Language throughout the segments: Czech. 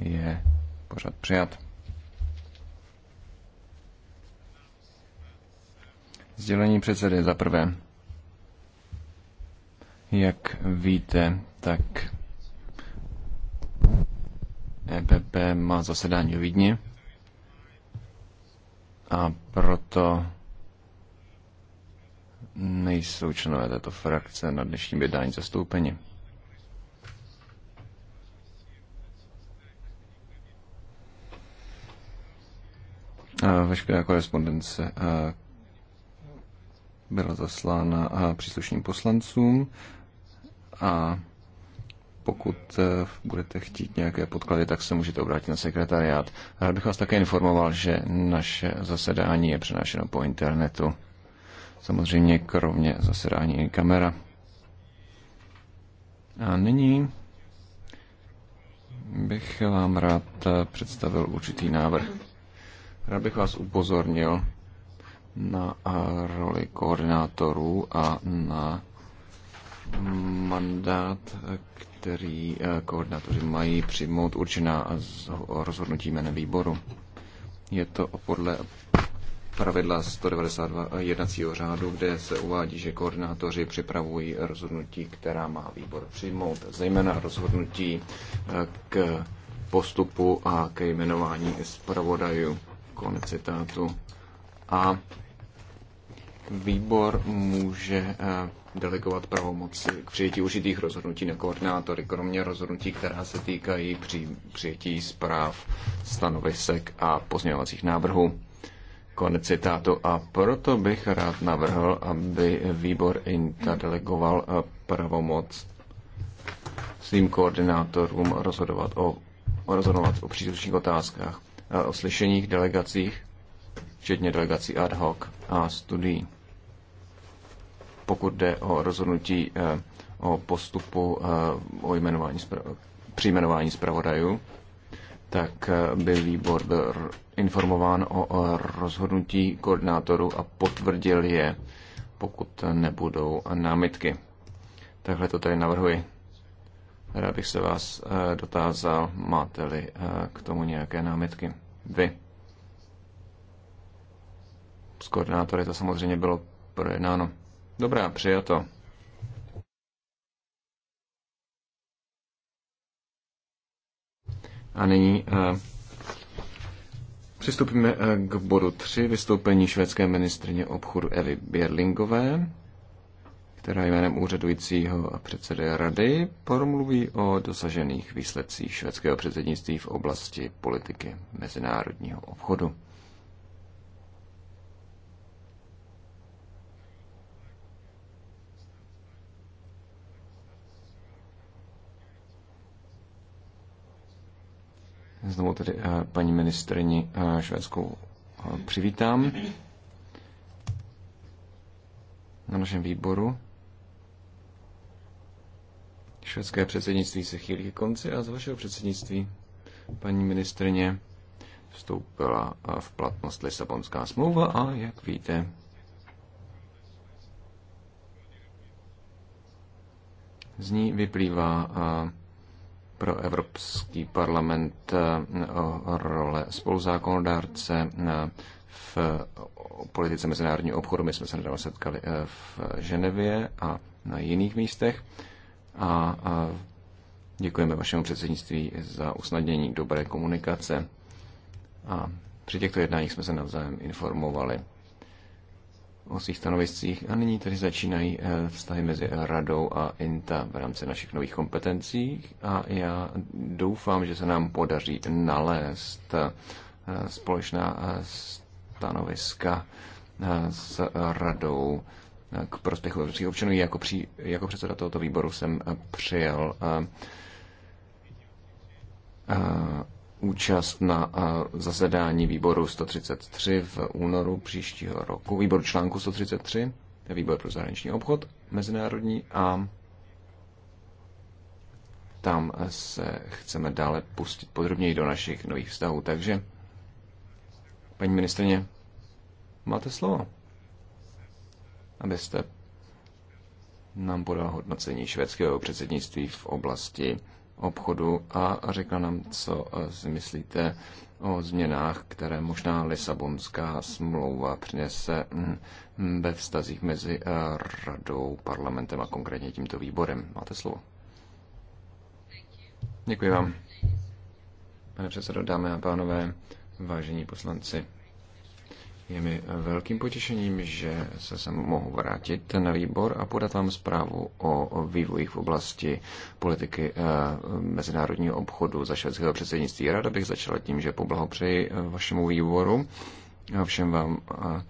je pořád přijat. Sdělení předsedy za prvé. Jak víte, tak EPP má zasedání v Vídni a proto nejsou členové této frakce na dnešním jednání zastoupeni. Veškerá korespondence byla zaslána příslušným poslancům a pokud e, budete chtít nějaké podklady, tak se můžete obrátit na sekretariát. Rád bych vás také informoval, že naše zasedání je přenášeno po internetu. Samozřejmě kromě zasedání i kamera. A nyní bych vám rád e, představil určitý návrh. Rád bych vás upozornil na roli koordinátorů a na mandát, který koordinátoři mají přijmout určená rozhodnutí jménem výboru. Je to podle pravidla 192 jednacího řádu, kde se uvádí, že koordinátoři připravují rozhodnutí, která má výbor přijmout, zejména rozhodnutí k postupu a ke jmenování zpravodajů. Konec citátu. A výbor může eh, delegovat pravomoci k přijetí užitých rozhodnutí na koordinátory, kromě rozhodnutí, která se týkají při přijetí zpráv, stanovisek a pozměňovacích návrhů. Konec citátu. A proto bych rád navrhl, aby výbor INTA delegoval eh, pravomoc svým koordinátorům rozhodovat o rozhodovat o příslušných otázkách o slyšeních, delegacích, včetně delegací ad hoc a studií. Pokud jde o rozhodnutí eh, o postupu eh, o jmenování, při jmenování zpravodajů, tak eh, byl výbor informován o rozhodnutí koordinátoru a potvrdil je, pokud nebudou námitky. Takhle to tady navrhuji. Rád bych se vás dotázal, máte-li k tomu nějaké námitky vy. S koordinátory to samozřejmě bylo projednáno. Dobrá, přijato. A nyní uh, přistoupíme eh, k bodu 3, vystoupení švédské ministrině obchodu Evy Bierlingové která jménem úřadujícího předsedy rady promluví o dosažených výsledcích švédského předsednictví v oblasti politiky mezinárodního obchodu. Znovu tedy eh, paní ministrini eh, švédskou eh, přivítám na našem výboru. Švédské předsednictví se chýlí ke konci a z vašeho předsednictví, paní ministrně, vstoupila v platnost Lisabonská smlouva a, jak víte, z ní vyplývá pro Evropský parlament role spoluzákonodárce v politice mezinárodního obchodu. My jsme se nedávno setkali v Ženevě a na jiných místech a, a děkujeme vašemu předsednictví za usnadnění dobré komunikace. A při těchto jednáních jsme se navzájem informovali o svých stanoviscích a nyní tedy začínají eh, vztahy mezi radou a INTA v rámci našich nových kompetencí a já doufám, že se nám podaří nalézt eh, společná eh, stanoviska s radou k prospěchu evropských občanů. Jako, při, jako předseda tohoto výboru jsem eh, přijel eh, eh, účast na zasedání výboru 133 v únoru příštího roku, výboru článku 133, výbor pro zahraniční obchod mezinárodní a tam se chceme dále pustit podrobněji do našich nových vztahů. Takže, paní ministrině, máte slovo abyste nám podal hodnocení švédského předsednictví v oblasti obchodu a řekla nám, co eh, si myslíte o změnách, které možná Lisabonská smlouva přinese mm, mm, ve vztazích mezi eh, radou, parlamentem a konkrétně tímto výborem. Máte slovo. Děkuji vám. Pane předsedo, dámy a pánové, vážení poslanci, je mi velkým potěšením, že se sem mohu vrátit na výbor a podat vám zprávu o vývoji v oblasti politiky eh, mezinárodního obchodu za švédského předsednictví. Ráda bych začala tím, že poblahopřeji eh, vašemu výboru a všem vám eh,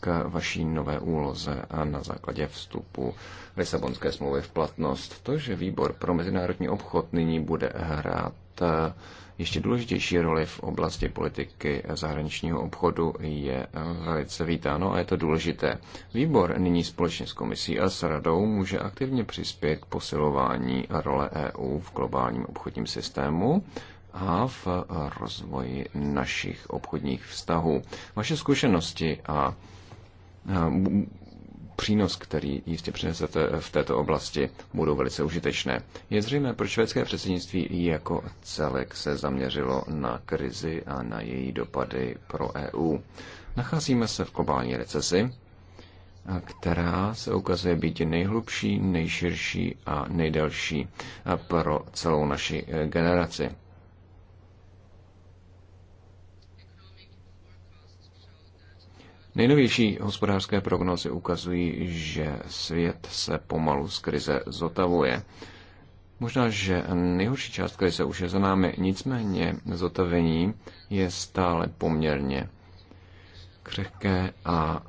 k vaší nové úloze a na základě vstupu Lisabonské smlouvy v platnost. To, že výbor pro mezinárodní obchod nyní bude hrát Eh, ještě důležitější roli v oblasti politiky zahraničního obchodu je velice vítáno a je to důležité. Výbor nyní společně s komisí a s radou může aktivně přispět k posilování role EU v globálním obchodním systému a v rozvoji našich obchodních vztahů. Vaše zkušenosti a přínos, který jistě přinesete v této oblasti, budou velice užitečné. Je zřejmé, proč švédské předsednictví jako celek se zaměřilo na krizi a na její dopady pro EU. Nacházíme se v globální recesi, která se ukazuje být nejhlubší, nejširší a nejdelší pro celou naši generaci. Nejnovější hospodářské prognozy ukazují, že svět se pomalu z krize zotavuje. Možná, že nejhorší část krize už je za námi, nicméně zotavení je stále poměrně křehké a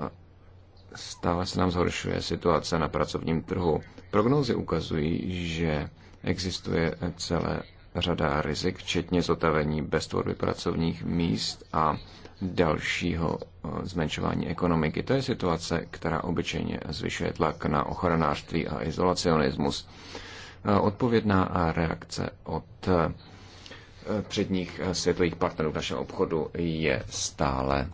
stále se nám zhoršuje situace na pracovním trhu. Prognózy ukazují, že existuje celé řada rizik, včetně zotavení bez tvorby pracovních míst a dalšího eh, zmenšování ekonomiky. To je situace, která obyčejně zvyšuje tlak na ochranářství a izolacionismus. Eh, odpovědná reakce od eh, předních světových partnerů v našem obchodu je stále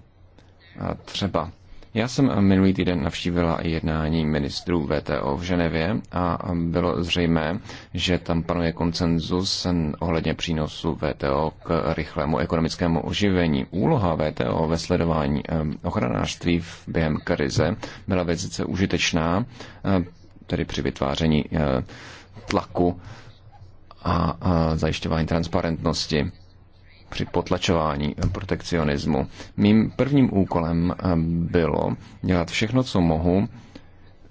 třeba. Já jsem minulý týden navštívila jednání ministrů VTO v Ženevě a bylo zřejmé, že tam panuje koncenzus ohledně přínosu VTO k rychlému ekonomickému oživení. Úloha VTO ve sledování ochranářství v během krize byla velice užitečná, tedy při vytváření eh, tlaku a zajišťování transparentnosti při potlačování protekcionismu. Mým prvním úkolem eh, bylo dělat všechno, co mohu,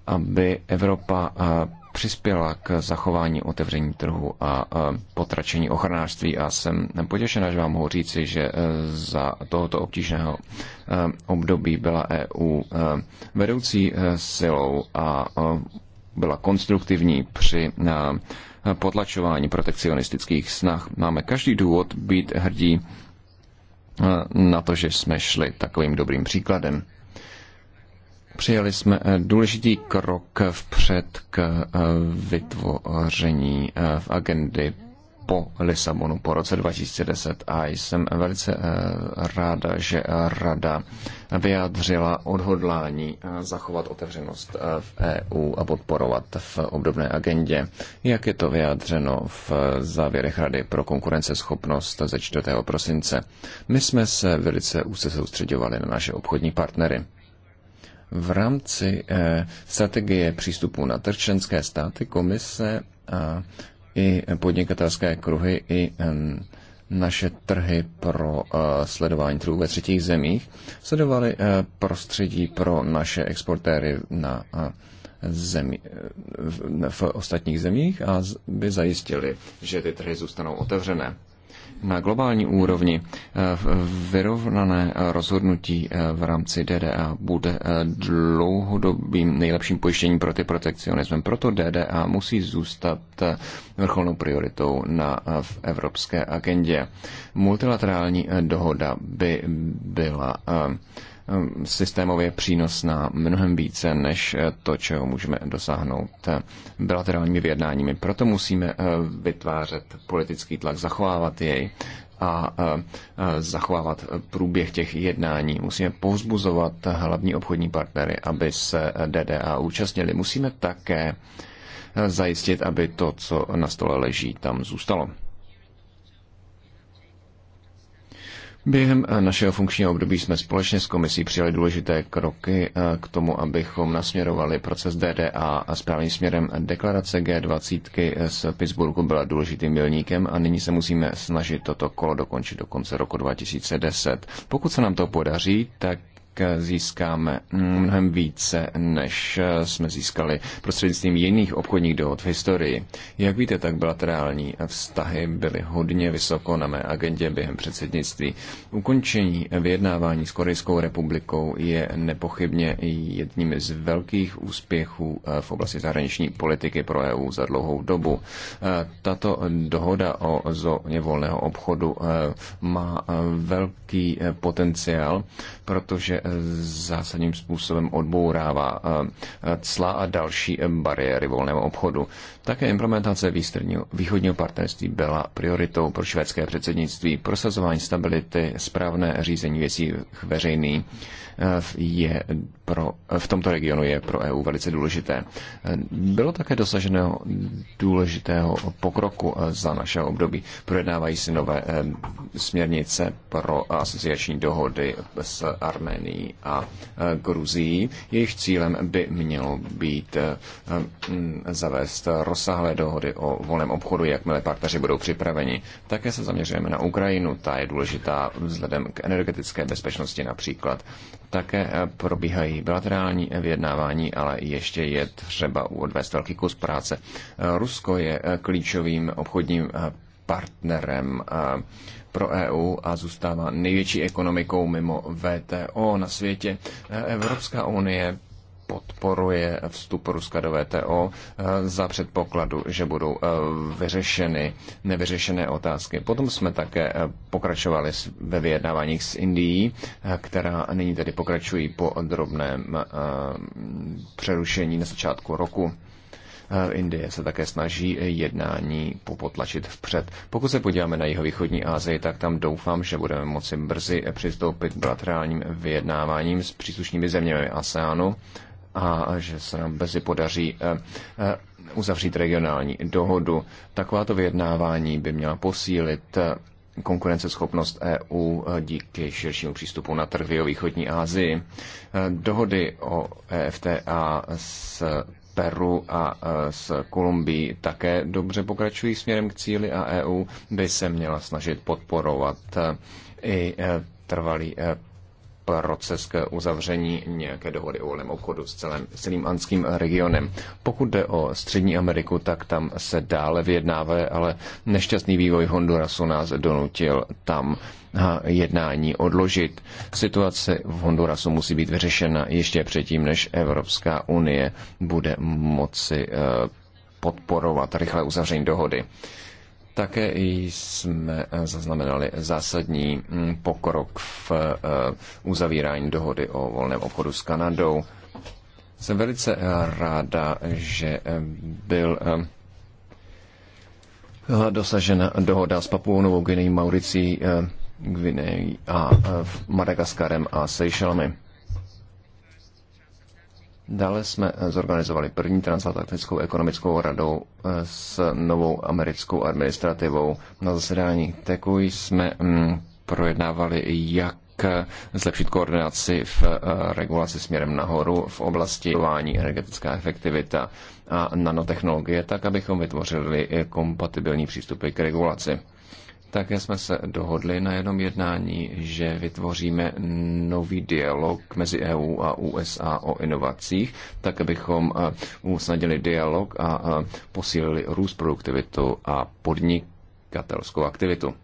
aby Evropa eh, přispěla k zachování otevření trhu a eh, potračení ochranářství a jsem potěšená, že vám mohu říci, že za tohoto obtížného období byla EU vedoucí silou a byla konstruktivní při potlačování protekcionistických snah. Máme každý důvod být hrdí eh, na to, že jsme šli takovým dobrým příkladem. Přijali jsme eh, důležitý krok vpřed k eh, vytvoření v agendy po Lisabonu, po roce 2010 a jsem velice eh, ráda, že Rada vyjádřila odhodlání eh, zachovat otevřenost eh, v EU a podporovat v obdobné agendě, jak je to vyjádřeno v závěrech Rady pro konkurenceschopnost ze 4. prosince. My jsme se velice úzce soustředovali na naše obchodní partnery. V rámci strategie přístupu na trčenské státy komise i podnikatelské kruhy, i naše trhy pro eh, sledování trhů ve třetích zemích, sledovali eh, prostředí pro naše exportéry na eh, zemi, v, ostatních zemích a by zajistili, že ty trhy zůstanou otevřené na globální úrovni eh, vyrovnané eh, rozhodnutí eh, v rámci DDA bude dlouhodobým nejlepším pojištěním proti protekcionismem. Proto DDA musí zůstat vrcholnou prioritou na v evropské agendě. Multilaterální dohoda by byla Ehm, systémově přínosná mnohem více než eh, to, čeho můžeme dosáhnout eh, bilaterálními vyjednáními. Proto musíme eh, vytvářet politický tlak, zachovávat jej a zachovávat průběh těch jednání. Musíme povzbuzovat hlavní obchodní partnery, aby se DDA účastnili. Musíme také zajistit, aby to, co na stole leží, tam zůstalo. Během eh, našeho funkčního období jsme společně s komisí přijali důležité kroky eh, k tomu, abychom nasměrovali proces DDA a správným směrem deklarace G20 eh, z Pittsburghu byla důležitým milníkem a nyní se musíme snažit toto kolo dokončit do konce roku 2010. Pokud se nám to podaří, tak získáme mnohem více, než jsme získali prostřednictvím jiných obchodních dohod v historii. Jak víte, tak bilaterální vztahy byly hodně vysoko na mé agendě během předsednictví. Ukončení vyjednávání s Korejskou republikou je nepochybně jedním z velkých úspěchů eh, v oblasti zahraniční politiky pro EU za dlouhou dobu. Eh, tato dohoda o zóně volného obchodu eh, má velký potenciál, protože zásadním způsobem odbourává eh, cla a další eh, bariéry volného obchodu. Také implementace východního partnerství byla prioritou pro švédské předsednictví. Prosazování stability, správné řízení věcí veřejný, je pro, v tomto regionu je pro EU velice důležité. Bylo také dosaženo důležitého pokroku za našeho období. Projednávají se nové eh, směrnice pro asociační dohody s Arménií a eh, Gruzií. Jejich cílem by mělo být eh, mm, zavést rozsáhlé dohody o volném obchodu, jakmile partneři budou připraveni. Také se zaměřujeme na Ukrajinu, ta je důležitá vzhledem k energetické bezpečnosti například. Také eh, probíhají bilaterální eh, vyjednávání, ale ještě je třeba odvést velký kus práce. Eh, Rusko je klíčovým obchodním partnerem pro EU a zůstává největší ekonomikou mimo VTO na světě. Evropská unie podporuje vstup Ruska do VTO eh, za předpokladu, že budou eh, vyřešeny nevyřešené otázky. Potom jsme také eh, pokračovali ve vyjednáváních s Indií, která nyní tedy pokračují po drobném přerušení na začátku roku. Indie se také snaží jednání popotlačit vpřed. Pokud se podíváme na jeho východní Asii, tak tam doufám, že budeme moci brzy přistoupit k bilaterálním vyjednáváním s příslušnými zeměmi ASEANu a že se nám brzy podaří eh, eh, uzavřít regionální dohodu. Takováto vyjednávání by měla posílit eh, konkurenceschopnost EU díky širšímu přístupu na trh v východní Asii. Dohody o EFTA s Peru a s Kolumbií také dobře pokračují směrem k cíli a EU by se měla snažit podporovat i trvalý proces k uzavření nějaké dohody o volném obchodu s celým, celým anským regionem. Pokud jde o Střední Ameriku, tak tam se dále vyjednává, ale nešťastný vývoj Hondurasu nás donutil tam jednání odložit. Situace v Hondurasu musí být vyřešena ještě předtím, než Evropská unie bude moci eh, podporovat rychlé uzavření dohody. Také jsme eh, zaznamenali zásadní mm, pokrok v eh, uzavírání dohody o volném obchodu s Kanadou. Jsem velice eh, ráda, že byl dosažena dohoda s Papuou Novou Guineí, Mauricí, Guineí a Madagaskarem a Seychellami. Dále jsme eh, zorganizovali první transatlantickou ekonomickou radou eh, s novou americkou administrativou. Na zasedání TECu jsme mm, projednávali, jak eh, zlepšit koordinaci v regulaci směrem nahoru v oblasti energetická efektivita a nanotechnologie, tak abychom vytvořili kompatibilní přístupy k regulaci. Také jsme se dohodli na jednom jednání, že vytvoříme nový dialog mezi EU a USA o inovacích, tak abychom eh, usnadili dialog a eh, posílili růst produktivitu a podnikatelskou aktivitu.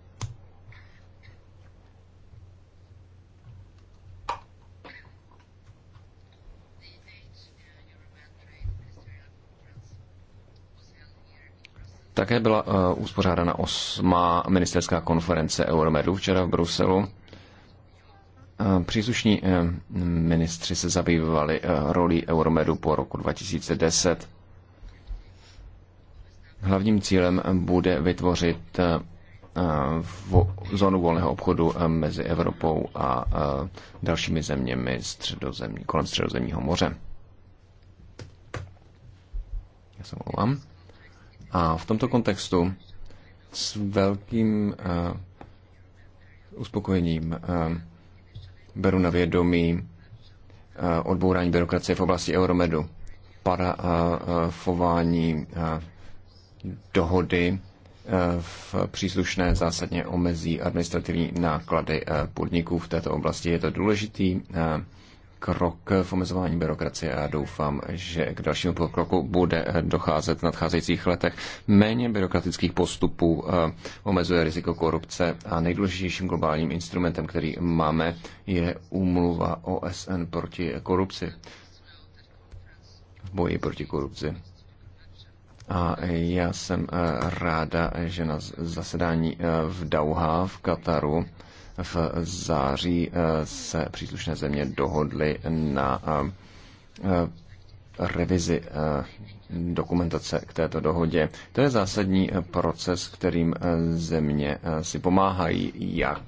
Také byla eh, uspořádána osmá ministerská konference Euromedu včera v Bruselu. Eh, příslušní eh, ministři se zabývali rolí Euromedu po roku 2010. Hlavním cílem bude vytvořit zónu volného obchodu mezi Evropou a dalšími zeměmi středozemí, kolem Středozemního moře. Já se omlouvám. A v tomto kontextu s velkým uh, uspokojením uh, beru na vědomí uh, odbourání byrokracie v oblasti Euromedu, parafování uh, uh, dohody v příslušné zásadně omezí administrativní náklady podniků v této oblasti. Je to důležitý krok v omezování byrokracie a doufám, že k dalšímu pokroku bude docházet v nadcházejících letech. Méně byrokratických postupů eh, omezuje riziko korupce a nejdůležitějším globálním instrumentem, který máme, je úmluva OSN proti korupci. V boji proti korupci. A já jsem eh, ráda, že na zasedání eh, v Dauha v Kataru v září eh, se příslušné země dohodly na eh, revizi eh, dokumentace k této dohodě. To je zásadní proces, kterým země si pomáhají, jak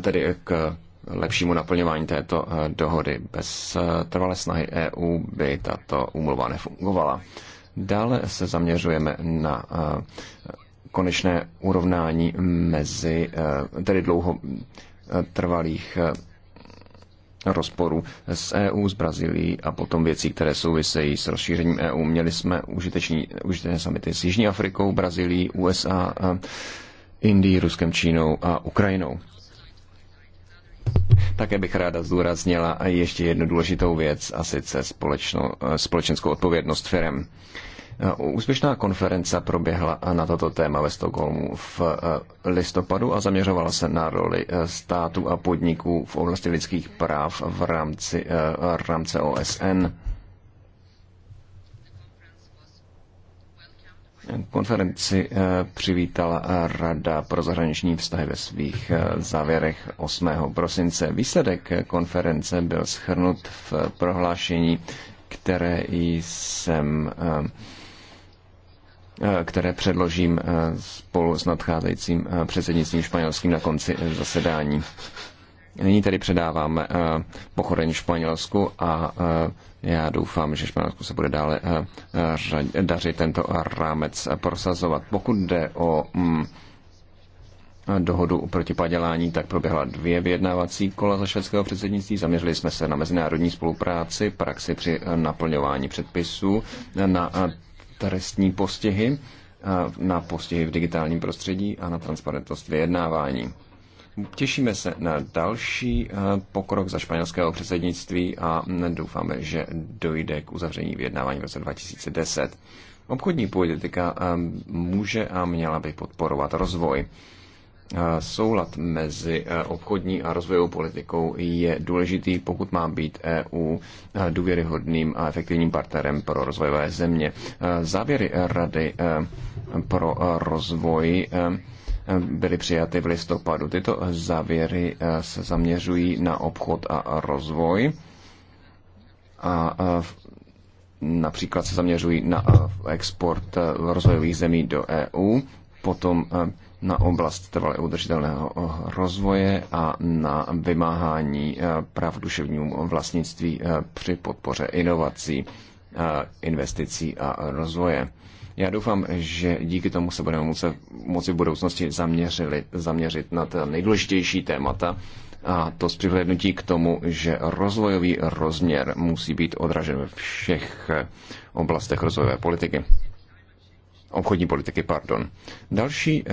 tedy k lepšímu naplňování této dohody. Bez trvalé snahy EU by tato úmluva nefungovala. Dále se zaměřujeme na konečné urovnání mezi eh, tedy dlouho eh, trvalých eh, rozporů s EU, s Brazílií a potom věcí, které souvisejí s rozšířením EU. Měli jsme užiteční, užitečné samity s Jižní Afrikou, Brazílií, USA, Indií, Ruskem, Čínou a Ukrajinou. Také bych ráda zdůraznila ještě jednu důležitou věc, a sice společnou, společenskou odpovědnost firem. Eh, úspěšná konference proběhla na toto téma ve Stockholmu v eh, listopadu a zaměřovala se na roli eh, států a podniků v oblasti lidských práv v rámci v rámci OSN. Konferenci přivítala Rada pro zahraniční vztahy ve svých závěrech 8. prosince. Výsledek konference byl schrnut v prohlášení, které jsem Eh, které předložím eh, spolu s nadcházejícím eh, předsednictvím španělským na konci zasedání. Nyní tedy předávám pochodeň Španělsku a já doufám, že Španělsku se bude dále dařit tento rámec prosazovat. Pokud jde o mm, dohodu proti padělání, tak proběhla dvě vyjednávací kola za švédského předsednictví. Zaměřili jsme se na mezinárodní spolupráci, praxi při naplňování předpisů, na trestní postihy, eh, na postihy v digitálním prostředí a na transparentnost vyjednávání. Těšíme se na další eh, pokrok za španělského předsednictví a doufáme, že dojde k uzavření vyjednávání v roce 2010. Obchodní politika eh, může a měla by podporovat rozvoj. Eh, soulad mezi eh, obchodní a rozvojovou politikou je důležitý, pokud má být EU eh, důvěryhodným a efektivním partnerem pro rozvojové země. Závěry Rady pro rozvoj byly přijaty v listopadu. Tyto závěry se zaměřují na obchod a rozvoj a například se zaměřují na export rozvojových zemí do EU, potom na oblast trvale udržitelného rozvoje a na vymáhání eh, práv duševnímu vlastnictví eh, při podpoře inovací, eh, investicí a rozvoje. Já doufám, že díky tomu se budeme moci, moci v budoucnosti zaměřili, zaměřit na ta nejdůležitější témata, a to s přihlednutí k tomu, že rozvojový rozměr musí být odražen ve všech oblastech rozvojové politiky obchodní politiky, pardon. Další eh,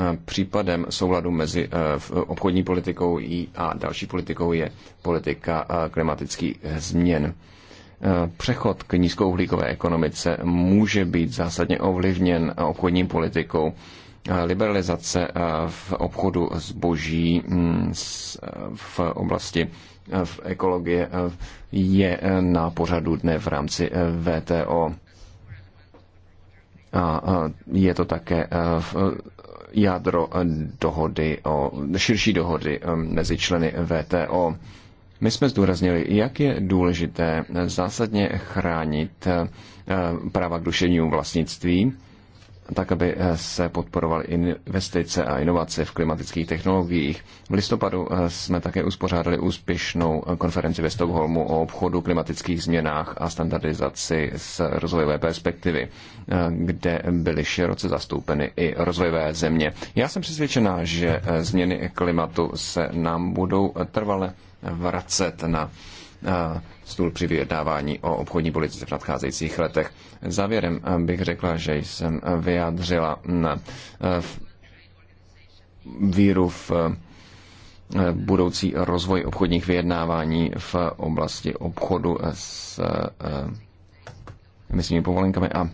eh, případem souladu mezi eh, obchodní politikou a další politikou je politika klimatických změn. Přechod k nízkouhlíkové ekonomice může být zásadně ovlivněn obchodní politikou. Liberalizace v obchodu zboží hm, v oblasti v ekologie je na pořadu dne v rámci VTO a je to také e, e, jádro e, dohody o, širší dohody mezi členy VTO. My jsme zdůraznili, jak je důležité zásadně chránit práva k duševnímu vlastnictví tak aby eh, se podporovaly investice a inovace v klimatických technologiích. V listopadu eh, jsme také uspořádali úspěšnou eh, konferenci ve Stockholmu o obchodu, klimatických změnách a standardizaci z rozvojové perspektivy, kde byly široce zastoupeny i rozvojové země. Já jsem přesvědčená, že změny klimatu se nám budou trvale vracet na stůl při vyjednávání o obchodní politice v nadcházejících letech. Závěrem bych řekla, že jsem vyjádřila víru v budoucí rozvoj obchodních vyjednávání v oblasti obchodu s emisními povolenkami a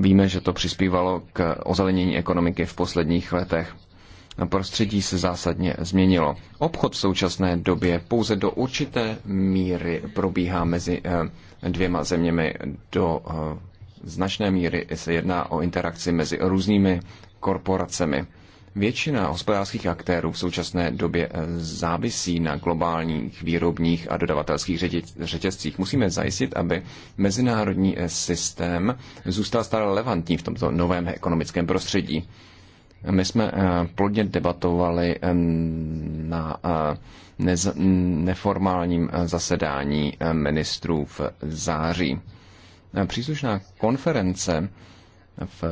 Víme, že to přispívalo k ozelenění ekonomiky v posledních letech prostředí se zásadně změnilo. Obchod v současné době pouze do určité míry probíhá mezi eh, dvěma zeměmi. Do eh, značné míry se jedná o interakci mezi různými korporacemi. Většina hospodářských aktérů v současné době eh, závisí na globálních výrobních a dodavatelských řetězcích. Musíme zajistit, aby mezinárodní systém zůstal stále relevantní v tomto novém ekonomickém prostředí. My jsme eh, plodně debatovali eh, na eh, neformálním zasedání ministrů v září. Příslušná konference v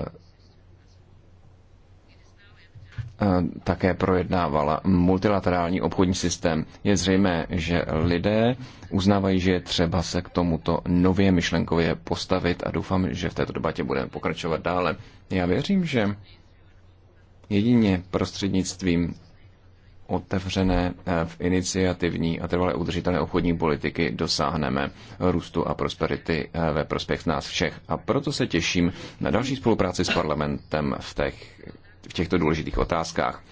také projednávala multilaterální obchodní systém. Je zřejmé, že lidé uznávají, že je třeba se k tomuto nově myšlenkově postavit a doufám, že v této debatě budeme pokračovat dále. Já věřím, že Jedině prostřednictvím otevřené eh, v iniciativní a trvalé udržitelné obchodní politiky dosáhneme růstu a prosperity eh, ve prospěch nás všech. A proto se těším na další spolupráci s parlamentem v, těch, v těchto důležitých otázkách.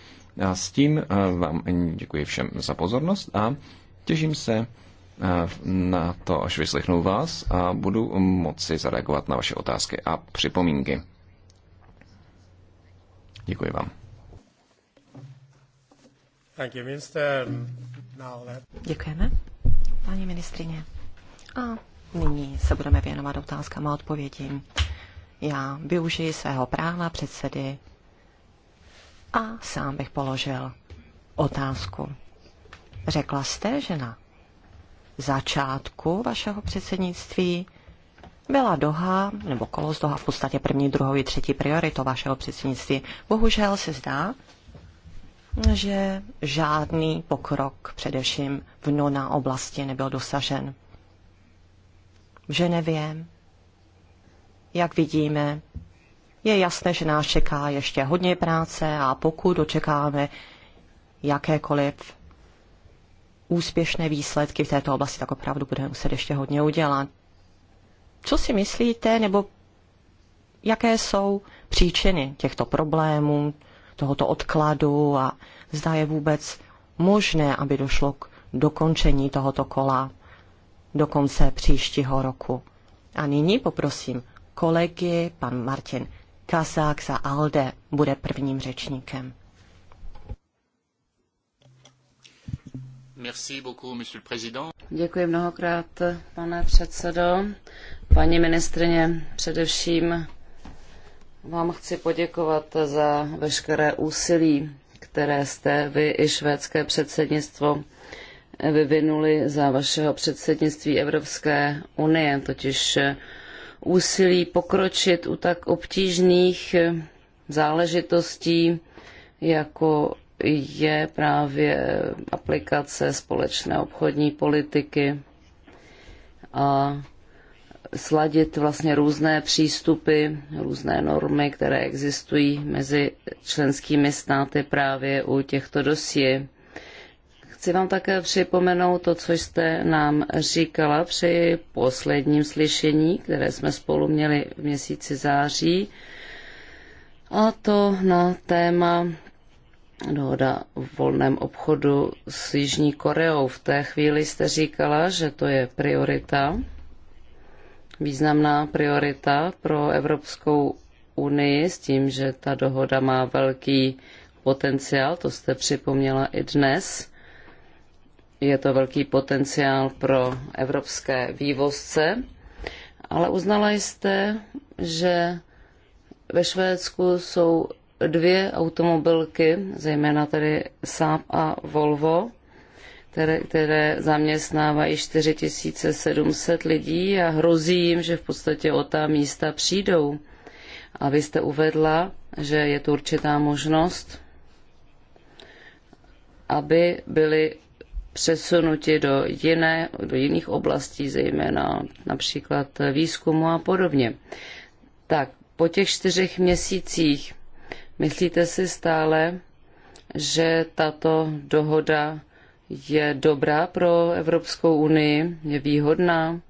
A s tím eh, vám děkuji všem za pozornost a těším se na to, až vyslechnu vás a budu moci zareagovat na vaše otázky a připomínky. Děkuji vám. Děkujeme, paní ministrině. A nyní se budeme věnovat otázkám a odpovědím. Já využiji svého práva předsedy a sám bych položil otázku. Řekla jste, že na začátku vašeho předsednictví byla Doha, nebo kolos Doha v podstatě první, druhou i třetí prioritou vašeho předsednictví. Bohužel se zdá, že žádný pokrok, především v nona oblasti, nebyl dosažen. V Ženevě, jak vidíme, je jasné, že nás čeká ještě hodně práce a pokud očekáme jakékoliv úspěšné výsledky v této oblasti, tak opravdu budeme muset ještě hodně udělat. Co si myslíte, nebo jaké jsou příčiny těchto problémů, tohoto odkladu a zda je vůbec možné, aby došlo k dokončení tohoto kola do konce příštího roku. A nyní poprosím kolegy, pan Martin Kazák za ALDE bude prvním řečníkem. Děkuji mnohokrát, pane předsedo. Paní ministrině, především vám chci poděkovat za veškeré úsilí, které jste vy i švédské předsednictvo vyvinuli za vašeho předsednictví Evropské unie, totiž úsilí pokročit u tak obtížných záležitostí, jako je právě aplikace společné obchodní politiky a sladit vlastně různé přístupy, různé normy, které existují mezi členskými státy právě u těchto dosí. Chci vám také připomenout to, co jste nám říkala při posledním slyšení, které jsme spolu měli v měsíci září, a to na téma dohoda o volném obchodu s Jižní Koreou. V té chvíli jste říkala, že to je priorita, významná priorita pro Evropskou unii s tím, že ta dohoda má velký potenciál, to jste připomněla i dnes. Je to velký potenciál pro evropské vývozce, ale uznala jste, že ve Švédsku jsou dvě automobilky, zejména tedy Saab a Volvo, které, které zaměstnávají 4700 lidí a hrozí jim, že v podstatě o ta místa přijdou. A vy jste uvedla, že je tu určitá možnost, aby byly přesunuti do, jiné, do jiných oblastí, zejména například výzkumu a podobně. Tak po těch čtyřech měsících Myslíte si stále, že tato dohoda je dobrá pro Evropskou unii, je výhodná?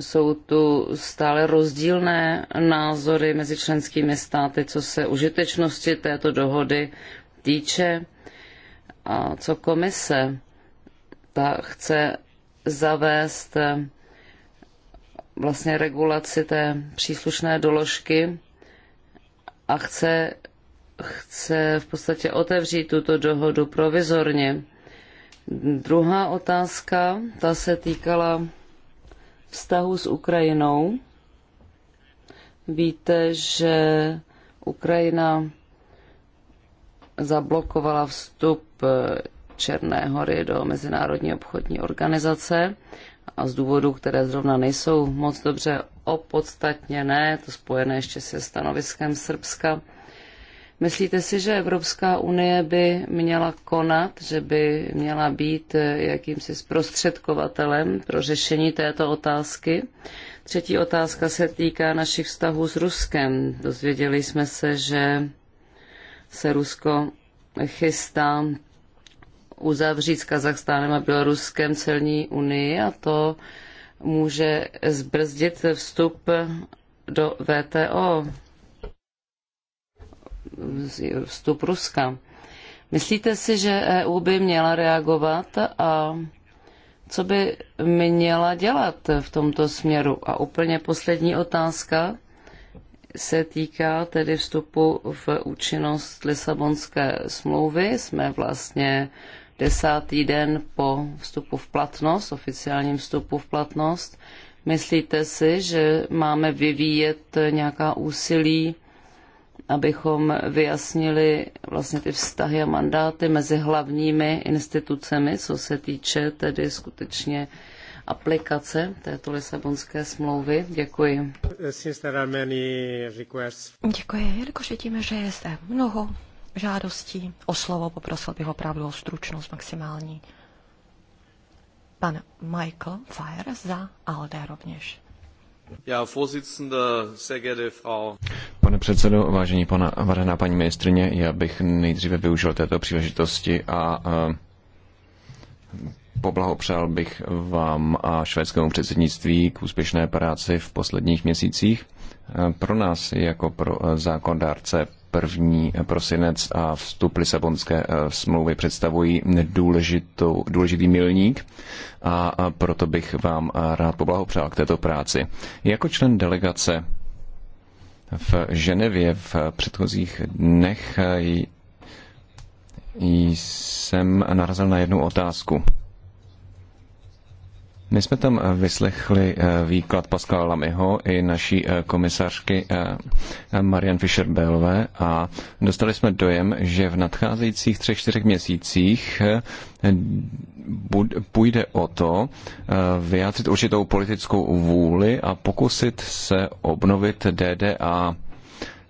Jsou tu stále rozdílné názory mezi členskými státy, co se užitečnosti této dohody týče. A co komise? Ta chce zavést eh, vlastně regulaci té příslušné doložky a chce, chce v podstatě otevřít tuto dohodu provizorně. Druhá otázka, ta se týkala vztahu s Ukrajinou. Víte, že Ukrajina zablokovala vstup eh, Černé hory do Mezinárodní obchodní organizace a z důvodů, které zrovna nejsou moc dobře opodstatněné, to spojené ještě se stanoviskem Srbska. Myslíte si, že Evropská unie by měla konat, že by měla být eh, jakýmsi zprostředkovatelem pro řešení této otázky? Třetí otázka se týká našich vztahů s Ruskem. Dozvěděli jsme se, že se Rusko chystá uzavřít s Kazachstánem a Běloruskem celní unii a to může zbrzdit vstup do VTO, vstup Ruska. Myslíte si, že EU by měla reagovat a co by měla dělat v tomto směru? A úplně poslední otázka se týká tedy vstupu v účinnost Lisabonské smlouvy. Jsme vlastně desátý den po vstupu v platnost, oficiálním vstupu v platnost. Myslíte si, že máme vyvíjet nějaká úsilí, abychom vyjasnili vlastně ty vztahy a mandáty mezi hlavními institucemi, co se týče tedy skutečně aplikace této Lisabonské smlouvy. Děkuji. Děkuji, jelikož vidíme, že je zde mnoho žádostí o slovo. Poprosil bych opravdu o stručnost maximální. Pan Michael Fire za ALDE rovněž. Ja, sehr geehrte Frau. Pane předsedo, vážení pana, vážená paní ministrině, já bych nejdříve využil této příležitosti a uh, poblahopřál bych vám a švédskému předsednictví k úspěšné práci v posledních měsících. Eh, pro nás jako pro eh, zákondárce první prosinec a vstup Lisabonské eh, smlouvy představují důležitou, důležitý milník a proto bych vám eh, rád poblahopřál k této práci. Jako člen delegace v Ženevě v eh, předchozích dnech jsem narazil na jednu otázku. My jsme tam eh, vyslechli eh, výklad Pascala Lamyho i naší eh, komisařky Marian fischer belové a dostali jsme dojem, že v nadcházejících třech, čtyřech měsících půjde o to vyjádřit určitou politickou vůli a pokusit se obnovit DDA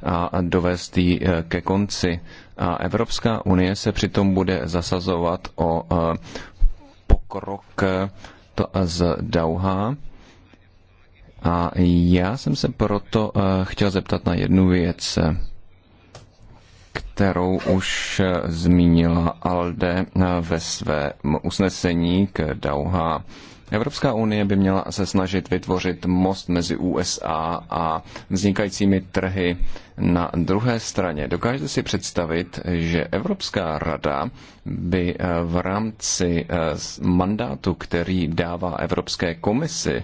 a dovést ji ke konci. A Evropská unie se přitom bude zasazovat o pokrok to z Dauha. A já jsem se proto eh, chtěl zeptat na jednu věc, eh, kterou už eh, zmínila Alde ve svém usnesení k Dauha. Evropská unie by měla se snažit vytvořit most mezi USA a vznikajícími trhy na druhé straně. Dokážete si představit, že Evropská rada by eh, v rámci eh, mandátu, který dává Evropské komisi,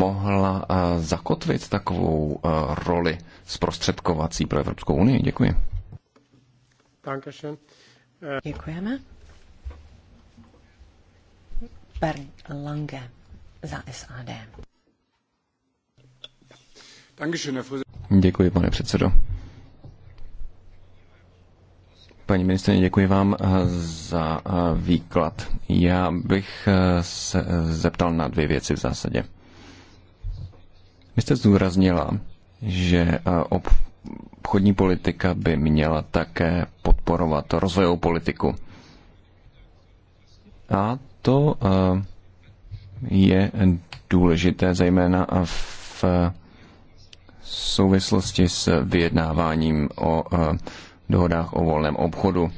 mohla eh, zakotvit takovou roli zprostředkovací pro Evropskou unii? Děkuji. Děkujeme. Bernd Lange za SAD. Děkuji, pane předsedo. Paní ministrině, děkuji vám eh, za eh, výklad. Já bych eh, se zeptal na dvě věci v zásadě. Vy jste zdůraznila, že obchodní politika by měla také podporovat rozvojovou politiku. A to eh, je důležité zejména v souvislosti s vyjednáváním o eh, dohodách o volném obchodu.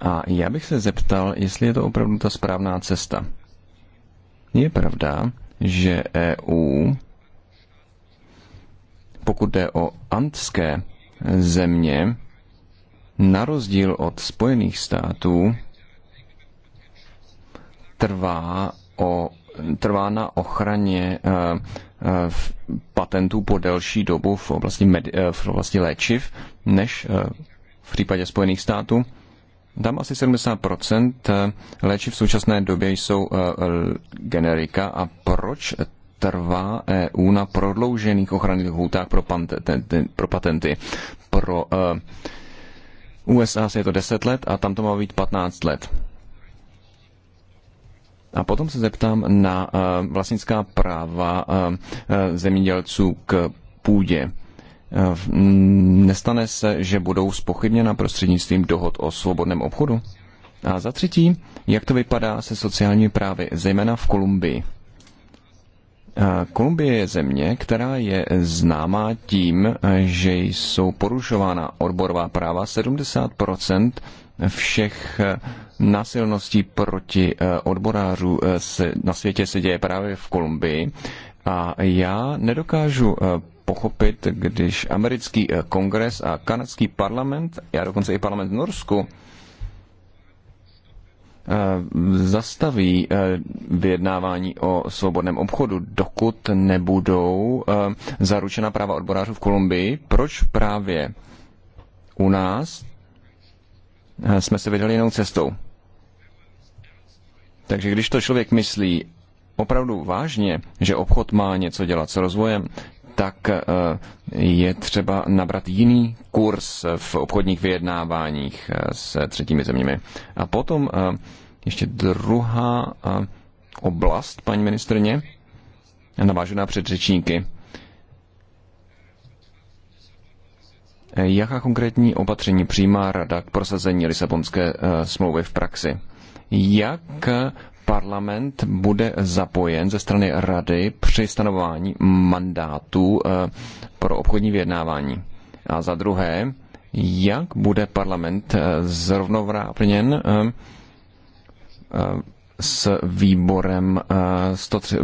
A já bych se zeptal, jestli je to opravdu ta správná cesta. Je pravda, že EU, pokud jde o antské země, na rozdíl od Spojených států, trvá, o, trvá na ochraně eh, eh, patentů po delší dobu v oblasti, med, eh, v oblasti léčiv než v případě Spojených států. Tam asi 70% léčiv v současné době jsou generika a proč trvá EU na prodloužených ochranných hůtách pro, patenty, pro patenty. Pro uh, USA je to 10 let a tam to má být 15 let. A potom se zeptám na eh, vlastnická práva eh, eh, zemědělců k půdě. Nestane se, že budou spochybněna prostřednictvím dohod o svobodném obchodu? A za třetí, jak to vypadá se sociálními právy, zejména v Kolumbii? Kolumbie je země, která je známá tím, že jsou porušována odborová práva. 70 všech eh, násilností proti eh, odborářů eh, na světě se děje právě v Kolumbii. A já nedokážu pochopit, když americký kongres a kanadský parlament, já dokonce i parlament v Norsku, zastaví vyjednávání o svobodném obchodu, dokud nebudou zaručena práva odborářů v Kolumbii. Proč právě u nás Eh, jsme se vydali jinou cestou. Takže když to člověk myslí opravdu vážně, že obchod má něco dělat s rozvojem, tak eh, je třeba nabrat jiný kurz v obchodních vyjednáváních eh, s třetími zeměmi. A potom ještě druhá oblast, paní ministrně, navážu na předřečníky. Jaká konkrétní opatření přijímá Rada k prosazení Lisabonské eh, smlouvy v praxi? Jak parlament bude zapojen ze strany Rady při stanování mandátu eh, pro obchodní vyjednávání? A za druhé, jak bude parlament eh, zrovnovrápněn s výborem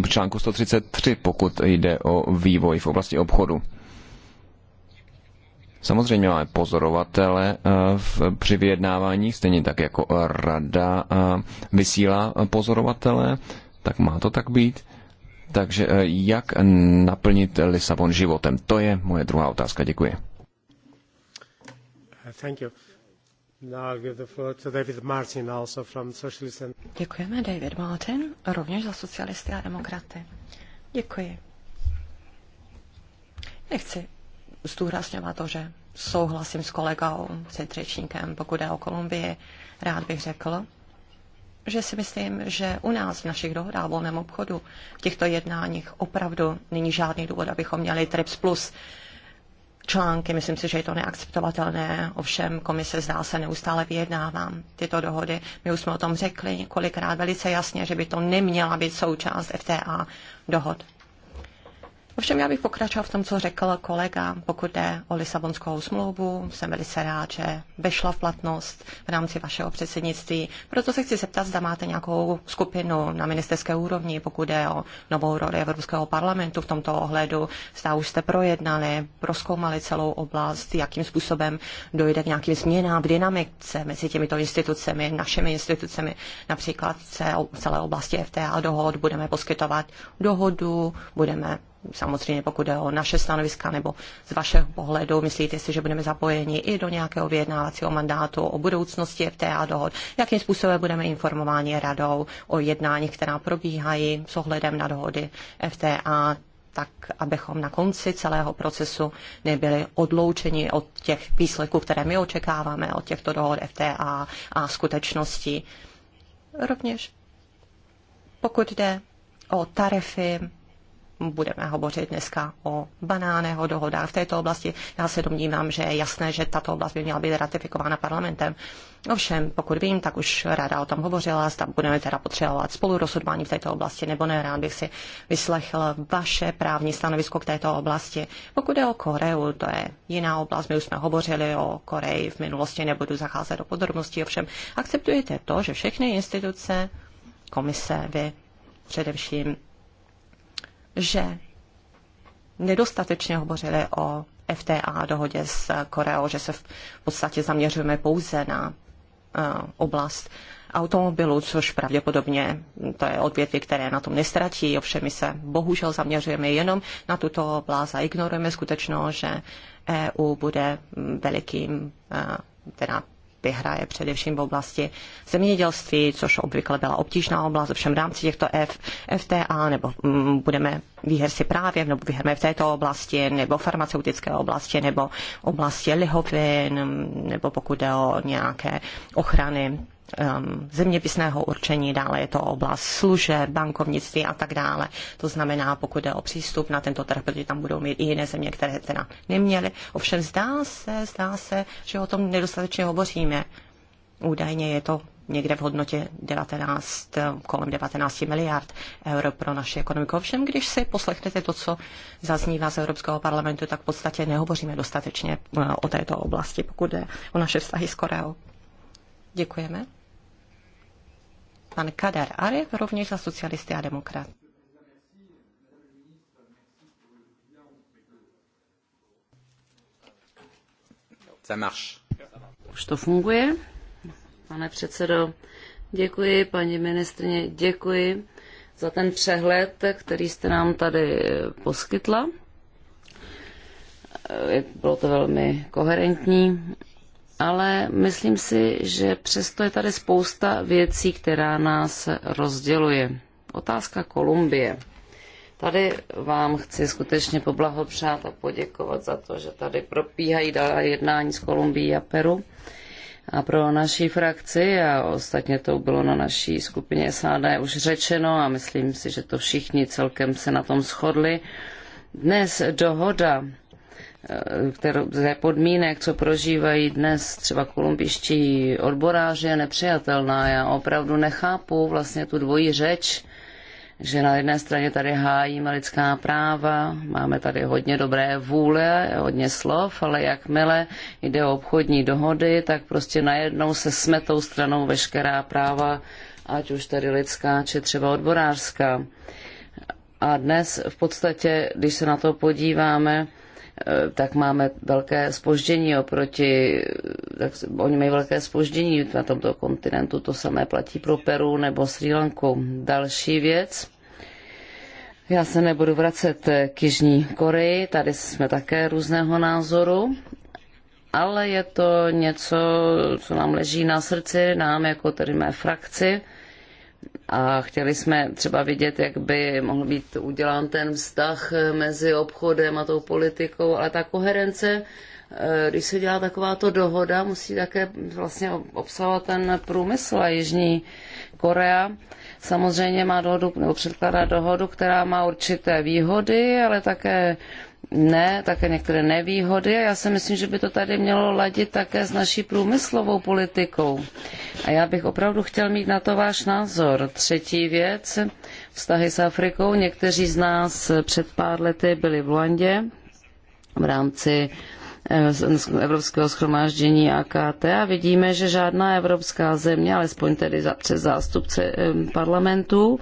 článku 133, pokud jde o vývoj v oblasti obchodu? Samozřejmě máme pozorovatele eh, v, při vyjednávání, stejně tak jako rada eh, vysílá eh, pozorovatele, tak má to tak být. Takže jak naplnit Lisabon životem? To je moje druhá otázka. Děkuji. Uh, thank you. David Martin, also from and... Děkujeme, David Martin, rovněž za socialisty a demokraty. Děkuji. Nechci zdůrazňovat to, že souhlasím s kolegou, řečníkem, pokud je o Kolumbii, rád bych řekl, že si myslím, že u nás v našich dohodách o volném obchodu v těchto jednáních opravdu není žádný důvod, abychom měli TRIPS plus články. Myslím si, že je to neakceptovatelné, ovšem komise zdá se neustále vyjednává tyto dohody. My už jsme o tom řekli několikrát velice jasně, že by to neměla být součást FTA dohod. Ovšem já bych pokračoval v tom, co řekl kolega, pokud jde o Lisabonskou smlouvu. Jsem velice rád, že vešla v platnost v rámci vašeho předsednictví. Proto se chci zeptat, zda máte nějakou skupinu na ministerské úrovni, pokud jde o novou roli Evropského parlamentu v tomto ohledu. Zda už jste projednali, proskoumali celou oblast, jakým způsobem dojde k nějakým změnám v dynamice mezi těmito institucemi, našimi institucemi, například celé oblasti FTA dohod. Budeme poskytovat dohodu, budeme samozřejmě pokud jde o naše stanoviska nebo z vašeho pohledu, myslíte si, že budeme zapojeni i do nějakého vyjednávacího mandátu o budoucnosti FTA dohod, jakým způsobem budeme informováni radou o jednání, která probíhají s ohledem na dohody FTA, tak abychom na konci celého procesu nebyli odloučeni od těch výsledků, které my očekáváme, od těchto dohod FTA a skutečnosti. Rovněž pokud jde o tarify budeme hovořit dneska o banáného dohodách v této oblasti. Já se domnívám, že je jasné, že tato oblast by měla být ratifikována parlamentem. Ovšem, pokud vím, tak už ráda o tom hovořila, zda budeme teda potřebovat rozhodování v této oblasti, nebo ne, rád bych si vyslechl vaše právní stanovisko k této oblasti. Pokud je o Koreu, to je jiná oblast, my už jsme hovořili o Koreji v minulosti, nebudu zacházet do podrobností, ovšem akceptujete to, že všechny instituce, komise, vy především že nedostatečně hovořili o FTA dohodě s Koreou, že se v podstatě zaměřujeme pouze na eh, oblast automobilů, což pravděpodobně to je odvětví, které na tom nestratí, ovšem my se bohužel zaměřujeme jenom na tuto oblast a ignorujeme skutečnost, že EU bude mm, velikým, eh, teda vyhraje především v oblasti zemědělství, což obvykle byla obtížná oblast, ovšem v rámci těchto F, FTA nebo m, mm, budeme si právě, nebo vyhrme v této oblasti, nebo farmaceutické oblasti, nebo oblasti lihovin, mm, nebo pokud jde o nějaké ochrany Um, zeměpisného určení, dále je to oblast služeb, bankovnictví a tak dále. To znamená, pokud jde o přístup na tento trh, protože tam budou mít i jiné země, které teda neměly. Ovšem zdá se, zdá se, že o tom nedostatečně hovoříme. Údajně je to někde v hodnotě 19, kolem 19 miliard eur pro naši ekonomiku. Ovšem, když si poslechnete to, co zaznívá z Evropského parlamentu, tak v podstatě nehovoříme dostatečně uh, o této oblasti, pokud je o naše vztahy s Koreou. Děkujeme pan Kader Arif, rovněž za socialisty a demokrat. Už to funguje. Pane předsedo, děkuji, paní ministrně, děkuji za ten přehled, který jste nám tady poskytla. Eh, bylo to velmi koherentní ale myslím si, že přesto je tady spousta věcí, která nás rozděluje. Otázka Kolumbie. Tady vám chci skutečně poblahopřát a poděkovat za to, že tady propíhají dál jednání s Kolumbií a Peru. A pro naší frakci, a ostatně to bylo na naší skupině SAD už řečeno a myslím si, že to všichni celkem se na tom shodli, dnes dohoda které eh, podmínek, co prožívají dnes třeba kolumbiští odboráři, je nepřijatelná. Já opravdu nechápu vlastně tu dvojí řeč, že na jedné straně tady hájíme lidská práva, máme tady hodně dobré vůle, hodně slov, ale jakmile jde o obchodní dohody, tak prostě najednou se smetou stranou veškerá práva, ať už tady lidská, či třeba odborářská. A dnes v podstatě, když se na to podíváme, Eh, tak máme velké spoždění oproti, tak oni mají velké spoždění na tomto kontinentu, to samé platí pro Peru nebo Sri Lanku. Další věc, já se nebudu vracet k Jižní Koreji, tady jsme také různého názoru, ale je to něco, co nám leží na srdci, nám jako tedy mé frakci a chtěli jsme třeba vidět, jak by mohl být udělán ten vztah eh, mezi obchodem a tou politikou, ale ta koherence, eh, když se dělá takováto dohoda, musí také vlastně obsahovat ten průmysl a Jižní Korea samozřejmě má dohodu, nebo předkládá dohodu, která má určité výhody, ale také ne, také některé nevýhody a já si myslím, že by to tady mělo ladit také s naší průmyslovou politikou. A já bych opravdu chtěl mít na to váš názor. Třetí věc, vztahy s Afrikou. Někteří z nás před pár lety byli v Luandě v rámci eh, Evropského schromáždění AKT a vidíme, že žádná evropská země, alespoň tedy za, přes zástupce eh, parlamentu,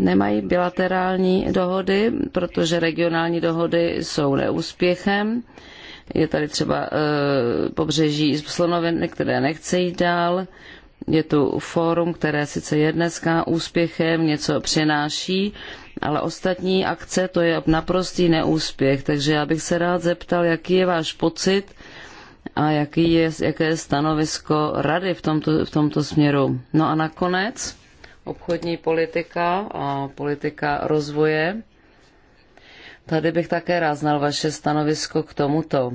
nemají bilaterální dohody, protože regionální dohody jsou neúspěchem. Je tady třeba e, pobřeží slonoviny, které nechce jít dál. Je tu fórum, které sice je dneska úspěchem, něco přináší, ale ostatní akce to je naprostý neúspěch. Takže já bych se rád zeptal, jaký je váš pocit a jaký je, jaké je stanovisko rady v tomto, v tomto směru. No a nakonec obchodní politika a politika rozvoje. Tady bych také rád znal vaše stanovisko k tomuto.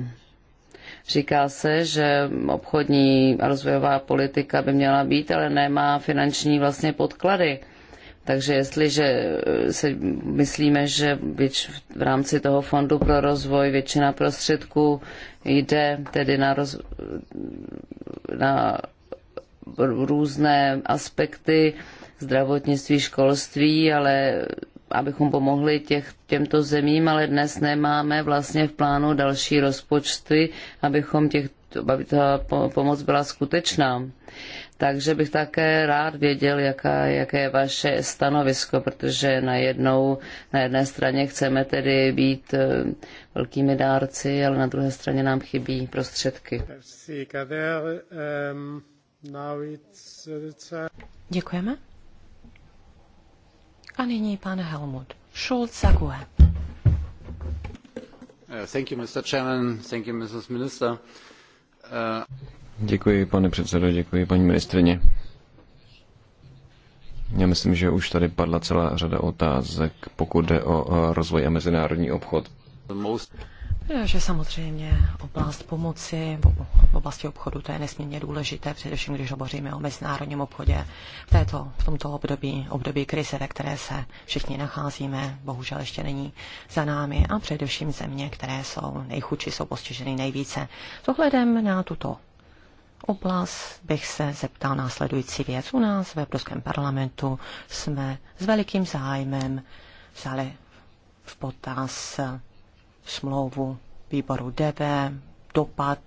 Říká se, že obchodní a rozvojová politika by měla být, ale nemá finanční vlastně podklady. Takže jestliže se myslíme, že v rámci toho fondu pro rozvoj většina prostředků jde tedy na, roz, na různé aspekty zdravotnictví, školství, ale abychom pomohli těch, těmto zemím, ale dnes nemáme vlastně v plánu další rozpočty, abychom těch, aby ta pomoc byla skutečná. Takže bych také rád věděl, jaká, jaké je vaše stanovisko, protože jednou, na jedné straně chceme tedy být eh, velkými dárci, ale na druhé straně nám chybí prostředky. Euh, uh, uh, Děkujeme. A nyní pan Helmut Schulz uh, uh, Děkuji, pane předsedo, děkuji, paní ministrině. Já myslím, že už tady padla celá řada otázek, pokud jde o rozvoj a mezinárodní obchod. Eh, že samozřejmě oblast pomoci v oblasti obchodu to je nesmírně důležité, především když hovoříme o mezinárodním obchodě. V, této, v tomto období, období krize, ve které se všichni nacházíme, bohužel ještě není za námi a především země, které jsou nejchudší, jsou postiženy nejvíce. S ohledem na tuto oblast bych se zeptal následující věc. U nás ve Evropském parlamentu jsme s velikým zájmem vzali v potaz smlouvu výboru DV, dopad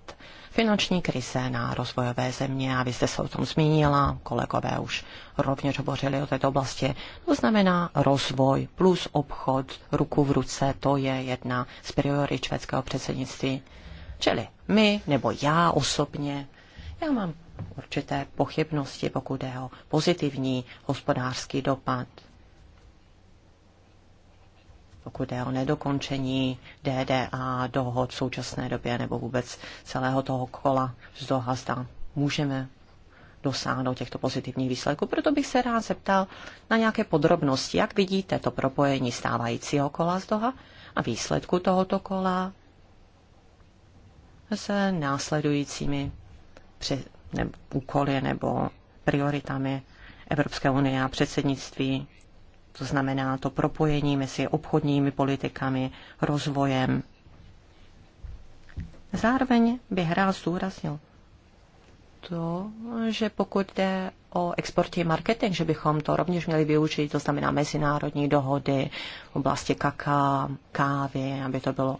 finanční krize na rozvojové země, a vy jste se o tom zmínila, kolegové už rovněž hovořili o této oblasti, to znamená rozvoj plus obchod ruku v ruce, to je jedna z priorit švédského předsednictví. Čili my nebo já osobně, já mám určité pochybnosti, pokud je o pozitivní hospodářský dopad pokud je o nedokončení DDA dohod v současné době nebo vůbec celého toho kola z Dohazda. můžeme dosáhnout těchto pozitivních výsledků. Proto bych se rád zeptal na nějaké podrobnosti, jak vidíte to propojení stávajícího kola z Doha a výsledku tohoto kola s následujícími při, ne, úkoly nebo prioritami Evropské unie a předsednictví to znamená to propojení mezi obchodními politikami, rozvojem. Zároveň bych rád zdůraznil to, že pokud jde o exportní marketing, že bychom to rovněž měli využít, to znamená mezinárodní dohody v oblasti kaká, kávy, aby to bylo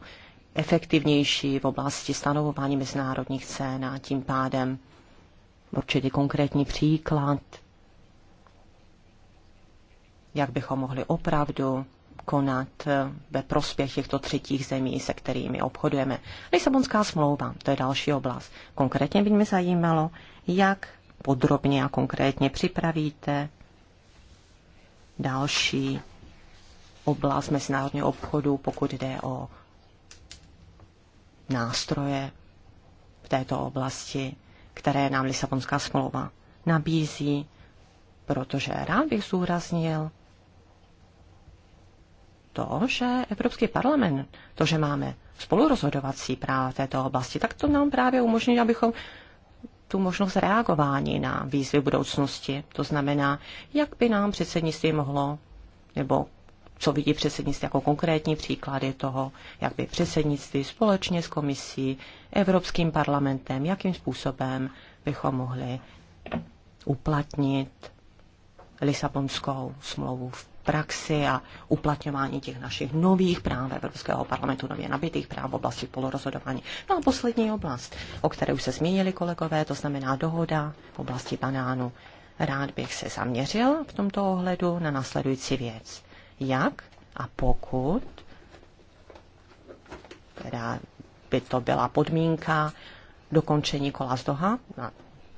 efektivnější v oblasti stanovování mezinárodních cen a tím pádem určitý konkrétní příklad jak bychom mohli opravdu konat ve prospěch těchto třetích zemí, se kterými obchodujeme. Lisabonská smlouva, to je další oblast. Konkrétně by mě zajímalo, jak podrobně a konkrétně připravíte další oblast mezinárodního obchodu, pokud jde o nástroje v této oblasti, které nám Lisabonská smlouva nabízí, protože rád bych zúraznil to, že Evropský parlament, to, že máme spolurozhodovací práva v této oblasti, tak to nám právě umožní, abychom tu možnost reagování na výzvy budoucnosti. To znamená, jak by nám předsednictví mohlo, nebo co vidí předsednictví jako konkrétní příklady toho, jak by předsednictví společně s komisí, Evropským parlamentem, jakým způsobem bychom mohli uplatnit Lisabonskou smlouvu v praxi a uplatňování těch našich nových práv Evropského parlamentu, nově nabitých práv v oblasti polorozhodování. No a poslední oblast, o které už se zmínili kolegové, to znamená dohoda v oblasti banánu. Rád bych se zaměřil v tomto ohledu na následující věc. Jak a pokud teda by to byla podmínka dokončení kola z Doha,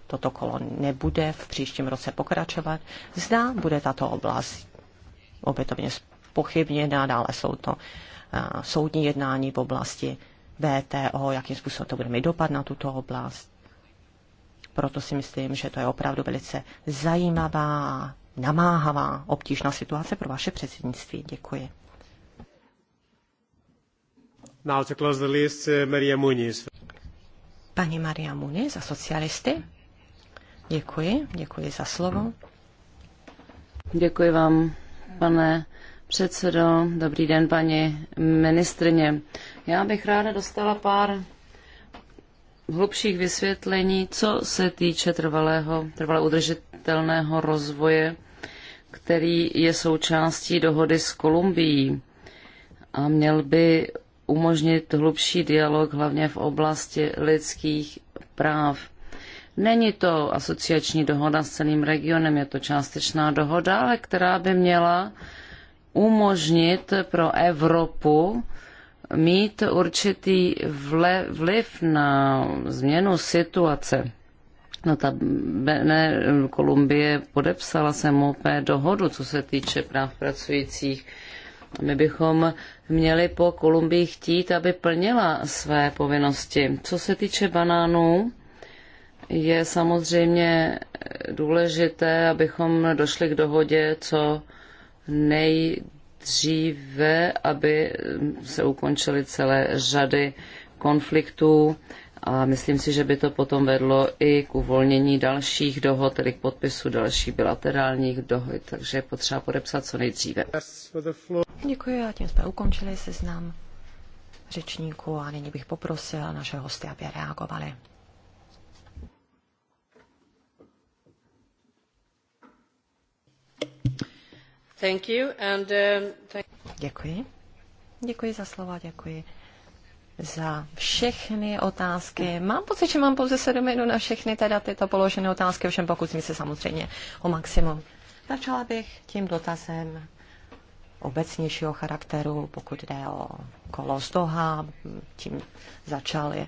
toto kolo nebude v příštím roce pokračovat, zda bude tato oblast opětovně pochybněna, dále jsou to eh, soudní jednání v oblasti VTO, jakým způsobem to bude mít dopad na tuto oblast. Proto si myslím, že to je opravdu velice zajímavá, namáhavá, obtížná situace pro vaše předsednictví. Děkuji. Now to close the list, eh, Maria Muniz. Paní Maria Muniz za socialisty. Děkuji, děkuji za slovo. Děkuji vám, pane předsedo. Dobrý den, paní ministrně. Já bych ráda dostala pár hlubších vysvětlení, co se týče trvalého, trvalé udržitelného rozvoje, který je součástí dohody s Kolumbií a měl by umožnit hlubší dialog hlavně v oblasti lidských práv. Není to asociační dohoda s celým regionem, je to částečná dohoda, ale která by měla umožnit pro Evropu mít určitý vliv na změnu situace. No ta ne, Kolumbie podepsala se OP dohodu, co se týče práv pracujících. A my bychom měli po Kolumbii chtít, aby plnila své povinnosti. Co se týče banánů, je samozřejmě důležité, abychom došli k dohodě co nejdříve, aby se ukončily celé řady konfliktů a myslím si, že by to potom vedlo i k uvolnění dalších dohod, tedy k podpisu dalších bilaterálních dohod, takže je potřeba podepsat co nejdříve. Děkuji a tím jsme ukončili seznam řečníků a nyní bych poprosil naše hosty, aby reagovali. Um, děkuji. Děkuji za slova, děkuji za všechny otázky. Mám pocit, že mám pouze sedm minut na všechny teda tyto položené otázky, ovšem pokusím se samozřejmě o maximum. Začala bych tím dotazem obecnějšího charakteru, pokud jde o kolo z Doha, tím začali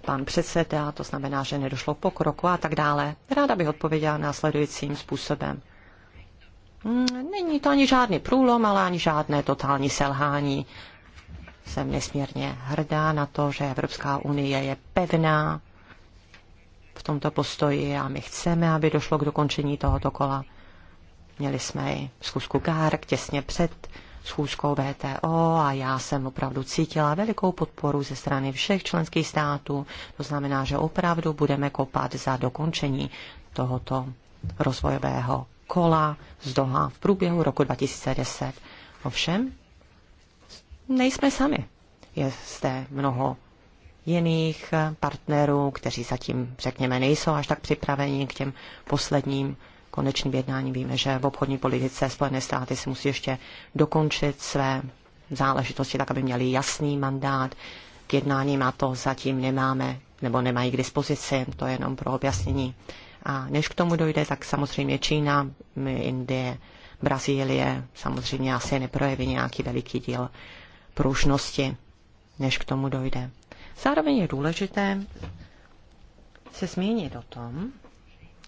pan předseda, to znamená, že nedošlo k pokroku a tak dále. Ráda bych odpověděla následujícím způsobem. Mm, není to ani žádný průlom, ale ani žádné totální selhání. Jsem nesmírně hrdá na to, že Evropská unie je pevná v tomto postoji a my chceme, aby došlo k dokončení tohoto kola. Měli jsme i schůzku GARK těsně před schůzkou VTO a já jsem opravdu cítila velikou podporu ze strany všech členských států. To znamená, že opravdu budeme kopat za dokončení tohoto rozvojového kola z Doha v průběhu roku 2010. Ovšem, nejsme sami. Je zde mnoho jiných partnerů, kteří zatím, řekněme, nejsou až tak připraveni k těm posledním konečným jednáním. Víme, že v obchodní politice Spojené státy si musí ještě dokončit své záležitosti, tak aby měli jasný mandát k jednání. A to zatím nemáme, nebo nemají k dispozici, to je jenom pro objasnění. A než k tomu dojde, tak samozřejmě Čína, Indie, Brazílie samozřejmě asi neprojeví nějaký veliký díl průšnosti, než k tomu dojde. Zároveň je důležité se zmínit o tom,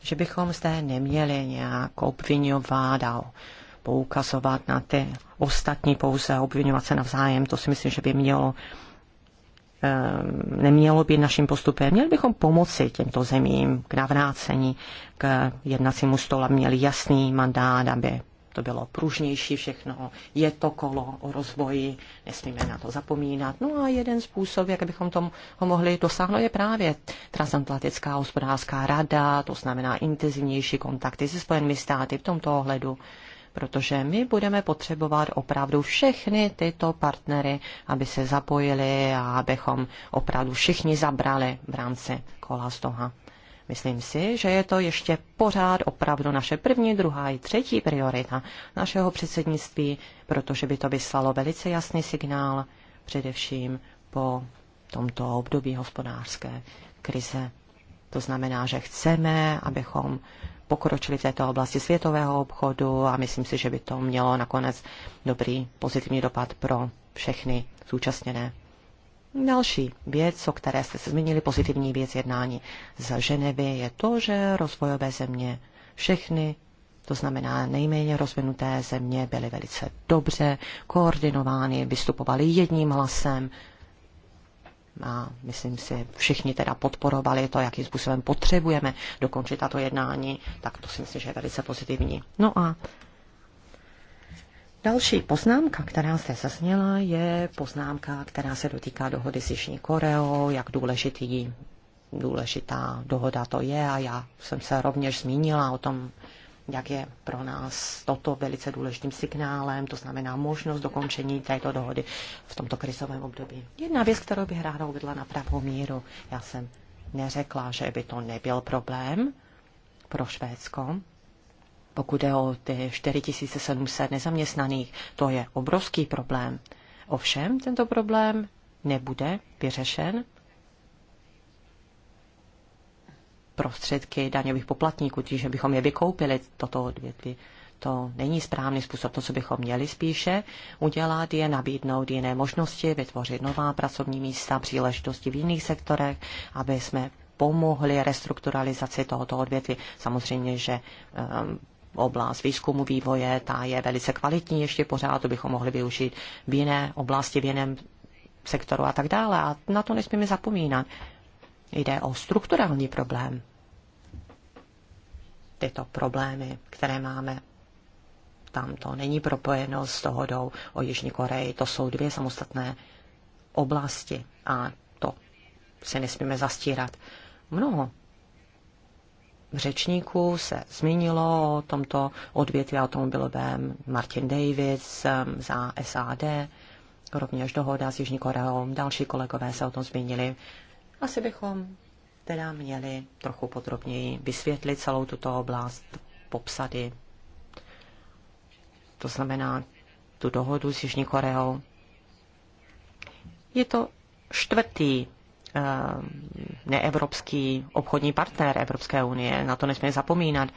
že bychom zde neměli nějak obvinovat a poukazovat na ty ostatní pouze, obvinovat se navzájem, to si myslím, že by mělo Ehm, nemělo být naším postupem. Měli bychom pomoci těmto zemím k navrácení k jednacímu stolu, měli jasný mandát, aby to bylo pružnější všechno, je to kolo o rozvoji, nesmíme na to zapomínat. No a jeden způsob, jak bychom tomu mohli dosáhnout, je právě transatlantická hospodářská rada, to znamená intenzivnější kontakty se Spojenými státy v tomto ohledu protože my budeme potřebovat opravdu všechny tyto partnery, aby se zapojili a abychom opravdu všichni zabrali v rámci kola z toho. Myslím si, že je to ještě pořád opravdu naše první, druhá i třetí priorita našeho předsednictví, protože by to vyslalo velice jasný signál, především po tomto období hospodářské krize. To znamená, že chceme, abychom pokročili v této oblasti světového obchodu a myslím si, že by to mělo nakonec dobrý pozitivní dopad pro všechny zúčastněné. Další věc, o které jste se zmínili, pozitivní věc jednání z Ženevy, je to, že rozvojové země všechny to znamená, nejméně rozvinuté země byly velice dobře koordinovány, vystupovaly jedním hlasem a myslím si, všichni teda podporovali to, jakým způsobem potřebujeme dokončit tato jednání, tak to si myslím, že je velice pozitivní. No a Další poznámka, která se zazněla, je poznámka, která se dotýká dohody s Jižní Koreou, jak důležitý, důležitá dohoda to je a já jsem se rovněž zmínila o tom, jak je pro nás toto velice důležitým signálem, to znamená možnost dokončení této dohody v tomto krizovém období. Jedna věc, kterou bych ráda uvedla na pravou míru, já jsem neřekla, že by to nebyl problém pro Švédsko, pokud je o ty 4700 nezaměstnaných, to je obrovský problém. Ovšem, tento problém nebude vyřešen prostředky daňových poplatníků, tím, že bychom je vykoupili, toto odvětví. To není správný způsob. To, co bychom měli spíše udělat, je nabídnout jiné možnosti, vytvořit nová pracovní místa, příležitosti v jiných sektorech, aby jsme pomohli restrukturalizaci tohoto odvětví. Samozřejmě, že um, oblast výzkumu vývoje, ta je velice kvalitní ještě pořád, to bychom mohli využít v jiné oblasti, v jiném sektoru a tak dále. A na to nesmíme zapomínat. Jde o strukturální problém. Tyto problémy, které máme tam to není propojeno s dohodou o Jižní Koreji. To jsou dvě samostatné oblasti a to se nesmíme zastírat. Mnoho řečníků se zmínilo o tomto odvětví automobilovém Martin Davis um, za SAD, rovněž dohoda s Jižní Koreou. Další kolegové se o tom zmínili. Asi bychom teda měli trochu podrobněji vysvětlit celou tuto oblast, popsat ji. To znamená tu dohodu s Jižní Koreou. Je to čtvrtý eh, neevropský obchodní partner Evropské unie. Na to nesmíme zapomínat.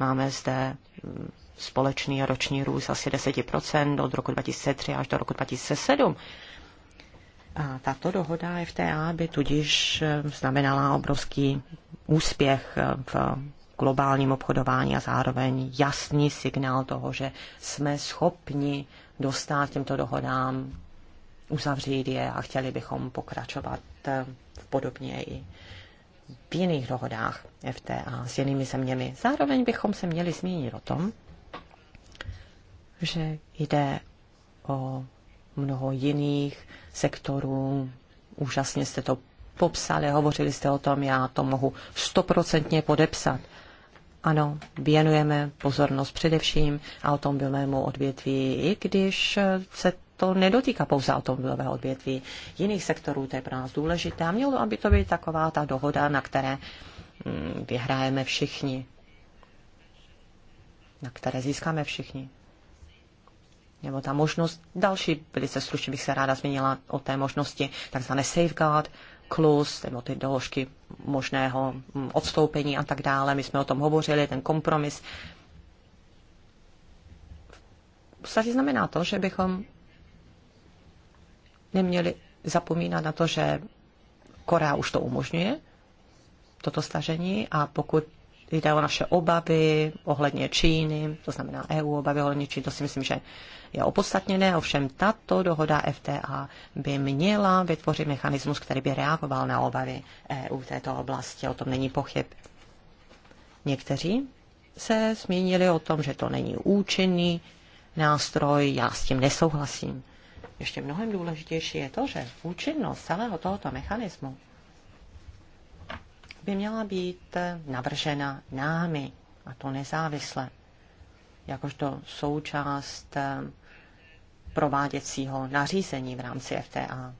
Máme zde mm, společný roční růst asi 10% od roku 2003 až do roku 2007. A tato dohoda FTA by tudíž eh, znamenala obrovský úspěch eh, v globálním obchodování a zároveň jasný signál toho, že jsme schopni dostat těmto dohodám, uzavřít je a chtěli bychom pokračovat eh, v podobně i v jiných dohodách FTA s jinými zeměmi. Zároveň bychom se měli zmínit o tom, že jde o mnoho jiných sektorů. Úžasně jste to popsali, hovořili jste o tom, já to mohu stoprocentně podepsat. Ano, věnujeme pozornost především automobilovému odvětví, i když se to nedotýká pouze automobilového odvětví. Jiných sektorů to je pro nás důležité a mělo aby to být taková ta dohoda, na které mm, vyhrajeme všichni, na které získáme všichni nebo ta možnost, další velice stručně bych se ráda zmínila o té možnosti, takzvané safeguard, klus, nebo ty doložky možného mm, odstoupení a tak dále. My jsme o tom hovořili, ten kompromis. V podstatě znamená to, že bychom neměli zapomínat na to, že Korea už to umožňuje, toto stažení, a pokud jde o naše obavy ohledně Číny, to znamená EU obavy ohledně Číny, to si myslím, že je opodstatněné, ovšem tato dohoda FTA by měla vytvořit mechanismus, který by reagoval na obavy EU v této oblasti, o tom není pochyb. Někteří se zmínili o tom, že to není účinný nástroj, já s tím nesouhlasím. Ještě mnohem důležitější je to, že účinnost celého tohoto mechanismu by měla být navržena námi, a to nezávisle, jakožto součást eh, prováděcího nařízení v rámci FTA.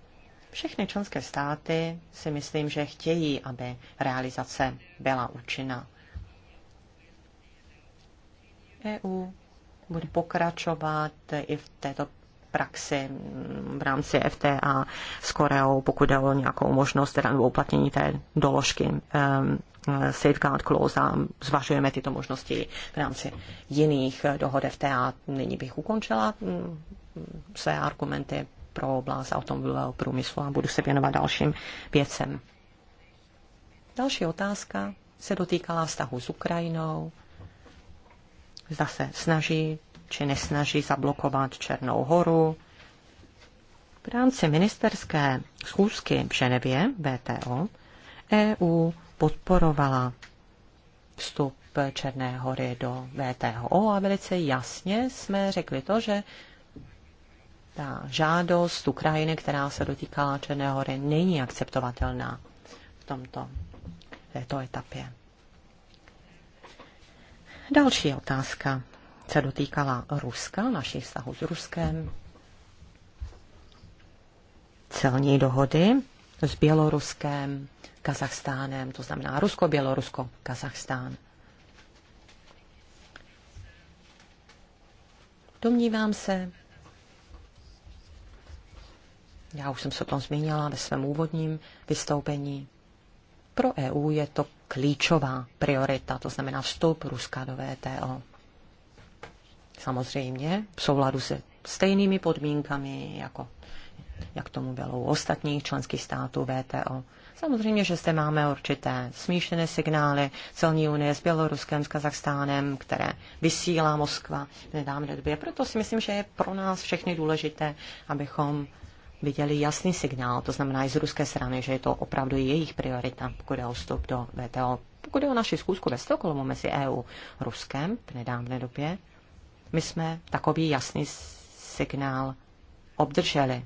Všechny členské státy si myslím, že chtějí, aby realizace byla účinná. EU bude pokračovat i v této praxi v rámci FTA s Koreou, pokud jde o nějakou možnost teda, nebo uplatnění té doložky um, eh, safeguard clause a zvažujeme tyto možnosti v rámci jiných eh, dohod FTA. Nyní bych ukončila mm, mm, své argumenty pro oblast automobilového průmyslu a budu se věnovat dalším věcem. Další otázka se dotýkala vztahu s Ukrajinou. Zase snaží či nesnaží zablokovat Černou horu. V rámci ministerské schůzky v Ženevě BTO, EU podporovala vstup Černé hory do VTO a velice jasně jsme řekli to, že ta žádost Ukrajiny, která se dotýkala Černé hory, není akceptovatelná v tomto této etapě. Další otázka se dotýkala Ruska, našich vztahů s Ruskem, celní dohody s Běloruskem, Kazachstánem, to znamená Rusko, Bělorusko, Kazachstán. Domnívám se, já už jsem se o tom zmínila ve svém úvodním vystoupení, pro EU je to klíčová priorita, to znamená vstup Ruska do VTO samozřejmě v souladu se stejnými podmínkami, jako jak tomu bylo u ostatních členských států VTO. Samozřejmě, že zde máme určité smíšené signály celní unie s Běloruskem, s Kazachstánem, které vysílá Moskva v nedávné době. Proto si myslím, že je pro nás všechny důležité, abychom viděli jasný signál, to znamená i z ruské strany, že je to opravdu jejich priorita, pokud je o vstup do VTO. Pokud je o naši zkusku ve Stokholmu mezi EU a Ruskem v nedávné době, my jsme takový jasný signál obdrželi.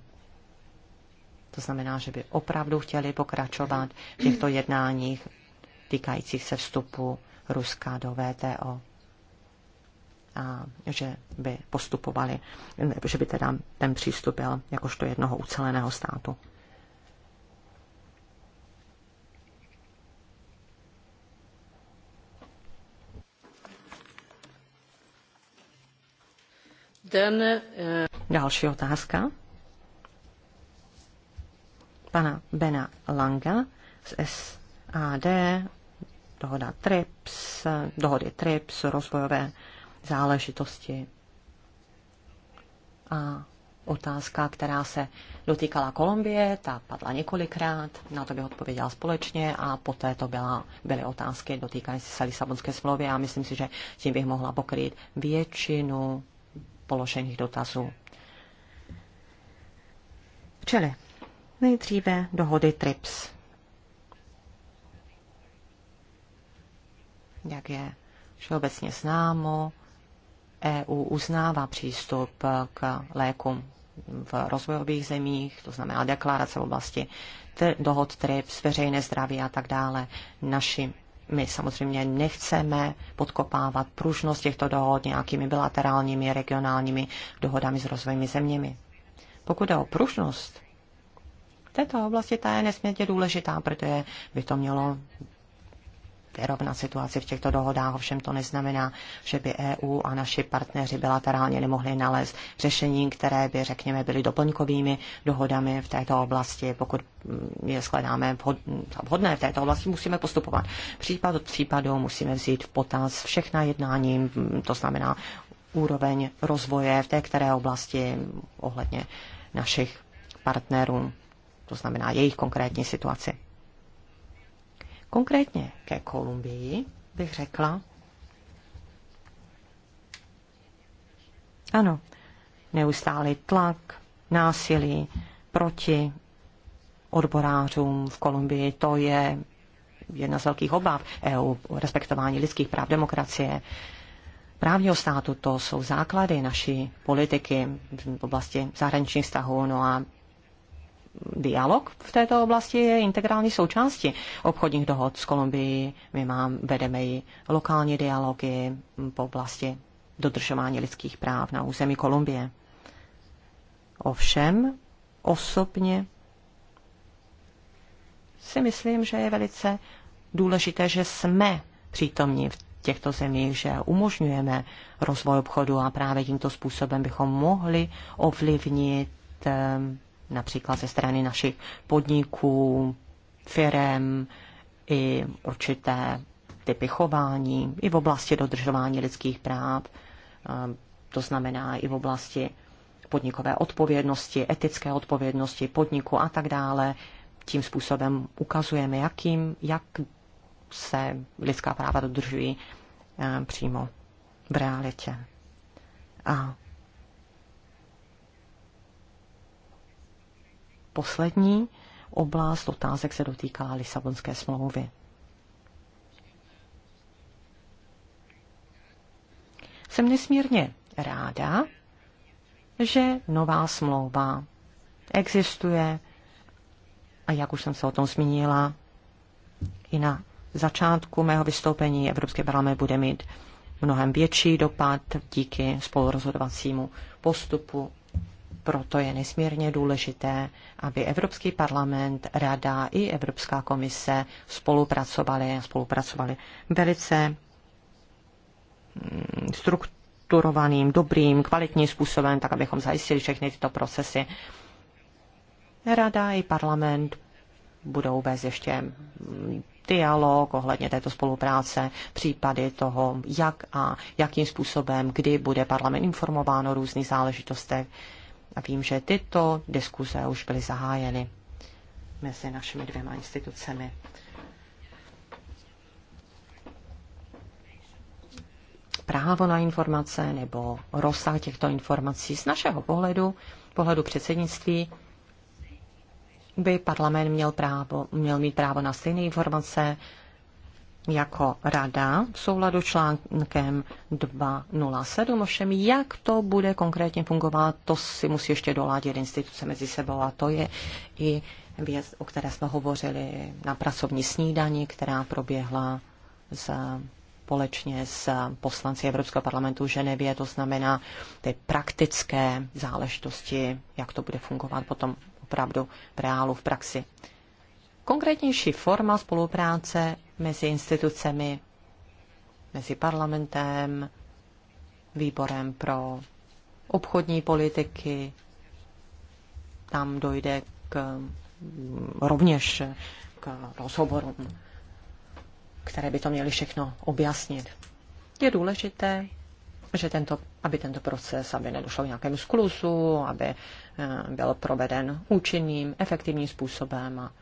To znamená, že by opravdu chtěli pokračovat v těchto jednáních týkajících se vstupu Ruska do VTO a že by postupovali, že by teda ten přístup byl jakožto jednoho uceleného státu. Eh, Další otázka. Pana Bena Langa z SAD, dohoda TRIPS, dohody TRIPS, rozvojové záležitosti. A otázka, která se dotýkala Kolumbie, ta padla několikrát, na to bych odpověděla společně a poté to byla, byly otázky dotýkající se Lisabonské smlouvy a myslím si, že tím bych mohla pokrýt většinu položených dotazů. Čili nejdříve dohody TRIPS. Jak je všeobecně známo, EU uznává přístup k lékům v rozvojových zemích, to znamená deklarace v oblasti dohod TRIPS, veřejné zdraví a tak dále. Naším my samozřejmě nechceme podkopávat pružnost těchto dohod nějakými bilaterálními, regionálními dohodami s rozvojnými zeměmi. Pokud je o pružnost, této oblasti ta je nesmírně důležitá, protože by to mělo vyrovnat situaci v těchto dohodách. Ovšem to neznamená, že by EU a naši partneři bilaterálně nemohli nalézt řešení, které by, řekněme, byly doplňkovými dohodami v této oblasti. Pokud mm, je shledáme vhodné v této oblasti, musíme postupovat. Případ od případu musíme vzít v potaz všechna jednání, to znamená úroveň rozvoje v té které oblasti ohledně našich partnerů, to znamená jejich konkrétní situaci. Konkrétně ke Kolumbii bych řekla, ano, neustálý tlak, násilí proti odborářům v Kolumbii, to je jedna z velkých obav EU, respektování lidských práv, demokracie, právního státu, to jsou základy naší politiky v oblasti zahraničních vztahů, no a dialog v této oblasti je integrální součástí obchodních dohod s Kolumbií. My mám, vedeme i lokální dialogy v oblasti dodržování lidských práv na území Kolumbie. Ovšem, osobně si myslím, že je velice důležité, že jsme přítomní v těchto zemích, že umožňujeme rozvoj obchodu a právě tímto způsobem bychom mohli ovlivnit eh, například ze strany našich podniků, firem, i určité typy chování, i v oblasti dodržování lidských práv, eh, to znamená i v oblasti podnikové odpovědnosti, etické odpovědnosti podniku a tak dále. Tím způsobem ukazujeme, jakým, jak se lidská práva dodržují eh, přímo v realitě. A poslední oblast otázek se dotýká Lisabonské smlouvy. Jsem nesmírně ráda, že nová smlouva existuje a jak už jsem se o tom zmínila, i na začátku mého vystoupení Evropské parlament bude mít mnohem větší dopad díky spolurozhodovacímu postupu proto je nesmírně důležité, aby Evropský parlament, Rada i Evropská komise spolupracovali a spolupracovali velice mm, strukturovaným, dobrým, kvalitním způsobem, tak abychom zajistili všechny tyto procesy. Rada i parlament budou vůbec ještě mm, dialog ohledně této spolupráce, případy toho, jak a jakým způsobem, kdy bude parlament informován o různých záležitostech. A vím, že tyto diskuze už byly zahájeny mezi našimi dvěma institucemi. Právo na informace nebo rozsah těchto informací z našeho pohledu, pohledu předsednictví, by parlament měl, právo, měl mít právo na stejné informace, jako rada v souladu článkem 207. Ovšem, jak to bude konkrétně fungovat, to si musí ještě doladit instituce mezi sebou a to je i věc, o které jsme hovořili na pracovní snídani, která proběhla z společně s poslanci Evropského parlamentu v Ženevě, to znamená ty praktické záležitosti, jak to bude fungovat potom opravdu v reálu, v praxi. Konkrétnější forma spolupráce mezi institucemi, mezi parlamentem, výborem pro obchodní politiky. Tam dojde k, rovněž k rozhovorům, které by to měly všechno objasnit. Je důležité, že tento, aby tento proces, aby nedošlo k nějakému skluzu, aby eh, byl proveden účinným, efektivním způsobem a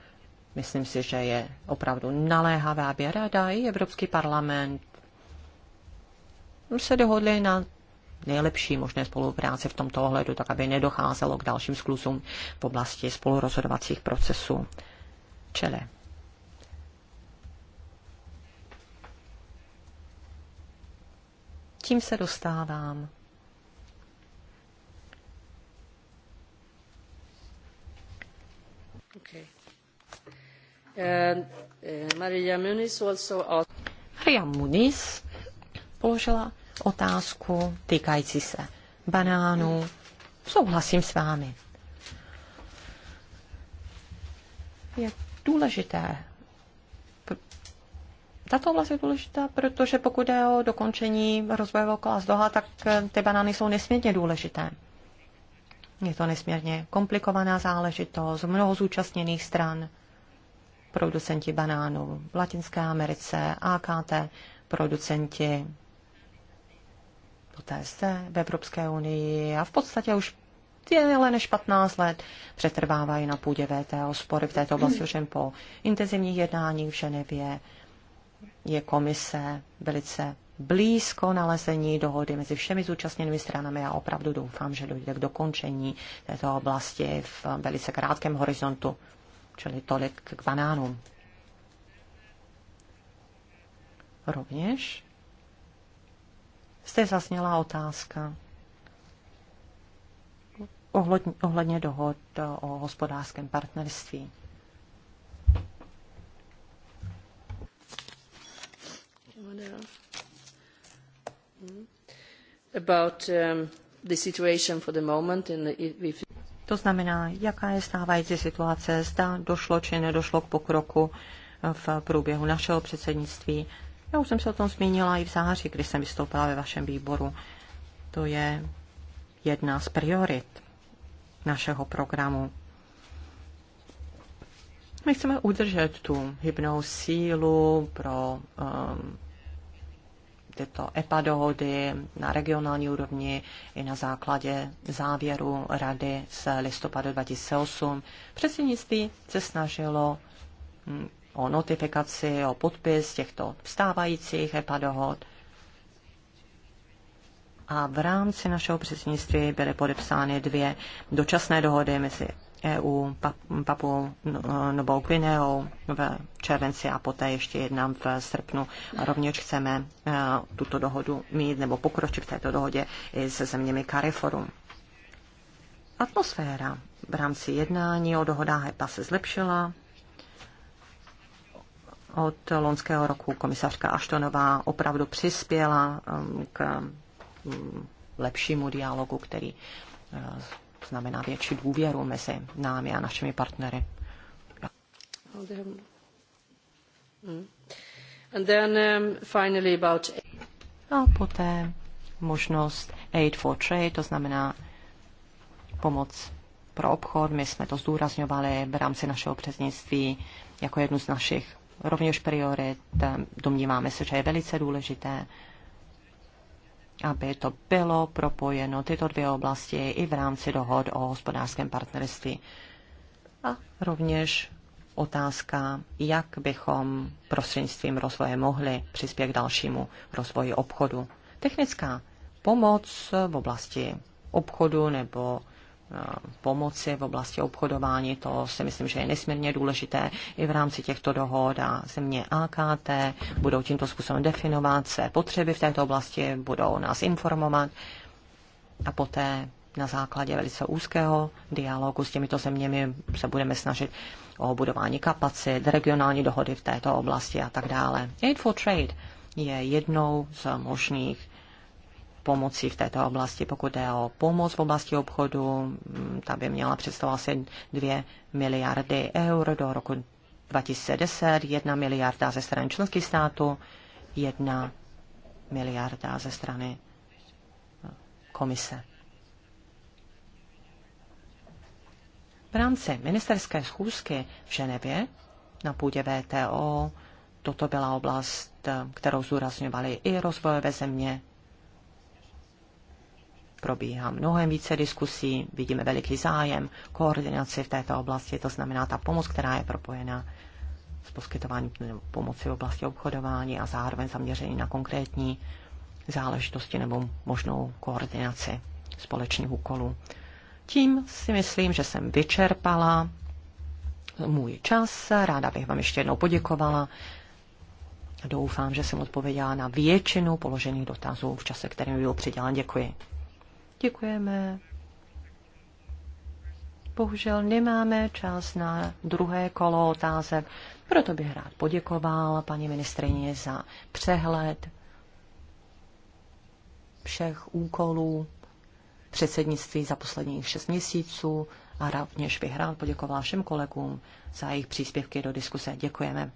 Myslím si, že je opravdu naléhavé, aby Rada i Evropský parlament se dohodli na nejlepší možné spolupráci v tomto ohledu, tak aby nedocházelo k dalším sklusům v oblasti spolurozhodovacích procesů. Čele. Tím se dostávám Uh, Maria Muniz Muniz položila otázku týkající se banánů. Souhlasím s vámi. Je důležité tato oblast je důležitá, protože pokud je o dokončení rozvojového kola z Doha, tak eh, ty banány jsou nesmírně důležité. Je to nesmírně komplikovaná záležitost mnoho zúčastněných stran producenti banánů v Latinské Americe, AKT, producenti poté zde v Evropské unii a v podstatě už déle než 15 let přetrvávají na půdě VTO spory v této oblasti, jen po intenzivních jednáních v Ženevě je komise velice blízko nalezení dohody mezi všemi zúčastněnými stranami a opravdu doufám, že dojde k dokončení této oblasti v velice krátkém horizontu čili tolik k banánům. Rovněž jste zasněla otázka ohledně, ohledně dohod o hospodářském partnerství. About um, the situation for the moment in the, if to znamená, jaká je stávající situace, zda došlo či nedošlo k pokroku eh, v průběhu našeho předsednictví. Já už jsem se o tom zmínila i v září, kdy jsem vystoupila ve vašem výboru. To je jedna z priorit našeho programu. My chceme udržet tu hybnou sílu pro um, tyto EPA dohody na regionální úrovni i na základě závěru Rady z listopadu 2008. Předsednictví se snažilo hm, o notifikaci, o podpis těchto vstávajících EPA dohod. A v rámci našeho předsednictví byly podepsány dvě dočasné dohody mezi EU Papu Novou Gvineou v červenci a poté ještě jednám v srpnu. A rovněž chceme e, tuto dohodu mít nebo pokročit v této dohodě i se zeměmi Cariforum. Atmosféra v rámci jednání o dohodách EPA se zlepšila. Od loňského roku komisařka Aštonová opravdu přispěla e, k mm, lepšímu dialogu, který e, znamená větší důvěru mezi námi a našimi partnery. And then, um, finally about... A poté možnost aid for trade, to znamená pomoc pro obchod. My jsme to zdůrazňovali v rámci našeho předsednictví jako jednu z našich rovněž priorit. Domníváme se, že je velice důležité aby to bylo propojeno, tyto dvě oblasti, i v rámci dohod o hospodářském partnerství. A rovněž otázka, jak bychom prostřednictvím rozvoje mohli přispět k dalšímu rozvoji obchodu. Technická pomoc v oblasti obchodu nebo Eh, pomoci v oblasti obchodování. To si myslím, že je nesmírně důležité i v rámci těchto dohod a země AKT budou tímto způsobem definovat své potřeby v této oblasti, budou nás informovat a poté na základě velice úzkého dialogu s těmito zeměmi se budeme snažit o budování kapacit, regionální dohody v této oblasti a tak dále. Aid for Trade je jednou z možných pomoci v této oblasti. Pokud je o pomoc v oblasti obchodu, mm, ta by měla představovat asi 2 miliardy eur do roku 2010, 1 miliarda ze strany členských států, 1 miliarda ze strany eh, komise. V rámci ministerské schůzky v Ženevě na půdě VTO toto byla oblast, eh, kterou zúrazňovaly i rozvojové země, probíhá mnohem více diskusí, vidíme veliký zájem, koordinaci v této oblasti, to znamená ta pomoc, která je propojena s poskytováním pomoci v oblasti obchodování a zároveň zaměření na konkrétní záležitosti nebo možnou koordinaci společných úkolů. Tím si myslím, že jsem vyčerpala můj čas. Ráda bych vám ještě jednou poděkovala. Doufám, že jsem odpověděla na většinu položených dotazů v čase, kterým byl přidělen. Děkuji. Děkujeme. Bohužel nemáme čas na druhé kolo otázek, proto bych rád poděkoval paní ministrině za přehled všech úkolů předsednictví za posledních šest měsíců a rovněž bych rád poděkoval všem kolegům za jejich příspěvky do diskuse. Děkujeme.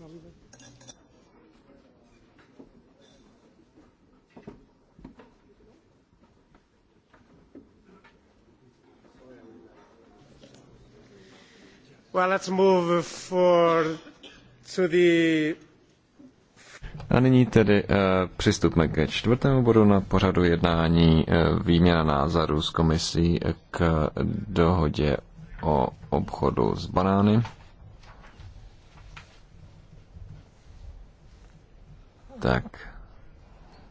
ça Well, let's move for to the... A nyní tedy uh, přistupme ke čtvrtému bodu na pořadu jednání uh, výměna názorů s komisí k dohodě o obchodu s banány. Tak,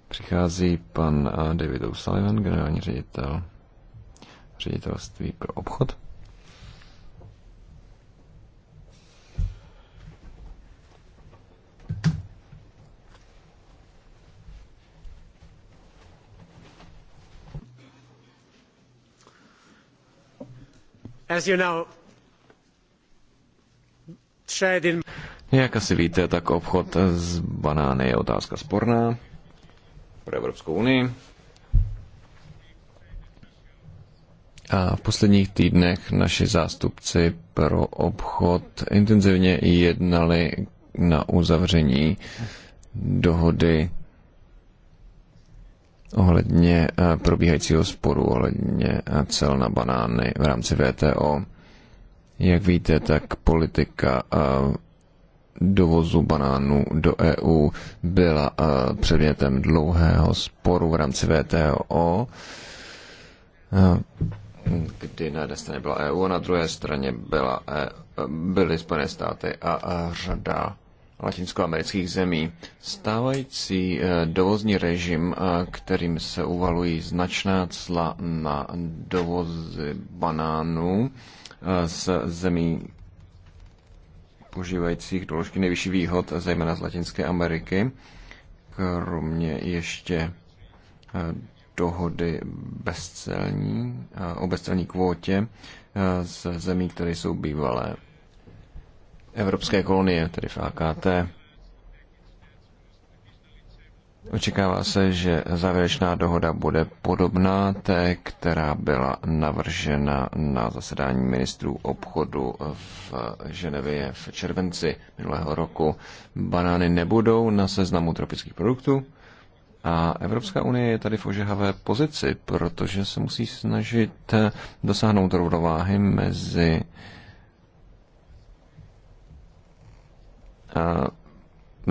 přichází pan eh, David O'Sullivan, generální ředitel ředitelství pro obchod. As you know, trade in jak asi víte, tak obchod s banány je otázka sporná pro Evropskou unii. A v posledních týdnech naši zástupci pro obchod intenzivně jednali na uzavření dohody ohledně eh, probíhajícího sporu ohledně eh, cel na banány v rámci VTO. Jak víte, tak politika eh, dovozu banánů do EU byla eh, předmětem dlouhého sporu v rámci VTO, eh, kdy na jedné straně byla EU a na druhé straně byla, eh, byly Spojené státy a řada latinskoamerických zemí. Stávající dovozní režim, kterým se uvalují značná cla na dovozy banánů z zemí, požívajících doložky nejvyšší výhod, zejména z Latinské Ameriky, kromě ještě eh, dohody bezcelní, eh, o bezcelní kvótě eh, z zemí, které jsou bývalé evropské kolonie, tedy v AKT. Očekává se, že závěrečná dohoda bude podobná té, která byla navržena na zasedání ministrů obchodu v Ženevě v červenci minulého roku. Banány nebudou na seznamu tropických produktů a Evropská unie je tady v ožehavé pozici, protože se musí snažit dosáhnout rovnováhy mezi eh,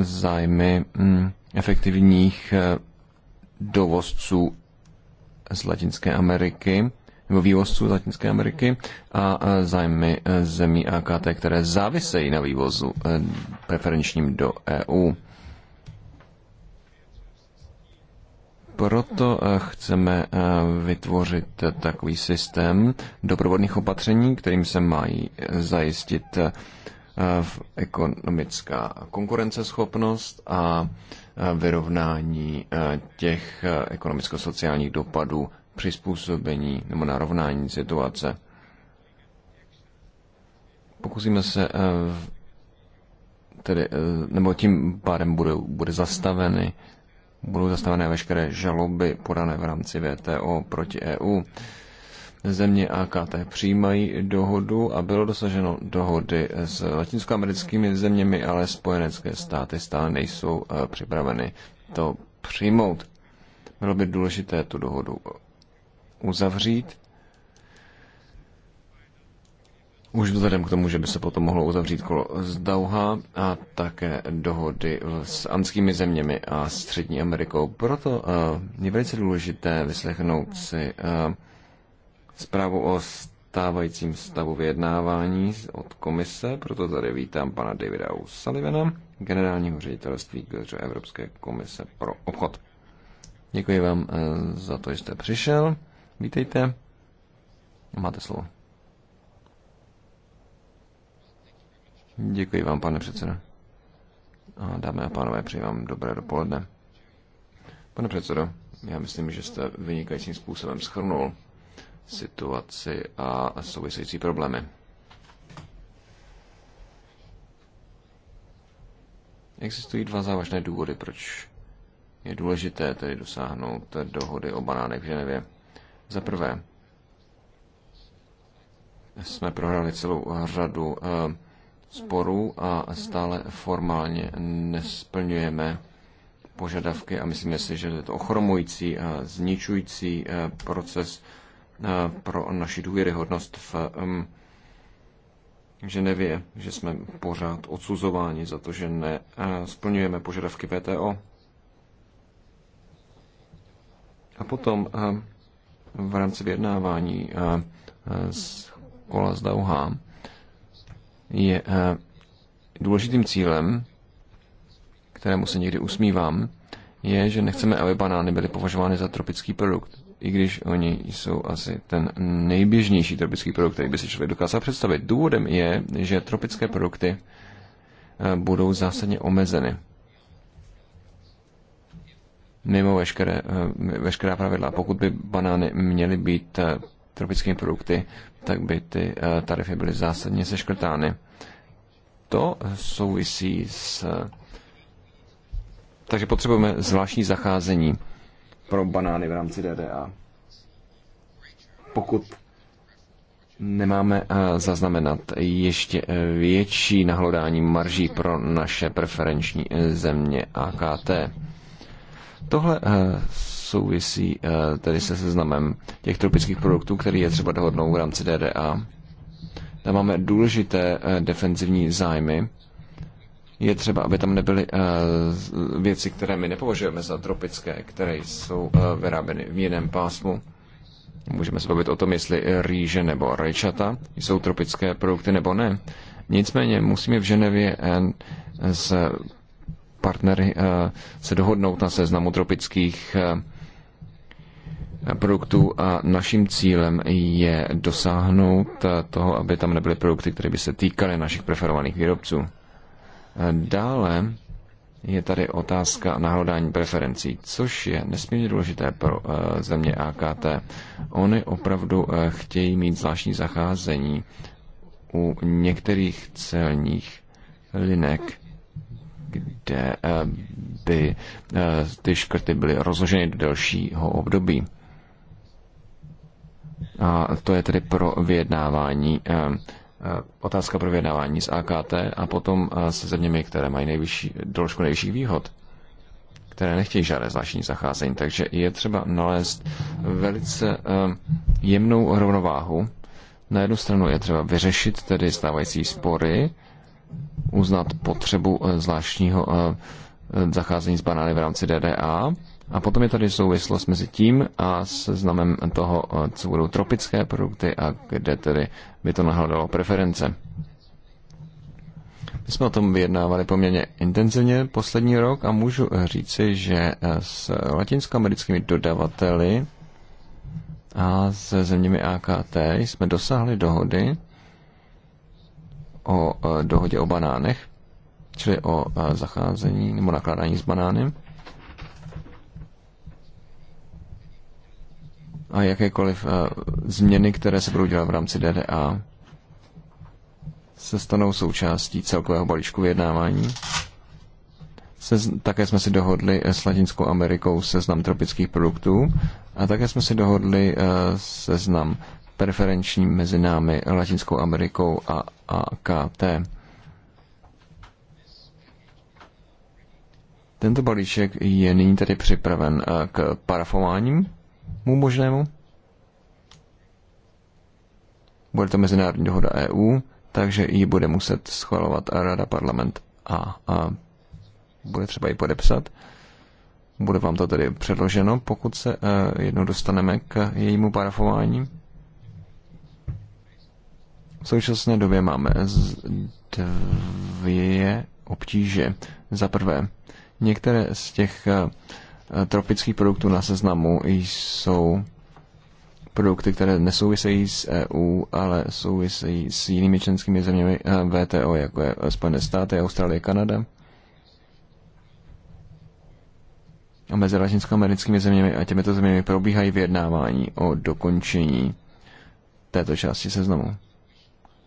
zájmy mm, efektivních eh, dovozců z Latinské Ameriky nebo vývozců z Latinské Ameriky a eh, zájmy eh, zemí AKT, které závisejí na vývozu preferenčním do EU. Proto chceme vytvořit takový systém doprovodných opatření, kterým se mají zajistit ekonomická konkurenceschopnost a vyrovnání eh, těch eh, ekonomicko-sociálních dopadů, přizpůsobení nebo narovnání situace. Pokusíme se eh, tedy, nebo tím pádem bude, bude zastaveny, budou zastavené veškeré žaloby podané v rámci VTO proti EU země AKT přijímají dohodu a bylo dosaženo dohody s latinskoamerickými zeměmi, ale spojenecké státy stále nejsou eh, připraveny to přijmout. Bylo by důležité tu dohodu uzavřít. Už vzhledem k tomu, že by se potom mohlo uzavřít kolo z Dauha a také dohody s anskými zeměmi a Střední Amerikou. Proto eh, je velice důležité vyslechnout si uh, zprávu o stávajícím stavu vyjednávání od komise, proto tady vítám pana Davida Sullivana, generálního ředitelství Evropské komise pro obchod. Děkuji vám eh, za to, že jste přišel. Vítejte. Máte slovo. Děkuji vám, pane předsedo. A dámy a pánové, přeji vám dobré dopoledne. Pane předsedo, já myslím, že jste vynikajícím způsobem schrnul situaci a související problémy. Existují dva závažné důvody, proč je důležité tedy dosáhnout dohody o banánech v Ženevě. Za prvé, jsme prohráli celou řadu eh, sporů a stále formálně nesplňujeme požadavky a myslíme si, že je to ochromující a zničující eh, proces Eh, pro naši důvěryhodnost v Ženevě, že jsme pořád odsuzováni za to, že nesplňujeme eh, požadavky VTO. A potom eh, v rámci vyjednávání z kola z Dauha je důležitým cílem, kterému se někdy usmívám, je, že nechceme, aby banány byly považovány za tropický produkt i když oni jsou asi ten nejběžnější tropický produkt, který by si člověk dokázal představit. Důvodem je, že tropické produkty eh, budou zásadně omezeny. Mimo veškeré, eh, veškerá pravidla. Pokud by banány měly být eh, tropickými produkty, tak by ty tarify byly zásadně seškrtány. To souvisí s. Takže potřebujeme zvláštní zacházení pro banány v rámci DDA. Pokud nemáme eh, zaznamenat ještě eh, větší nahlodání marží pro naše preferenční eh, země AKT. Tohle souvisí tedy se seznamem těch tropických produktů, který je třeba dohodnout v rámci DDA. Tam máme důležité defenzivní zájmy, je třeba, aby tam nebyly eh, věci, které my nepovažujeme za tropické, které jsou eh, vyráběny v jiném pásmu. Můžeme se bavit o tom, jestli rýže nebo rajčata jsou tropické produkty nebo ne. Nicméně musíme v Ženevě eh, s partnery se dohodnout na seznamu tropických produktů a naším cílem je dosáhnout toho, aby tam nebyly produkty, které by se týkaly našich preferovaných výrobců. Dále je tady otázka nahodání preferencí, což je nesmírně důležité pro eh, země AKT. Oni opravdu eh, chtějí mít zvláštní zacházení u některých celních linek, kde eh, by ty škrty byly rozloženy do delšího období. A to je tedy pro vyjednávání Eh, otázka pro vyjednávání s AKT a potom eh, se zeměmi, které mají nejvyšší, doložku nejvyšších výhod, které nechtějí žádné zvláštní zacházení. Takže je třeba nalézt velice eh, jemnou rovnováhu. Na jednu stranu je třeba vyřešit tedy stávající spory, uznat potřebu zvláštního zacházení s banány v rámci DDA a potom je tady souvislost mezi tím a seznamem toho, eh, co budou tropické produkty a kde tedy by to nahledalo preference. My jsme o tom vyjednávali poměrně intenzivně poslední rok a můžu říci, že eh, s latinskoamerickými dodavateli a se zeměmi AKT jsme dosáhli dohody o eh, dohodě o banánech, čili o zacházení nebo nakládání s banány. a jakékoliv eh, změny, které se budou dělat v rámci DDA, se stanou součástí celkového balíčku vyjednávání. Se, také jsme si dohodli eh, s Latinskou Amerikou seznam tropických produktů a také jsme si dohodli eh, seznam preferenční mezi námi Latinskou Amerikou a AKT. Tento balíček je nyní tedy připraven k parafováním všemu možnému. Bude to mezinárodní dohoda EU, takže ji bude muset schvalovat a Rada parlament a, a bude třeba ji podepsat. Bude vám to tedy předloženo, pokud se uh, jednou dostaneme k jejímu parafování. V současné době máme dvě obtíže. Za prvé, některé z těch uh, Eh, tropických produktů na seznamu jsou produkty, které nesouvisejí s EU, ale souvisejí s jinými členskými zeměmi eh, VTO, jako je Spojené státy, Austrálie, Kanada. A mezi latinskoamerickými zeměmi a těmito zeměmi probíhají vyjednávání o dokončení této části seznamu.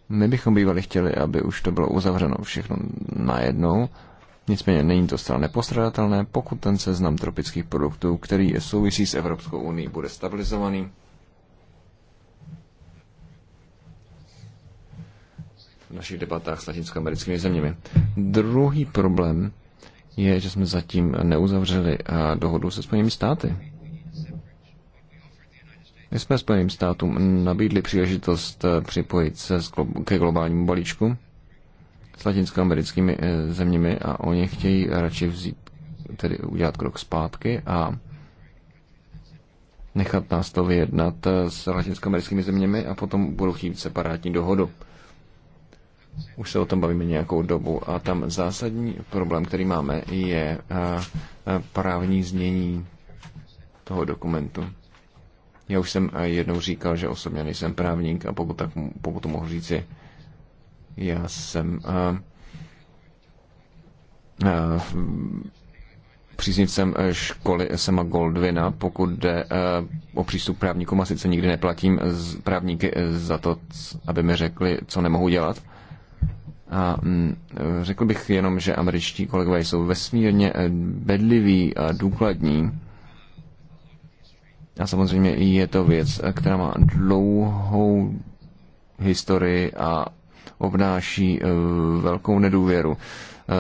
My bychom bývali chtěli, aby už to bylo uzavřeno všechno najednou, Nicméně není to zcela nepostradatelné, pokud ten seznam tropických produktů, který je souvisí s Evropskou unii, bude stabilizovaný. V našich debatách s latinskoamerickými zeměmi. Druhý problém je, že jsme zatím neuzavřeli eh, dohodu se Spojenými státy. My jsme Spojeným státům nabídli příležitost eh, připojit se ke globálnímu balíčku s latinskoamerickými eh, zeměmi a oni chtějí radši vzít, tedy udělat krok zpátky a nechat nás to vyjednat eh, s latinskoamerickými zeměmi a potom budou chtít separátní dohodu. Už se o tom bavíme nějakou dobu a tam zásadní problém, který máme, je eh, právní znění toho dokumentu. Já už jsem jednou říkal, že osobně nejsem právník a pokud, tak, pokud to mohu říci, já jsem uh, uh, příznivcem eh, školy SMA Goldwina, pokud jde o přístup právníkům a sice nikdy neplatím z právníky za to, aby mi řekli, co nemohu dělat. A mm, řekl bych jenom, že američtí kolegové jsou vesmírně bedliví a důkladní. A samozřejmě je to věc, která má dlouhou historii a obnáší eh, velkou nedůvěru. Eh,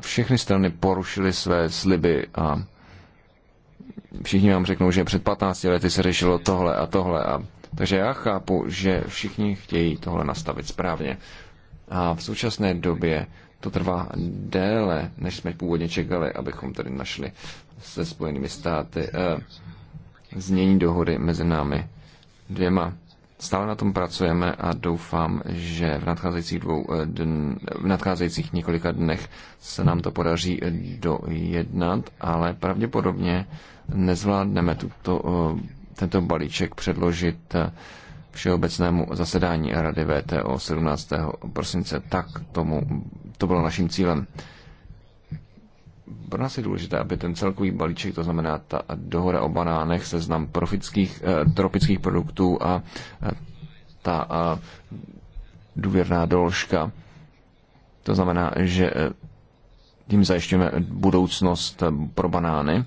všechny strany porušily své sliby a všichni vám řeknou, že před 15 lety se řešilo tohle a tohle. A... Takže já chápu, že všichni chtějí tohle nastavit správně. A v současné době to trvá déle, než jsme původně čekali, abychom tady našli se Spojenými státy eh, znění dohody mezi námi dvěma. Stále na tom pracujeme a doufám, že v nadcházejících, dvou eh, dn, v nadcházejících několika dnech se nám to podaří eh, dojednat, ale pravděpodobně nezvládneme tuto, eh, tento balíček předložit všeobecnému zasedání Rady VTO 17. prosince. Tak tomu to bylo naším cílem pro nás je důležité, aby ten celkový balíček, to znamená ta dohoda o banánech, seznam profických, eh, tropických produktů a eh, ta eh, důvěrná doložka, to znamená, že tím zajišťujeme budoucnost pro banány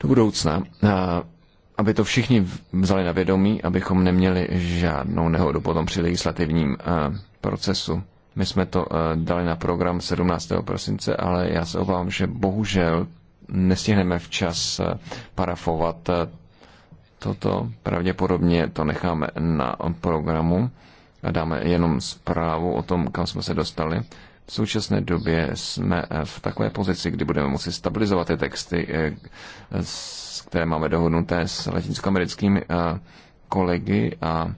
do budoucna, aby to všichni vzali na vědomí, abychom neměli žádnou nehodu potom při legislativním procesu. My jsme to eh, dali na program 17. prosince, ale já se obávám, že bohužel nestihneme včas eh, parafovat eh, toto. Pravděpodobně to necháme na programu a dáme jenom zprávu o tom, kam jsme se dostali. V současné době jsme v takové pozici, kdy budeme muset stabilizovat ty texty, které máme dohodnuté s latinskoamerickými kolegy a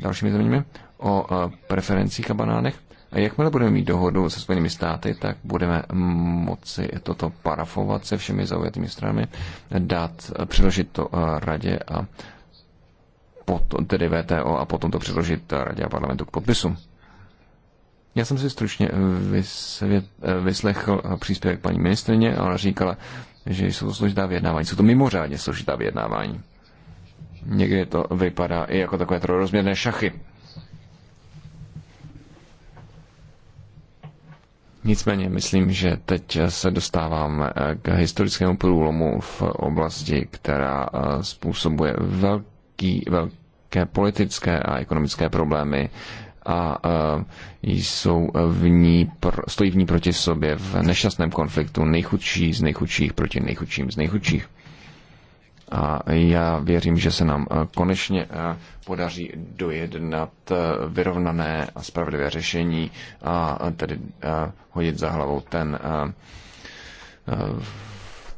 dalšími zeměmi o e, preferencích a banánech. A jakmile budeme mít dohodu se Spojenými státy, tak budeme moci toto parafovat se všemi zaujatými stranami, dát, e, předložit to e, radě a potom, tedy VTO a potom to předložit radě a parlamentu k podpisu. Já jsem si stručně vysvět, vyslechl příspěvek paní ministrině a ona říkala, že jsou to složitá vyjednávání. Jsou to mimořádně složitá vyjednávání. Někdy to vypadá i jako takové trojrozměrné šachy. Nicméně myslím, že teď se dostáváme eh, k historickému průlomu v oblasti, která eh, způsobuje velký, velké politické a ekonomické problémy a eh, jsou v ní, stojí v ní proti sobě v nešťastném konfliktu nejchudší z nejchudších proti nejchudším z nejchudších. A já věřím, že se nám eh, konečně eh, podaří dojednat eh, vyrovnané a spravedlivé řešení a tedy hodit za hlavou ten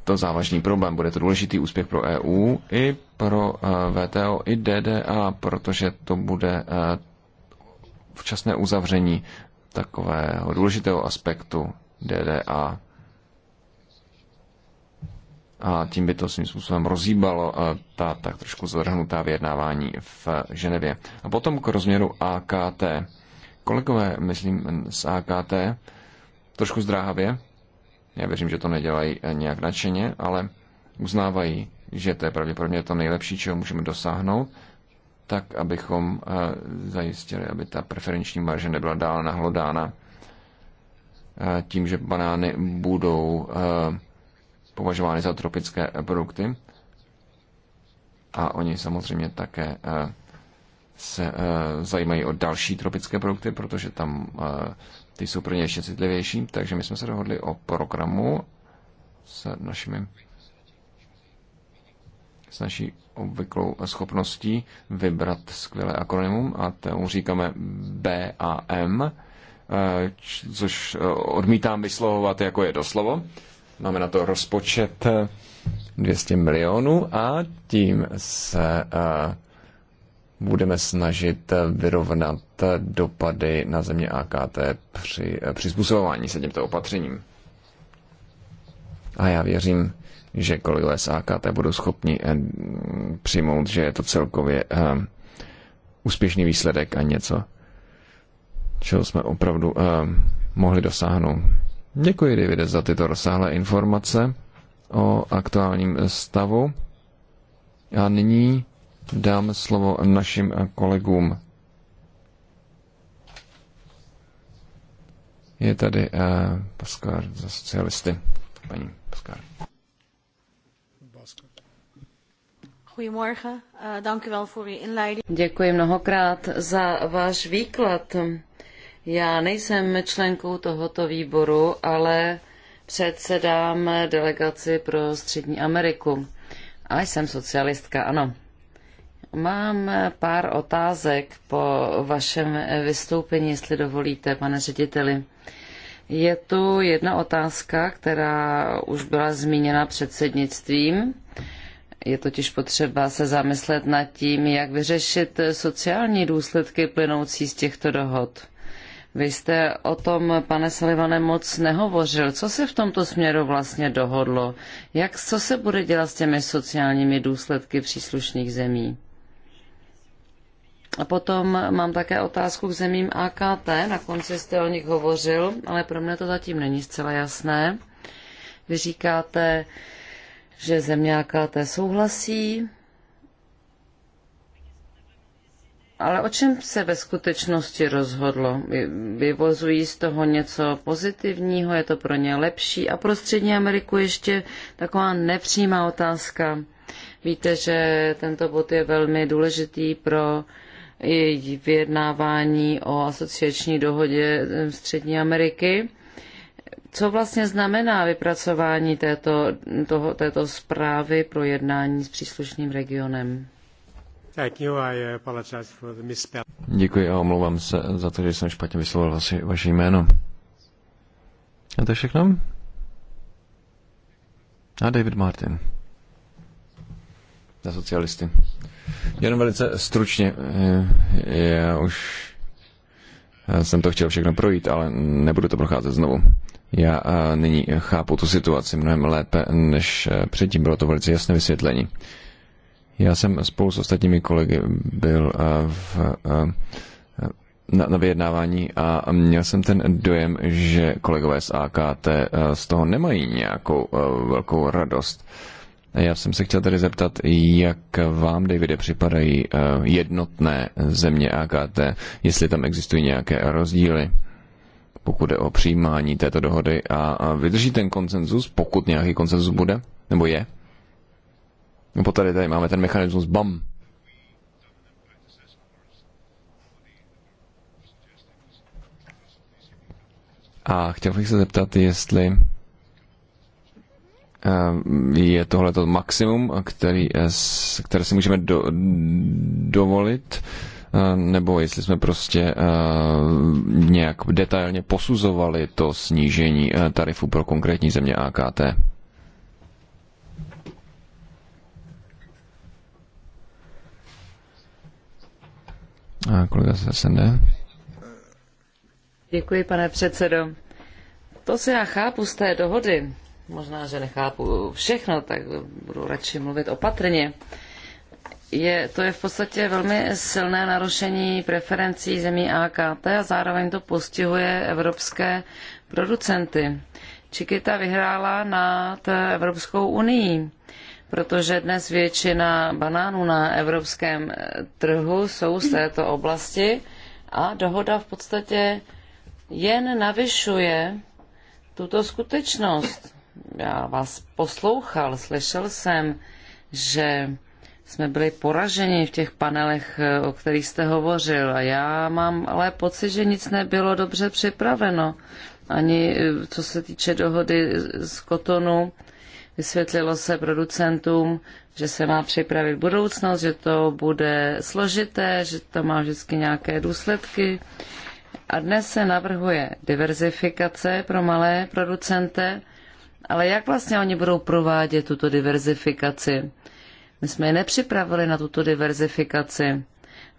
to závažný problém. Bude to důležitý úspěch pro EU i pro VTO, i DDA, protože to bude včasné uzavření takového důležitého aspektu DDA a tím by to svým způsobem rozhýbalo eh, ta tak trošku zadrhnutá vyjednávání v Ženevě. A potom k rozměru AKT. Kolegové, myslím, z AKT, trošku zdráhavě, já věřím, že to nedělají eh, nějak nadšeně, ale uznávají, že to je pravděpodobně to nejlepší, čeho můžeme dosáhnout, tak abychom eh, zajistili, aby ta preferenční marže nebyla dál nahlodána tím, že banány budou považovány za tropické produkty. A oni samozřejmě také eh, se eh, zajímají o další tropické produkty, protože tam eh, ty jsou pro ně ještě citlivější. Takže my jsme se dohodli o programu s našimi s naší obvyklou schopností vybrat skvělé akronymum a tomu říkáme BAM, což odmítám vyslovovat jako je doslovo. slovo Máme na to rozpočet 200 eh, milionů a tím se eh, budeme snažit eh, vyrovnat dopady na země AKT při přizpůsobování se těmto opatřením. A já věřím, že kolegové z AKT budou schopni přijmout, že je to celkově úspěšný výsledek a něco, čeho jsme opravdu mohli dosáhnout. Hm? Děkuji, Davide, za tyto rozsáhlé informace o aktuálním stavu. A nyní dám slovo našim kolegům. Je tady uh, eh, Paskar za socialisty. Paní Paskar. Eh, Děkuji mnohokrát za váš výklad. Já nejsem členkou tohoto výboru, ale předsedám delegaci pro Střední Ameriku. A jsem socialistka, ano. Mám pár otázek po vašem vystoupení, jestli dovolíte, pane řediteli. Je tu jedna otázka, která už byla zmíněna předsednictvím. Je totiž potřeba se zamyslet nad tím, jak vyřešit sociální důsledky plynoucí z těchto dohod. Vy jste o tom, pane Salivane, moc nehovořil. Co se v tomto směru vlastně dohodlo? Jak, co se bude dělat s těmi sociálními důsledky příslušných zemí? A potom mám také otázku k zemím AKT. Na konci jste o nich hovořil, ale pro mě to zatím není zcela jasné. Vy říkáte, že země AKT souhlasí, Ale o čem se ve skutečnosti rozhodlo? Vyvozují z toho něco pozitivního, je to pro ně lepší? A pro Střední Ameriku ještě taková nepřímá otázka. Víte, že tento bod je velmi důležitý pro vyjednávání o asociační dohodě eh, Střední Ameriky. Co vlastně znamená vypracování této, toho, této zprávy pro jednání s příslušným regionem? Děkuji a omlouvám se za to, že jsem špatně vyslovil vaši, vaše jméno. A to je všechno? A David Martin. Za socialisty. Jenom velice stručně. Eh, já už jsem to chtěl všechno projít, ale nebudu to procházet znovu. Já eh, nyní chápu tu situaci mnohem lépe, než eh, předtím bylo to velice jasné vysvětlení. Já jsem spolu s ostatními kolegy byl eh, v, eh, na, na vyjednávání a měl jsem ten dojem, že kolegové z AKT eh, z toho nemají nějakou velkou radost. Já jsem se chtěl tady zeptat, jak vám, Davide, připadají jednotné země AKT, jestli tam existují nějaké rozdíly, pokud je o přijímání této dohody a vydrží ten koncenzus, pokud nějaký koncenzus bude, nebo je? Nebo tady, tady máme ten mechanismus BAM. A chtěl bych se zeptat, jestli eh, je tohle to maximum, který, eh, které si můžeme do, dovolit, eh, nebo jestli jsme prostě nějak detailně posuzovali to snížení tarifu pro konkrétní země AKT. Kolega Děkuji, pane předsedo. To se já chápu z té dohody. Možná, že nechápu všechno, tak budu radši mluvit opatrně. Je, to je v podstatě velmi silné narušení preferencí zemí AKT a zároveň to postihuje evropské producenty. Čikita vyhrála nad Evropskou unii protože dnes většina banánů na evropském eh, trhu jsou z této oblasti a dohoda v podstatě jen navyšuje tuto skutečnost. Já vás poslouchal, slyšel jsem, že jsme byli poraženi v těch panelech, eh, o kterých jste hovořil. A já mám ale pocit, že nic nebylo dobře připraveno. Ani eh, co se týče dohody z kotonu, Vysvětlilo se producentům, že se má připravit budoucnost, že to bude složité, že to má vždycky nějaké důsledky. A dnes se navrhuje diverzifikace pro malé producente, ale jak vlastně oni budou provádět tuto diverzifikaci? My jsme je nepřipravili na tuto diverzifikaci.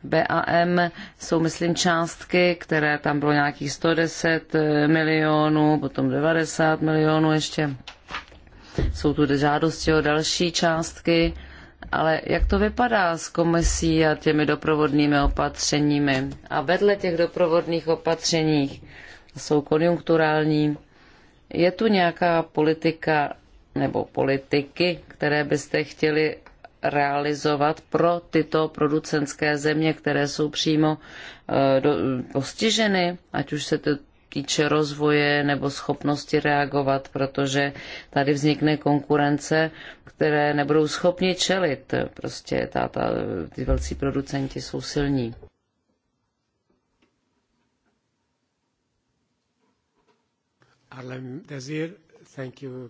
BAM jsou, myslím, částky, které tam bylo nějakých 110 milionů, potom 90 milionů ještě. Jsou tu žádosti o další částky, ale jak to vypadá s komisí a těmi doprovodnými opatřeními? A vedle těch doprovodných opatření jsou konjunkturální. Je tu nějaká politika nebo politiky, které byste chtěli realizovat pro tyto producentské země, které jsou přímo eh, postiženy, ať už se to týče rozvoje nebo schopnosti reagovat, protože tady vznikne konkurence, které nebudou schopni čelit. Prostě ta, ta, ty velcí producenti jsou silní. Arlem Desir, thank you.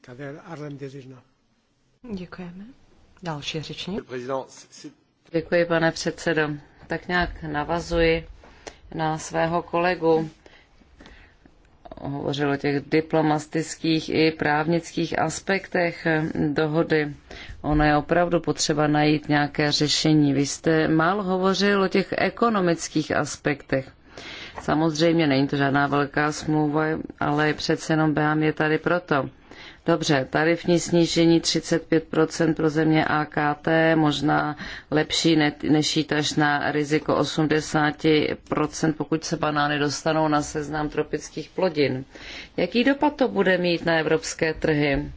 Kader Arlem Desir, no. Děkujeme. Další řečník. Děkuji, pane předsedo. Tak nějak navazuji na svého kolegu hovořil o těch diplomatických i právnických aspektech dohody. Ono je opravdu potřeba najít nějaké řešení. Vy jste málo hovořil o těch ekonomických aspektech. Samozřejmě není to žádná velká smlouva, ale přece jenom BAM je tady proto, Dobře, tarifní snížení 35% pro země AKT, možná lepší než jít až na riziko 80%, pokud se banány dostanou na seznam tropických plodin. Jaký dopad to bude mít na evropské trhy?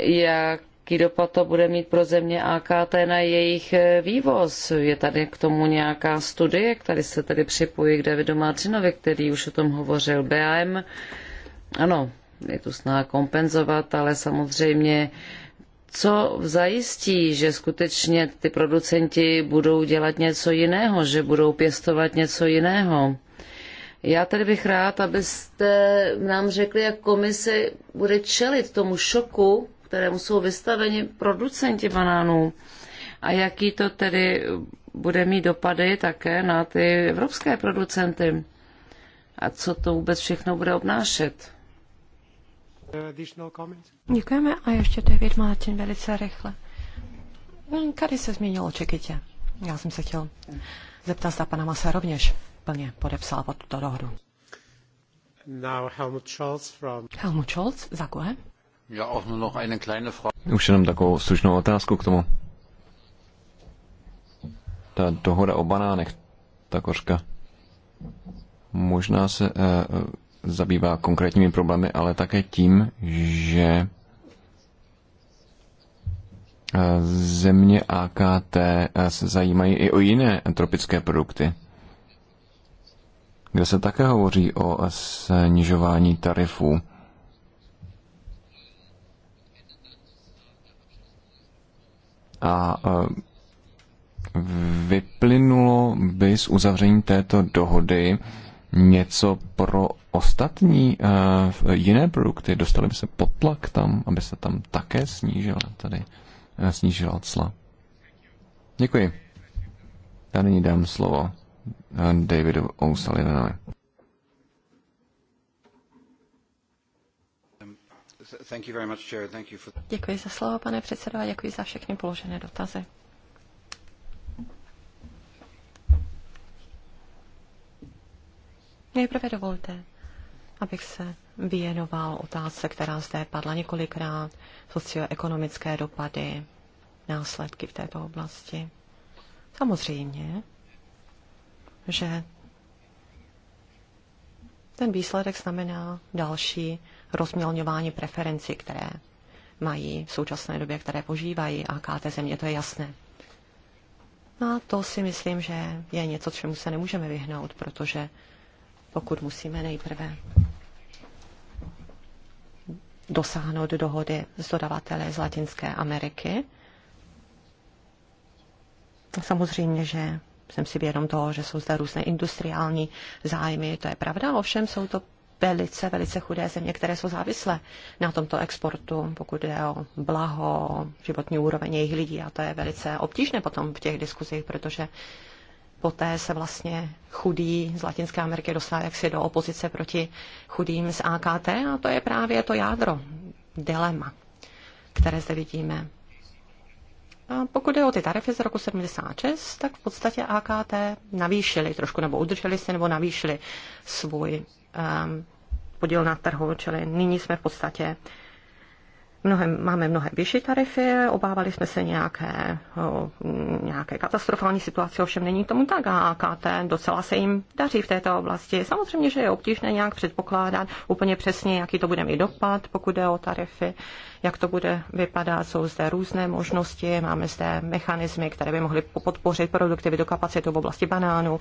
jaký dopad to bude mít pro země AKT na jejich eh, vývoz. Je tady k tomu nějaká studie, tady se tedy připojí k Davidu Martinovi, který už o tom hovořil BAM. Ano, je tu snaha kompenzovat, ale samozřejmě co zajistí, že skutečně ty producenti budou dělat něco jiného, že budou pěstovat něco jiného. Já tady bych rád, abyste nám řekli, jak komise bude čelit tomu šoku, kterému jsou vystaveni producenti banánů a jaký to tedy bude mít dopady také na ty evropské producenty a co to vůbec všechno bude obnášet. Děkujeme a ještě David Martin velice rychle. Kady hm, se změnilo čekitě? Já jsem se chtěl zeptat, zda pana Masa rovněž plně podepsal pod tuto dohodu. Now Helmut Scholz from... Helmut Scholz, za kohe? Ja, auch nur noch eine kleine Frage. Už jenom takovou stručnou otázku k tomu. Ta dohoda o banánech, ta kořka. Možná se eh, eh, zabývá konkrétními problémy, ale také tím, že eh, země AKT eh, se zajímají i o jiné tropické produkty, kde se také hovoří o eh, snižování tarifů. A vyplynulo by z uzavření této dohody, něco pro ostatní uh, jiné produkty? Dostali by se potlak tam, aby se tam také snížila tady uh, snížila cla. Děkuji. Já nyní dám slovo uh, Davidu O'Sullivanovi. Děkuji za slovo, pane předsedo, a děkuji za všechny položené dotazy. Nejprve dovolte, abych se věnoval otázce, která zde padla několikrát, socioekonomické dopady, následky v této oblasti. Samozřejmě, že ten výsledek znamená další rozmělňování preferenci, které mají v současné době, které požívají a káte země, to je jasné. A to si myslím, že je něco, čemu se nemůžeme vyhnout, protože pokud musíme nejprve dosáhnout dohody s dodavateli z Latinské Ameriky. Samozřejmě, že jsem si vědom toho, že jsou zde různé industriální zájmy, to je pravda, ovšem jsou to velice, velice chudé země, které jsou závislé na tomto exportu, pokud jde o blaho, životní úroveň jejich lidí a to je velice obtížné potom v těch diskuzích, protože poté se vlastně chudí z Latinské Ameriky dostali jaksi do opozice proti chudým z AKT a to je právě to jádro, dilema, které zde vidíme. A pokud je o ty tarify z roku 76, tak v podstatě AKT navýšili trošku, nebo udrželi si, nebo navýšili svůj um, podíl na trhu, čili nyní jsme v podstatě mnohem, máme mnohem vyšší tarify, obávali jsme se nějaké, nějaké katastrofální situace, ovšem není tomu tak a AKT docela se jim daří v této oblasti. Samozřejmě, že je obtížné nějak předpokládat úplně přesně, jaký to bude mít dopad, pokud jde o tarify, jak to bude vypadat, jsou zde různé možnosti, máme zde mechanismy, které by mohly podpořit produktivitu kapacitu v oblasti banánů,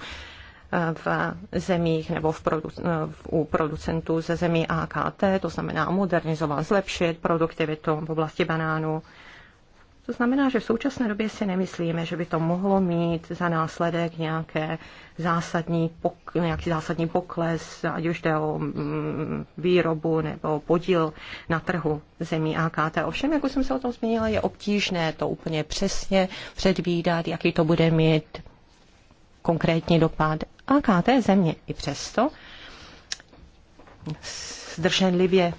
v zemích nebo v produ- v, u producentů ze zemí AKT, to znamená modernizovat, zlepšit produktivitu v oblasti banánů. To znamená, že v současné době si nemyslíme, že by to mohlo mít za následek nějaké zásadní pok- nějaký zásadní pokles, ať už jde o mm, výrobu nebo podíl na trhu zemí AKT. Ovšem, jak už jsem se o tom zmínila, je obtížné to úplně přesně předvídat, jaký to bude mít konkrétní dopad. AKT země i přesto zdrženlivě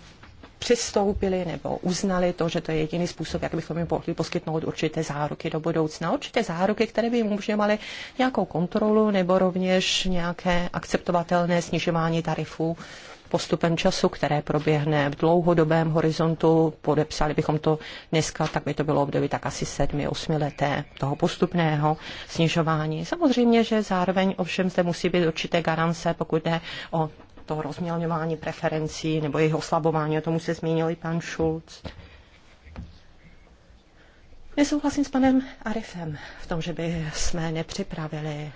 přistoupili nebo uznali to, že to je jediný způsob, jak bychom jim mohli poskytnout určité záruky do budoucna. Určité záruky, které by jim umožňovaly nějakou kontrolu nebo rovněž nějaké akceptovatelné snižování tarifů postupem času, které proběhne v dlouhodobém horizontu, podepsali bychom to dneska, tak by to bylo období tak asi sedmi, osmi leté toho postupného snižování. Samozřejmě, že zároveň ovšem zde musí být určité garance, pokud jde o to rozmělňování preferencí nebo jejich oslabování, o tomu se zmínil i pan Schulz. Nesouhlasím s panem Arifem v tom, že by jsme nepřipravili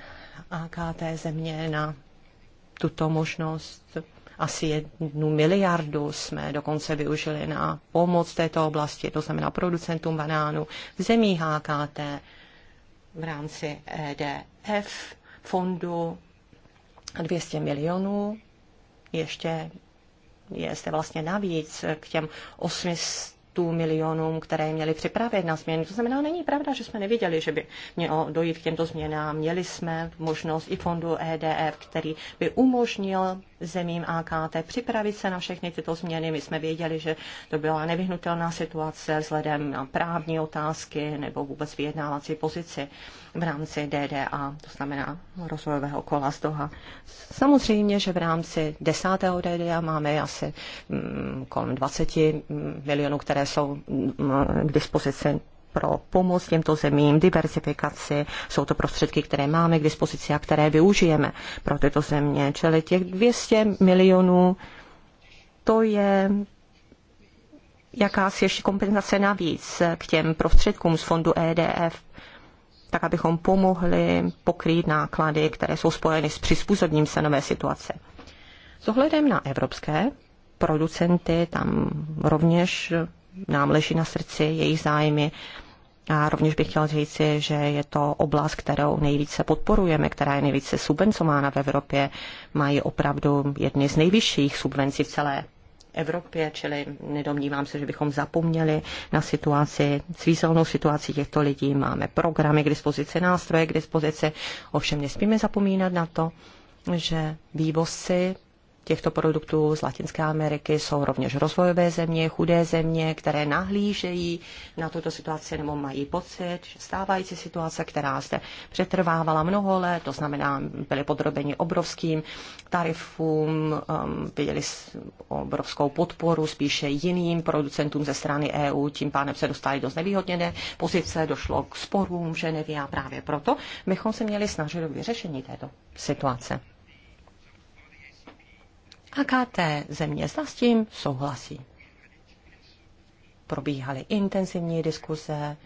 AKT země na tuto možnost asi jednu miliardu jsme dokonce využili na pomoc této oblasti, to znamená producentům banánů v zemí HKT v rámci EDF fondu 200 milionů. Ještě je zde vlastně navíc k těm 800 tu milionům, které měli připravit na změny. To znamená, není pravda, že jsme neviděli, že by mělo dojít k těmto změnám. Měli jsme možnost i fondu EDF, který by umožnil zemím AKT připravit se na všechny tyto změny. My jsme věděli, že to byla nevyhnutelná situace vzhledem na právní otázky nebo vůbec vyjednávací pozici v rámci DDA, to znamená rozvojového kola z Doha. Samozřejmě, že v rámci desátého DDA máme asi mm, kolem 20 milionů, které které jsou mm, mm, k dispozici pro pomoc těmto zemím, diversifikaci. Jsou to prostředky, které máme k dispozici a které využijeme pro tyto země. Čili těch 200 milionů, to je jakási ještě kompenzace navíc k těm prostředkům z fondu EDF, tak abychom pomohli pokrýt náklady, které jsou spojeny s přizpůsobením se nové situace. S ohledem na evropské producenty tam rovněž nám leží na srdci, jejich zájmy. A rovněž bych chtěl říci, že je to oblast, kterou nejvíce podporujeme, která je nejvíce subvencována v Evropě. Mají opravdu jedny z nejvyšších subvencí v celé Evropě, čili nedomnívám se, že bychom zapomněli na situaci, svízelnou situaci těchto lidí. Máme programy k dispozici, nástroje k dispozici, ovšem nesmíme zapomínat na to, že vývozci těchto produktů z Latinské Ameriky jsou rovněž rozvojové země, chudé země, které nahlížejí na tuto situaci nebo mají pocit, že stávající situace, která zde přetrvávala mnoho let, to znamená, byly podrobeni obrovským tarifům, um, viděli obrovskou podporu spíše jiným producentům ze strany EU, tím pádem se dostali do znevýhodněné pozice, došlo k sporům v Ženevě a právě proto bychom se měli snažit o vyřešení této situace. A KT země zda s tím souhlasí. Probíhaly intenzivní diskuze.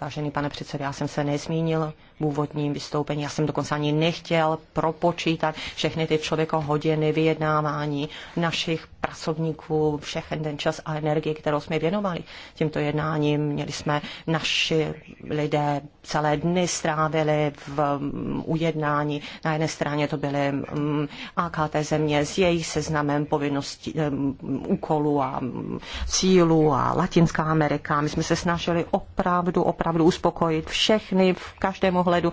Vážený pane předsedo, já jsem se nezmínil v úvodním vystoupení, já jsem dokonce ani nechtěl propočítat všechny ty člověko hodiny vyjednávání našich pracovníků, všech ten čas a energii, kterou jsme věnovali tímto jednáním. Měli jsme naši lidé celé dny strávili v um, mm, ujednání. Na jedné straně to byly um, mm, AKT země s jejich seznamem povinností, um, úkolů a um, cílů a Latinská Amerika. My jsme se snažili opravdu, opravdu uspokojit všechny v každém ohledu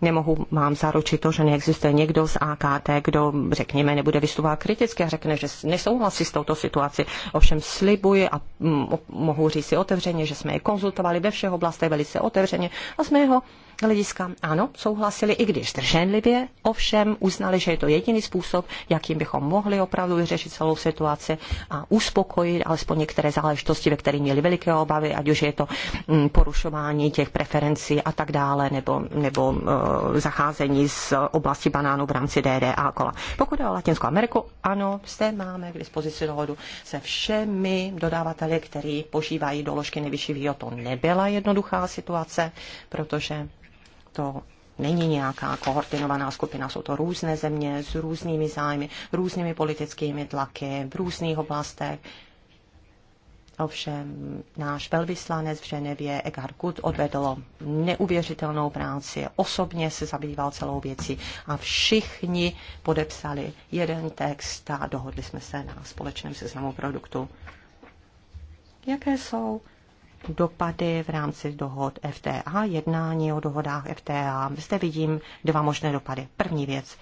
nemohu vám zaručit to, že neexistuje někdo z AKT, kdo, řekněme, nebude vystupovat kriticky a řekne, že nesouhlasí s touto situací. Ovšem slibuji a mm, mohu říct si otevřeně, že jsme je konzultovali ve všech oblastech velice otevřeně a jsme jeho hlediska ano, souhlasili, i když zdrženlivě, ovšem uznali, že je to jediný způsob, jakým bychom mohli opravdu vyřešit celou situaci a uspokojit alespoň některé záležitosti, ve kterých měli veliké obavy, ať už je to mm, porušování těch preferencí a tak dále, nebo, nebo uh, zacházení z oblasti banánů v rámci DDA kola. Pokud je o Latinskou Ameriku, ano, zde máme k dispozici dohodu se všemi dodavateli, kteří požívají doložky nejvyšší výhod. To nebyla jednoduchá situace, protože to není nějaká koordinovaná skupina, jsou to různé země s různými zájmy, různými politickými tlaky v různých oblastech. Ovšem náš velvyslanec v Ženevě Egar Gut odvedl neuvěřitelnou práci, osobně se zabýval celou věcí a všichni podepsali jeden text a dohodli jsme se na společném seznamu produktu. Jaké jsou dopady v rámci dohod FTA, jednání o dohodách FTA. Zde vidím dva možné dopady. První věc.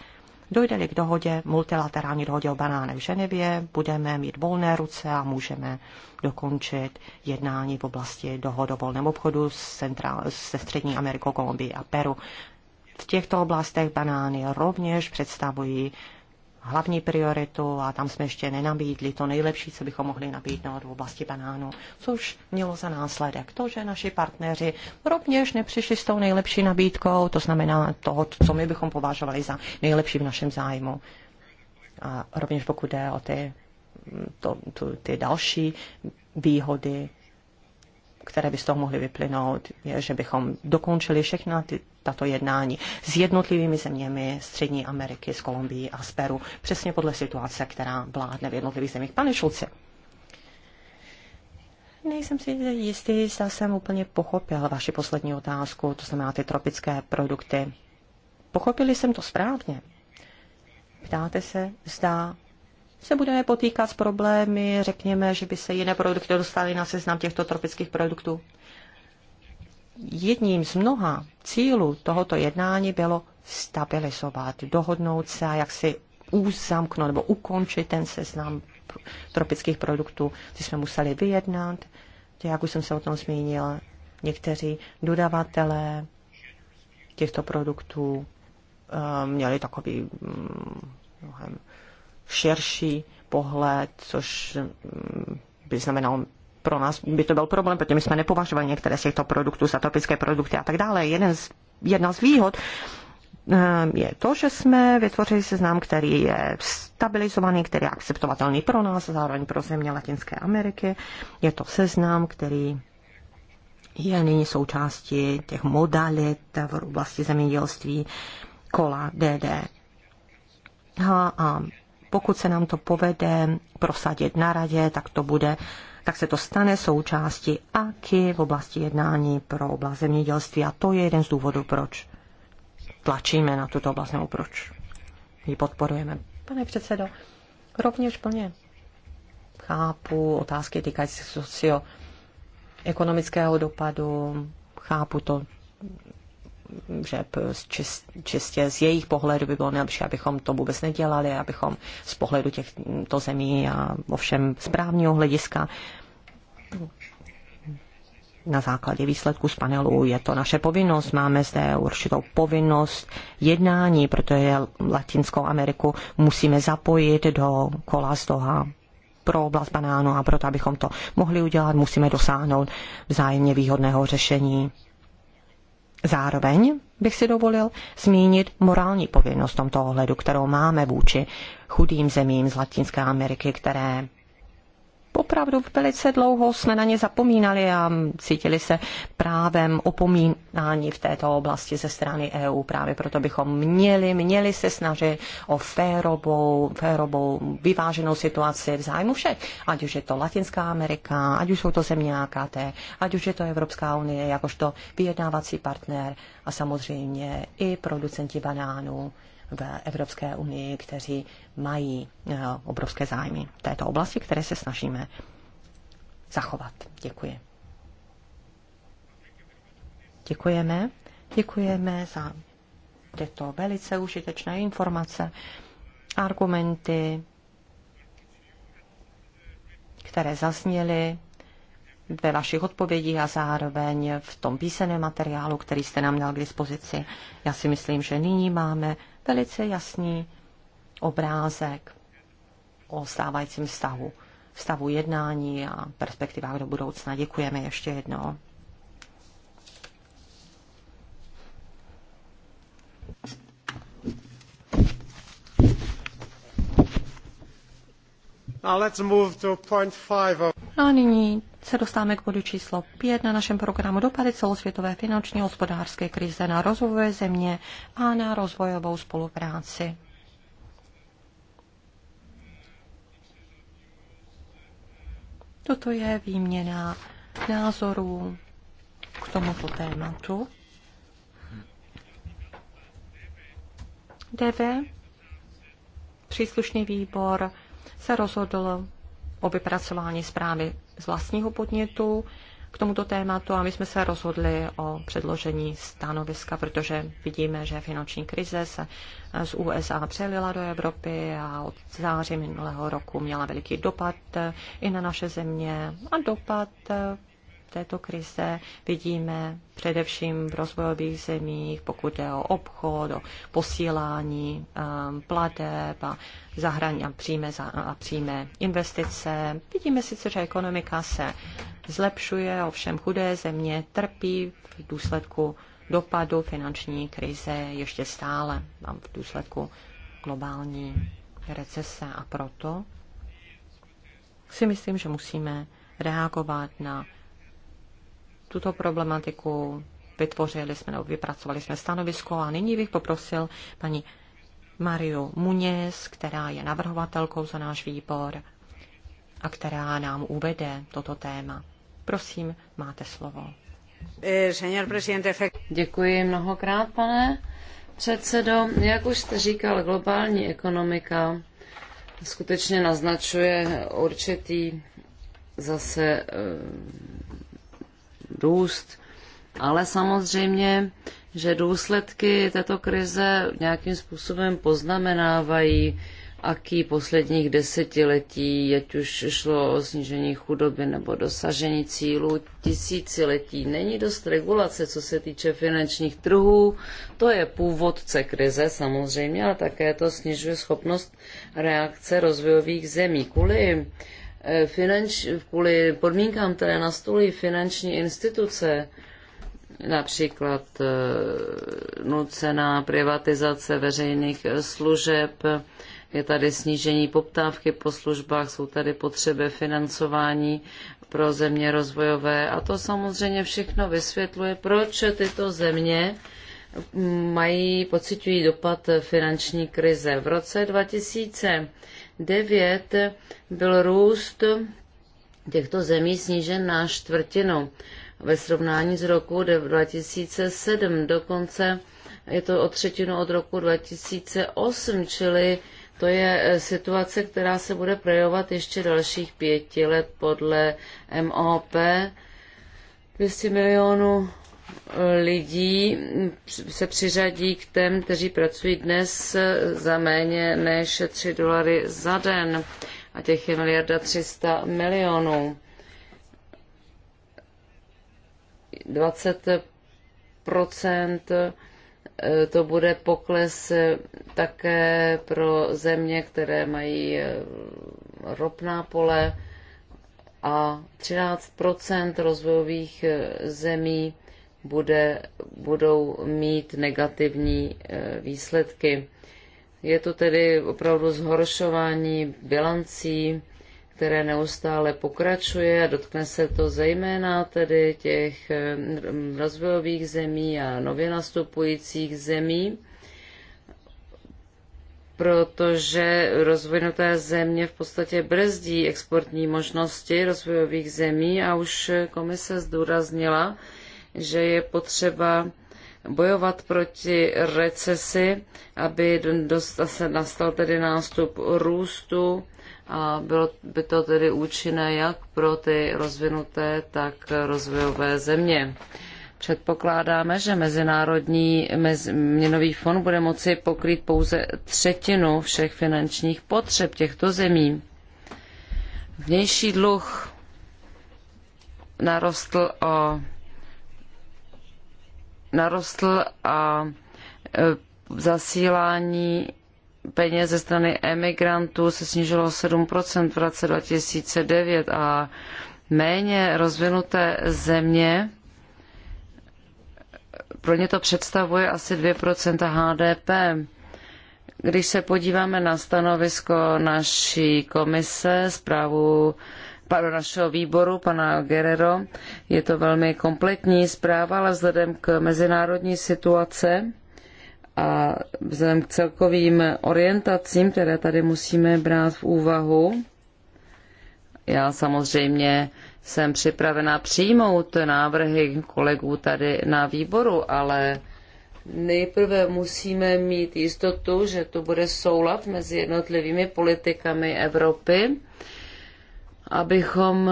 Dojde-li k dohodě, multilaterální dohodě o banánech v Ženevě, budeme mít volné ruce a můžeme dokončit jednání v oblasti dohod o volném obchodu s se Střední Amerikou, Kolumbií a Peru. V těchto oblastech banány rovněž představují hlavní prioritu a tam jsme ještě nenabídli to nejlepší, co bychom mohli nabídnout v oblasti banánů, což mělo za následek to, že naši partneři rovněž nepřišli s tou nejlepší nabídkou, to znamená toho, co my bychom považovali za nejlepší v našem zájmu. A rovněž pokud jde o ty, to, to, ty další výhody, které by z toho mohly vyplynout, je, že bychom dokončili všechna ty, tato jednání s jednotlivými zeměmi Střední Ameriky, s Kolumbií a z Peru, přesně podle situace, která vládne v jednotlivých zemích. Pane Šulci, nejsem si jistý, zda jsem úplně pochopil vaši poslední otázku, to znamená ty tropické produkty. Pochopili jsem to správně. Ptáte se, zda se budeme potýkat s problémy, řekněme, že by se jiné produkty dostaly na seznam těchto tropických produktů. Jedním z mnoha cílů tohoto jednání bylo stabilizovat, dohodnout se a jak si uzamknout nebo ukončit ten seznam tropických produktů, ty jsme museli vyjednat. Jak už jsem se o tom zmínila, někteří dodavatelé těchto produktů eh, měli takový um, širší pohled, což mm, by znamenalo pro nás by to byl problém, protože my jsme nepovažovali některé z těchto produktů za topické produkty a tak dále. Jeden z, jedna z výhod eh, je to, že jsme vytvořili seznam, který je stabilizovaný, který je akceptovatelný pro nás, zároveň pro země Latinské Ameriky. Je to seznam, který je nyní součástí těch modalit v oblasti zemědělství kola DD. A pokud se nám to povede prosadit na radě, tak to bude tak se to stane součástí AKY v oblasti jednání pro oblast zemědělství a to je jeden z důvodů, proč tlačíme na tuto oblast nebo proč ji podporujeme. Pane předsedo, rovněž plně chápu otázky týkající se ekonomického dopadu, chápu to, že čistě z jejich pohledu by bylo nejlepší, abychom to vůbec nedělali, abychom z pohledu těchto zemí a ovšem správního hlediska na základě výsledku z panelu je to naše povinnost. Máme zde určitou povinnost jednání, protože Latinskou Ameriku musíme zapojit do kola z Doha pro oblast banánu a proto, abychom to mohli udělat, musíme dosáhnout vzájemně výhodného řešení Zároveň bych si dovolil zmínit morální povinnost v tomto ohledu, kterou máme vůči chudým zemím z Latinské Ameriky, které opravdu velice dlouho jsme na ně zapomínali a cítili se právem opomínání v této oblasti ze strany EU. Právě proto bychom měli, měli se snažit o férovou, férovou vyváženou situaci v zájmu všech. Ať už je to Latinská Amerika, ať už jsou to země AKT, ať už je to Evropská unie jakožto vyjednávací partner a samozřejmě i producenti banánů v Evropské unii, kteří mají eh, obrovské zájmy v této oblasti, které se snažíme zachovat. Děkuji. Děkujeme. Děkujeme za tyto velice užitečné informace, argumenty, které zazněly ve vašich odpovědích a zároveň v tom písemném materiálu, který jste nám dal k dispozici. Já si myslím, že nyní máme velice jasný obrázek o stávajícím stavu, stavu jednání a perspektivách do budoucna. Děkujeme ještě jednou. No a nyní se dostáváme k bodu číslo 5 na našem programu dopady celosvětové finanční hospodářské krize na rozvojové země a na rozvojovou spolupráci. Toto je výměna názorů k tomuto tématu. DV, příslušný výbor se rozhodl o vypracování zprávy z vlastního podnětu k tomuto tématu a my jsme se rozhodli o předložení stanoviska, protože vidíme, že finanční krize se z USA přelila do Evropy a od září minulého roku měla veliký dopad i na naše země a dopad této krize vidíme především v rozvojových zemích, pokud jde o obchod, o posílání um, plateb a, zahraň, a, přímé, a přímé investice. Vidíme sice, že ekonomika se zlepšuje, ovšem chudé země trpí v důsledku dopadu finanční krize ještě stále a v důsledku globální recese a proto si myslím, že musíme reagovat na tuto problematiku. Vytvořili jsme nebo vypracovali jsme stanovisko a nyní bych poprosil paní Mariu Muněz, která je navrhovatelkou za náš výbor a která nám uvede toto téma. Prosím, máte slovo. Eh, Děkuji mnohokrát, pane předsedo. Jak už jste říkal, globální ekonomika skutečně naznačuje určitý zase eh, růst. Ale samozřejmě, že důsledky této krize nějakým způsobem poznamenávají aký posledních desetiletí, ať už šlo o snížení chudoby nebo dosažení cílů tisíciletí. Není dost regulace, co se týče finančních trhů. To je původce krize samozřejmě, ale také to snižuje schopnost reakce rozvojových zemí. Kvůli Eh, finanč, kvůli podmínkám, které nastolují finanční instituce, například eh, nucená privatizace veřejných eh, služeb, je tady snížení poptávky po službách, jsou tady potřeby financování pro země rozvojové a to samozřejmě všechno vysvětluje, proč tyto země mm, mají, pocitují dopad finanční krize. V roce 2000 2009 byl růst těchto zemí snížen na čtvrtinu ve srovnání s roku 2007. Dokonce je to o třetinu od roku 2008, čili to je eh, situace, která se bude projevovat ještě dalších pěti let podle MOP. 200 milionů lidí se přiřadí k těm, kteří pracují dnes za méně než 3 dolary za den. A těch je miliarda 300 milionů. 20 eh, to bude pokles eh, také pro země, které mají eh, ropná pole a 13 rozvojových zemí bude, budou mít negativní e, výsledky. Je to tedy opravdu zhoršování bilancí, které neustále pokračuje a dotkne se to zejména tedy těch e, rozvojových zemí a nově nastupujících zemí, protože rozvinuté země v podstatě brzdí exportní možnosti rozvojových zemí a už komise zdůraznila, že je potřeba bojovat proti recesi, aby se nastal tedy nástup růstu a bylo by to tedy účinné jak pro ty rozvinuté, tak rozvojové země. Předpokládáme, že Mezinárodní měnový fond bude moci pokrýt pouze třetinu všech finančních potřeb těchto zemí. Vnější dluh narostl o narostl a e, zasílání peněz ze strany emigrantů se snížilo o 7% v roce 2009 a méně rozvinuté země pro ně to představuje asi 2% HDP. Když se podíváme na stanovisko naší komise, zprávu do našeho výboru, pana Guerrero. Je to velmi kompletní zpráva, ale vzhledem k mezinárodní situace a vzhledem k celkovým orientacím, které tady musíme brát v úvahu, já samozřejmě jsem připravena přijmout návrhy kolegů tady na výboru, ale nejprve musíme mít jistotu, že to bude soulad mezi jednotlivými politikami Evropy abychom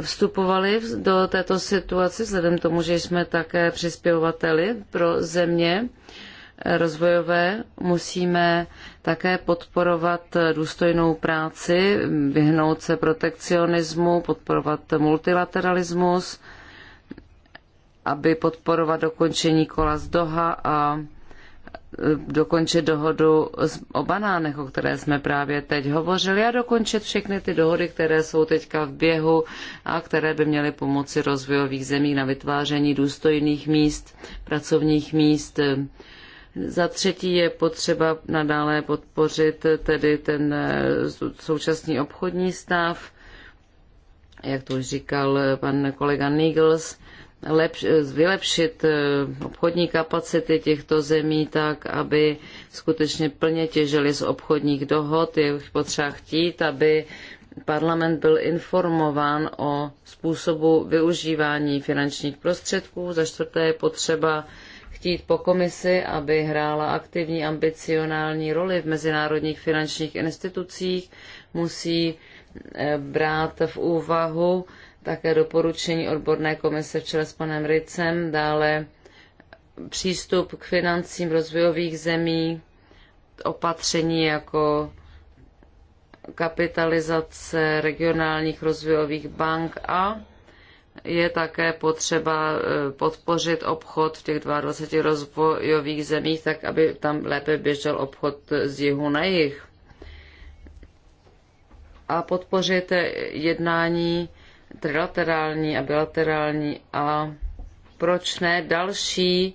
vstupovali do této situace, vzhledem k tomu, že jsme také přispěvateli pro země rozvojové, musíme také podporovat důstojnou práci, vyhnout se protekcionismu, podporovat multilateralismus, aby podporovat dokončení kola z Doha a dokončit dohodu o banánech, o které jsme právě teď hovořili a dokončit všechny ty dohody, které jsou teďka v běhu a které by měly pomoci rozvojových zemí na vytváření důstojných míst, pracovních míst. Za třetí je potřeba nadále podpořit tedy ten eh, současný obchodní stav, jak to už říkal pan kolega Nigels, lepš, vylepšit eh, obchodní kapacity těchto zemí tak, aby skutečně plně těžili z obchodních dohod. Je potřeba chtít, aby parlament byl informován o způsobu využívání finančních prostředků. Za čtvrté je potřeba chtít po komisi, aby hrála aktivní ambicionální roli v mezinárodních finančních institucích, musí eh, brát v úvahu také doporučení odborné komise čele s panem Ricem, dále přístup k financím rozvojových zemí, opatření jako kapitalizace regionálních rozvojových bank a je také potřeba eh, podpořit obchod v těch 22 rozvojových zemích, tak aby tam lépe běžel obchod z jihu na jih. A podpořit eh, jednání trilaterální a bilaterální a proč ne další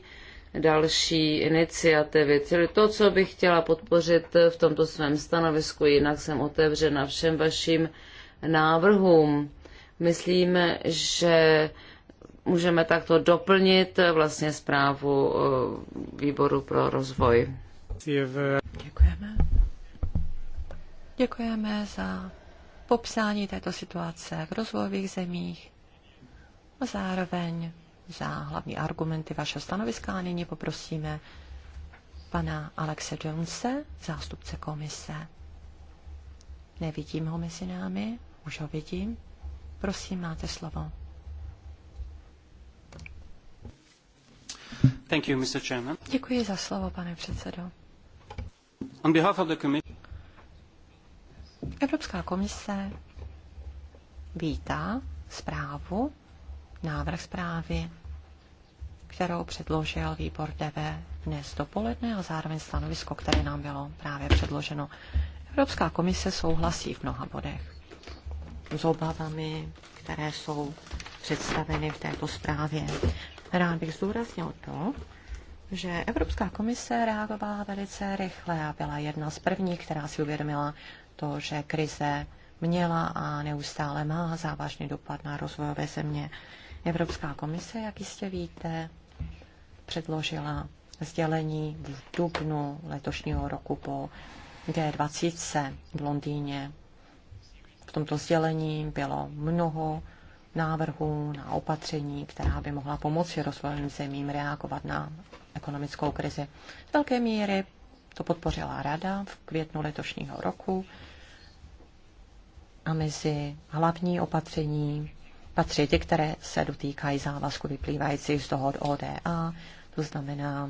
další iniciativy. Tedy to, co bych chtěla podpořit v tomto svém stanovisku, jinak jsem otevřena všem vašim návrhům. Myslím, že můžeme takto doplnit vlastně zprávu eh, výboru pro rozvoj. Děkujeme. Děkujeme za popsání této situace v rozvojových zemích a zároveň za hlavní argumenty vašeho stanoviska. A nyní poprosíme pana Alexe Jonese, zástupce komise. Nevidím ho mezi námi, už ho vidím. Prosím, máte slovo. Thank you, Mr. Chairman. Děkuji za slovo, pane předsedo. On behalf of the committee... Evropská komise vítá zprávu, návrh zprávy, kterou předložil výbor DV dnes dopoledne a zároveň stanovisko, které nám bylo právě předloženo. Evropská komise souhlasí v mnoha bodech s obavami, které jsou představeny v této zprávě. Rád bych zdůraznil to, že Evropská komise reagovala velice rychle a byla jedna z prvních, která si uvědomila to, že krize měla a neustále má závažný dopad na rozvojové země. Evropská komise, jak jistě víte, předložila sdělení v dubnu letošního roku po G20 v Londýně. V tomto sdělení bylo mnoho návrhů na opatření, která by mohla pomoci rozvojovým zemím reagovat na ekonomickou krizi. Z velké míry to podpořila Rada v květnu letošního roku a mezi hlavní opatření patří ty, které se dotýkají závazku vyplývajících z dohod ODA, to znamená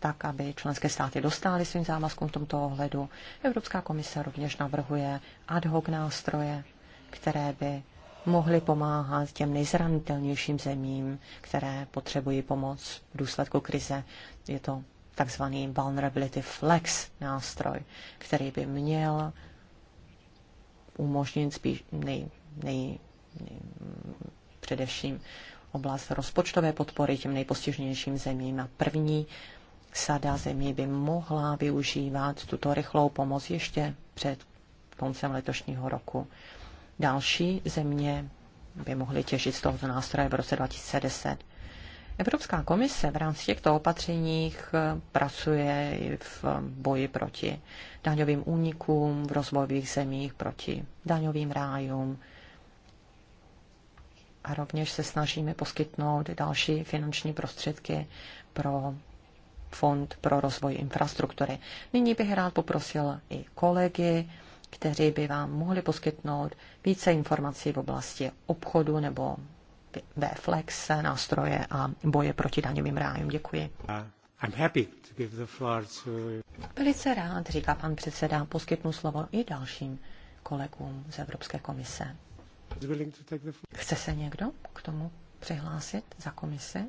tak, aby členské státy dostály svým závazkům v tomto ohledu. Evropská komise rovněž navrhuje ad hoc nástroje, které by mohly pomáhat těm nejzranitelnějším zemím, které potřebují pomoc v důsledku krize. Je to takzvaný Vulnerability Flex nástroj, který by měl umožnit spíš nej, nej, nej, především oblast rozpočtové podpory těm nejpostiženějším zemím. A první sada zemí by mohla využívat tuto rychlou pomoc ještě před koncem letošního roku. Další země by mohly těžit z tohoto nástroje v roce 2010. Evropská komise v rámci těchto opatřeních eh, pracuje v eh, boji proti daňovým únikům v rozvojových zemích, proti daňovým rájům. A rovněž se snažíme poskytnout další finanční prostředky pro Fond pro rozvoj infrastruktury. Nyní bych rád poprosil i kolegy, kteří by vám mohli poskytnout více informací v oblasti obchodu nebo VFlex nástroje a boje proti daňovým rájům. Děkuji. Uh, I'm happy to give the floor to... Velice rád, říká pan předseda, poskytnu slovo i dalším kolegům z Evropské komise. Chce se někdo k tomu přihlásit za komisi?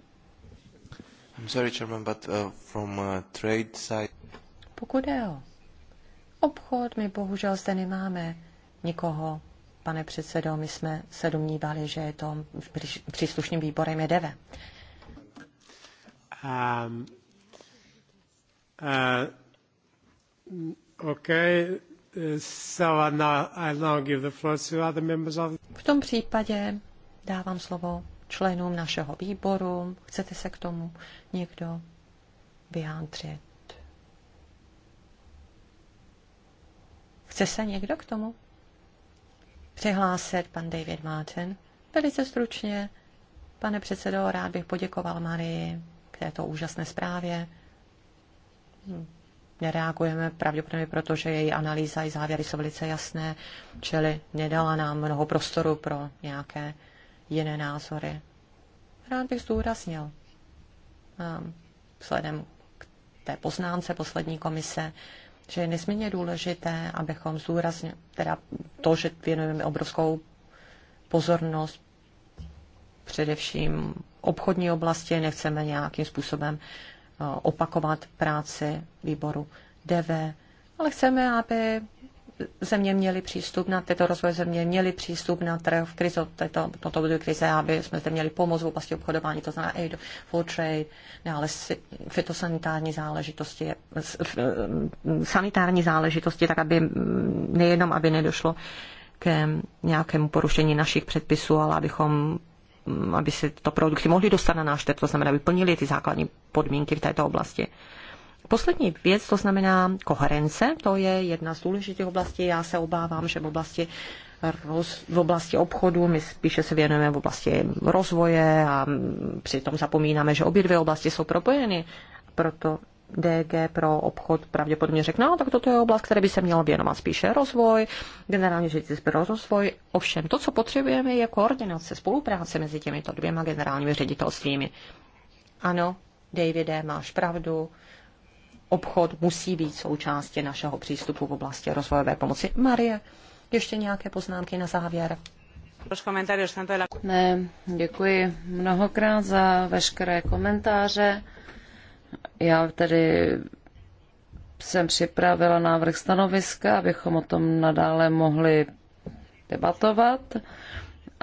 I'm sorry, Chairman, but uh, from uh, trade side... Pokud je o obchod, my bohužel zde nemáme nikoho pane předsedo, my jsme se domnívali, že je to příslušným výborem je DEVE. Um, uh, okay. so now, now give the floor to other members of... V tom případě dávám slovo členům našeho výboru. Chcete se k tomu někdo vyjádřit? Chce se někdo k tomu přihlásit pan David Martin. Velice stručně, pane předsedo, rád bych poděkoval Marii k této úžasné zprávě. Nereagujeme pravděpodobně, protože její analýza i závěry jsou velice jasné, čili nedala nám mnoho prostoru pro nějaké jiné názory. Rád bych zdůraznil, vzhledem k té poznámce poslední komise, že je nesmírně důležité, abychom zúrazně, teda to, že věnujeme obrovskou pozornost především obchodní oblasti, nechceme nějakým způsobem eh, opakovat práci výboru DV, ale chceme, aby země měly přístup na tyto rozvoje země, měly přístup na trh v krizi, této, toto bude krize, aby jsme zde měli pomoc v oblasti obchodování, to znamená aid for trade, dále fitosanitární záležitosti, sanitární záležitosti, tak aby nejenom, aby nedošlo k nějakému porušení našich předpisů, ale abychom aby se to produkty mohly dostat na náš trh, to znamená, aby plnili ty základní podmínky v této oblasti. Poslední věc, to znamená koherence, to je jedna z důležitých oblastí. Já se obávám, že v oblasti roz, v oblasti obchodu, my spíše se věnujeme v oblasti rozvoje a přitom zapomínáme, že obě dvě oblasti jsou propojeny. Proto DG pro obchod pravděpodobně řekne, no tak toto je oblast, které by se mělo věnovat spíše rozvoj, generálně ředitel pro rozvoj. Ovšem, to, co potřebujeme, je koordinace, spolupráce mezi těmito dvěma generálními ředitelstvími. Ano, Davide, máš pravdu, obchod musí být součástí našeho přístupu v oblasti rozvojové pomoci. Marie, ještě nějaké poznámky na závěr? Ne, děkuji mnohokrát za veškeré komentáře. Já tedy jsem připravila návrh stanoviska, abychom o tom nadále mohli debatovat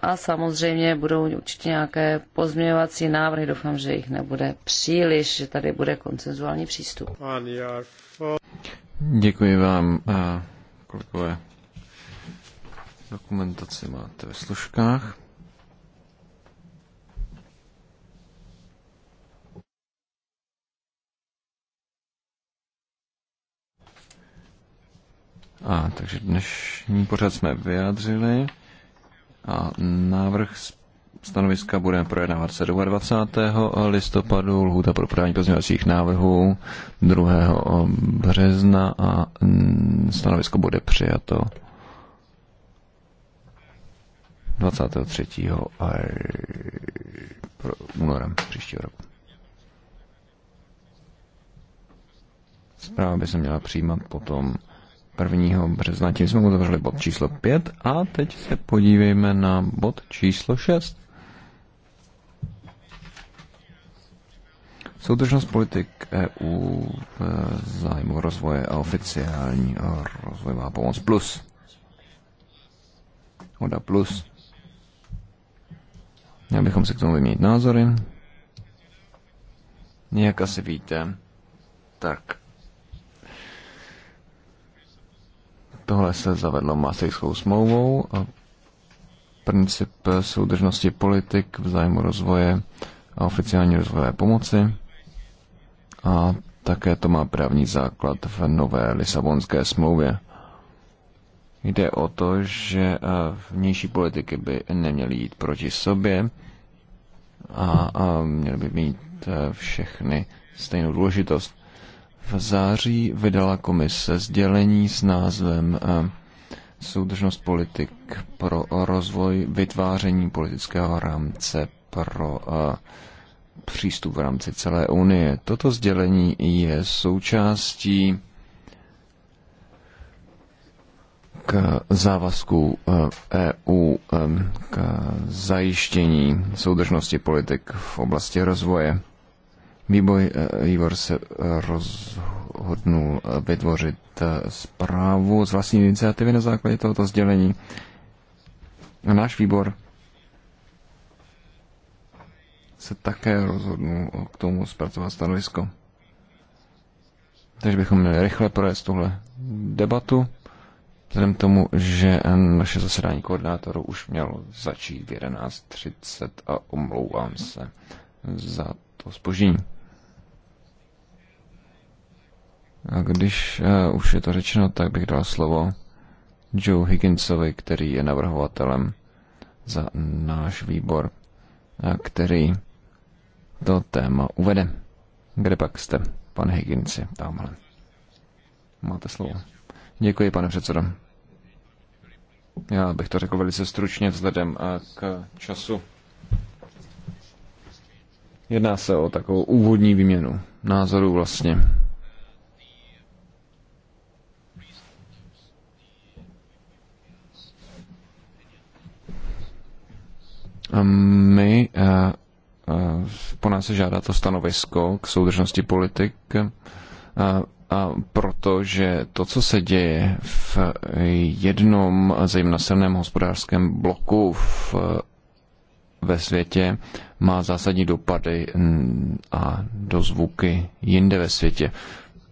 a samozřejmě budou určitě nějaké pozměňovací návrhy. Doufám, že jich nebude příliš, že tady bude koncenzuální přístup. Děkuji vám, eh, kolegové. Dokumentaci máte ve složkách. A takže dnešní pořad jsme vyjádřili. A návrh stanoviska budeme projednávat 27. listopadu, lhůta pro podání pozměňovacích návrhů 2. března a stanovisko bude přijato 23. února příštího roku. Zpráva by se měla přijímat potom 1. března. Tím jsme uzavřeli bod číslo 5 a teď se podívejme na bod číslo 6. Soudržnost politik EU v zájmu rozvoje a oficiální rozvojová pomoc plus. ODA plus. Měli bychom se k tomu vyměnit názory. Jak asi víte, tak Tohle se zavedlo masejskou smlouvou a princip soudržnosti politik v zájmu rozvoje a oficiální rozvojové pomoci. A také to má právní základ v nové Lisabonské smlouvě. Jde o to, že eh, vnější politiky by neměly jít proti sobě a, a měly by mít eh, všechny stejnou důležitost. V září vydala komise sdělení s názvem eh, Soudržnost politik pro rozvoj vytváření politického rámce pro eh, přístup v rámci celé Unie. Toto sdělení je součástí k závazku EU eh, e k zajištění soudržnosti politik v oblasti rozvoje. Výboj, eh, výbor se eh, rozhodnul eh, vytvořit zprávu z vlastní iniciativy na základě tohoto sdělení. Náš výbor se také rozhodnul k tomu zpracovat stanovisko. Takže bychom měli rychle projet tuhle debatu, vzhledem k tomu, že naše zasedání koordinátorů už mělo začít v 11.30 a omlouvám se za to spožení. A když uh, už je to řečeno, tak bych dal slovo Joe Higginsovi, který je navrhovatelem za náš výbor, a eh, který to téma uvede. Kde pak jste, pane Higginsi, tamhle? Máte slovo. Děkuji, pane předsedo. Já bych to řekl velice stručně vzhledem eh, k času. Jedná se o takovou úvodní výměnu názorů vlastně Ehm, my eh, eh, po nás se žádá to stanovisko k soudržnosti politik eh, a protože to, co se děje v jednom, zejména silném hospodářském bloku v, ve světě, má zásadní dopady a dozvuky jinde ve světě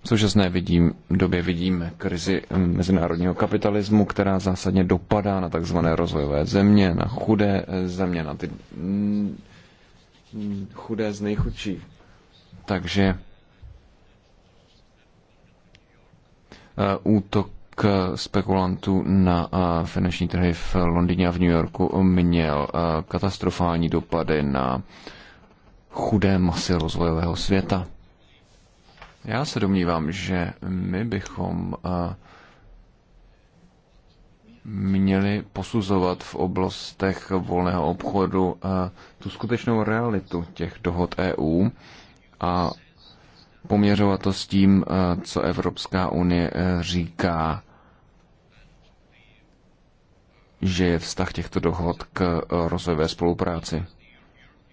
v současné vidím, době vidíme krizi mezinárodního kapitalismu, která zásadně dopadá na takzvané rozvojové země, na chudé země, na ty chudé z nejchudší. Takže eh, útok eh, spekulantů na eh, finanční trhy v Londýně a v New Yorku měl katastrofální dopady na chudé masy rozvojového světa. Já se domnívám, že my bychom eh, měli posuzovat v oblastech volného obchodu eh, tu skutečnou realitu těch dohod EU a poměřovat to s tím, eh, co Evropská unie říká, že je vztah těchto dohod k rozvojové spolupráci.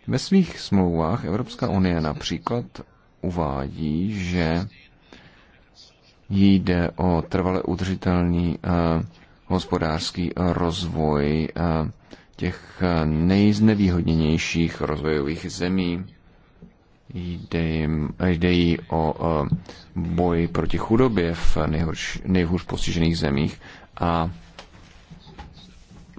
Ve svých smlouvách Evropská unie například uvádí, že jde o trvale udržitelný eh, hospodářský rozvoj eh, těch eh, nejznevýhodněnějších rozvojových zemí. Jde, jim, jde jí o boj proti chudobě v nejhorš, nejhůř postižených zemích a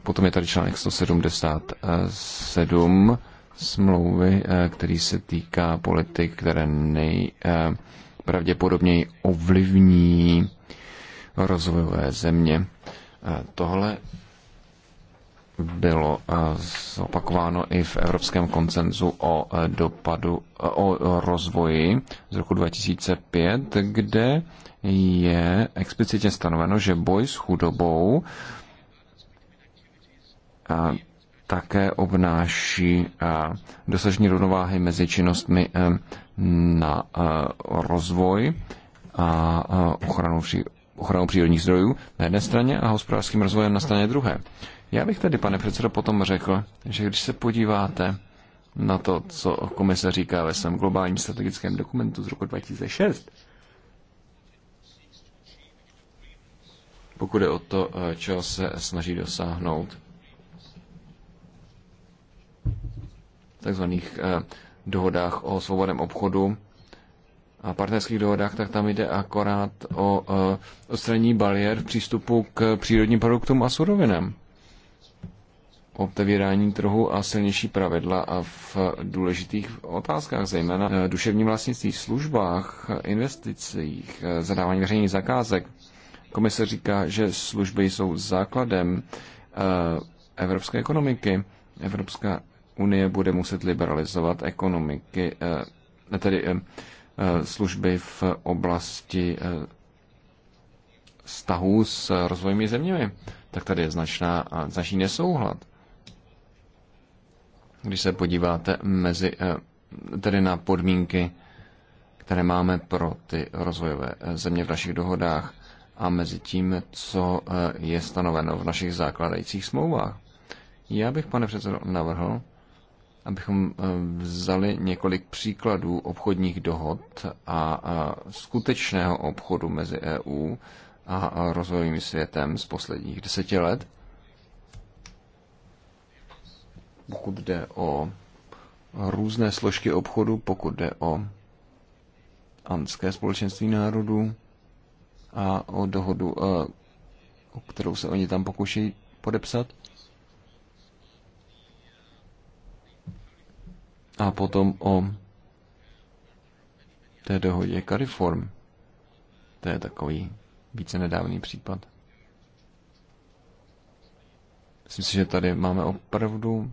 potom je tady článek 177 smlouvy, eh, který se týká politik, které nejpravděpodobněji eh, ovlivní rozvojové země. Eh, tohle bylo zopakováno i v Evropském koncenzu o dopadu, o rozvoji z roku 2005, kde je explicitně stanoveno, že boj s chudobou také obnáší eh, dosažení rovnováhy mezi činnostmi eh, na eh, rozvoj a ochranu, ochranu přírodních zdrojů na jedné straně a hospodářským rozvojem na straně druhé. Já bych tedy, pane předsedo, potom řekl, že když se podíváte na to, co komise říká ve svém globálním strategickém dokumentu z roku 2006, pokud je o to, čeho se snaží dosáhnout takzvaných eh, dohodách o svobodném obchodu a partnerských dohodách, tak tam jde akorát o eh, odstranění bariér v přístupu k přírodním produktům a surovinám. Otevírání trhu a silnější pravidla a v důležitých otázkách, zejména eh, duševním vlastnictví, službách, investicích, zadávání veřejných zakázek. Komise říká, že služby jsou základem evropské ekonomiky. Evropská Unie bude muset liberalizovat ekonomiky, eh, tedy eh, eh, služby v oblasti vztahů s rozvojovými zeměmi, tak tady je značná, značný nesouhlad. Když se podíváte mezi, tedy na podmínky, které máme pro ty rozvojové země v našich dohodách a mezi tím, co je stanoveno v našich základajících smlouvách. Já bych, pane předsedo, navrhl, abychom eh, vzali několik příkladů obchodních dohod a skutečného obchodu mezi EU a rozvojovým světem z posledních deseti let. Pokud jde o různé složky obchodu, pokud jde o Andské společenství národů a o dohodu, eh, o kterou se oni tam pokouší podepsat. a potom o té dohodě Cariform. To je takový více nedávný případ. Myslím si, že tady máme opravdu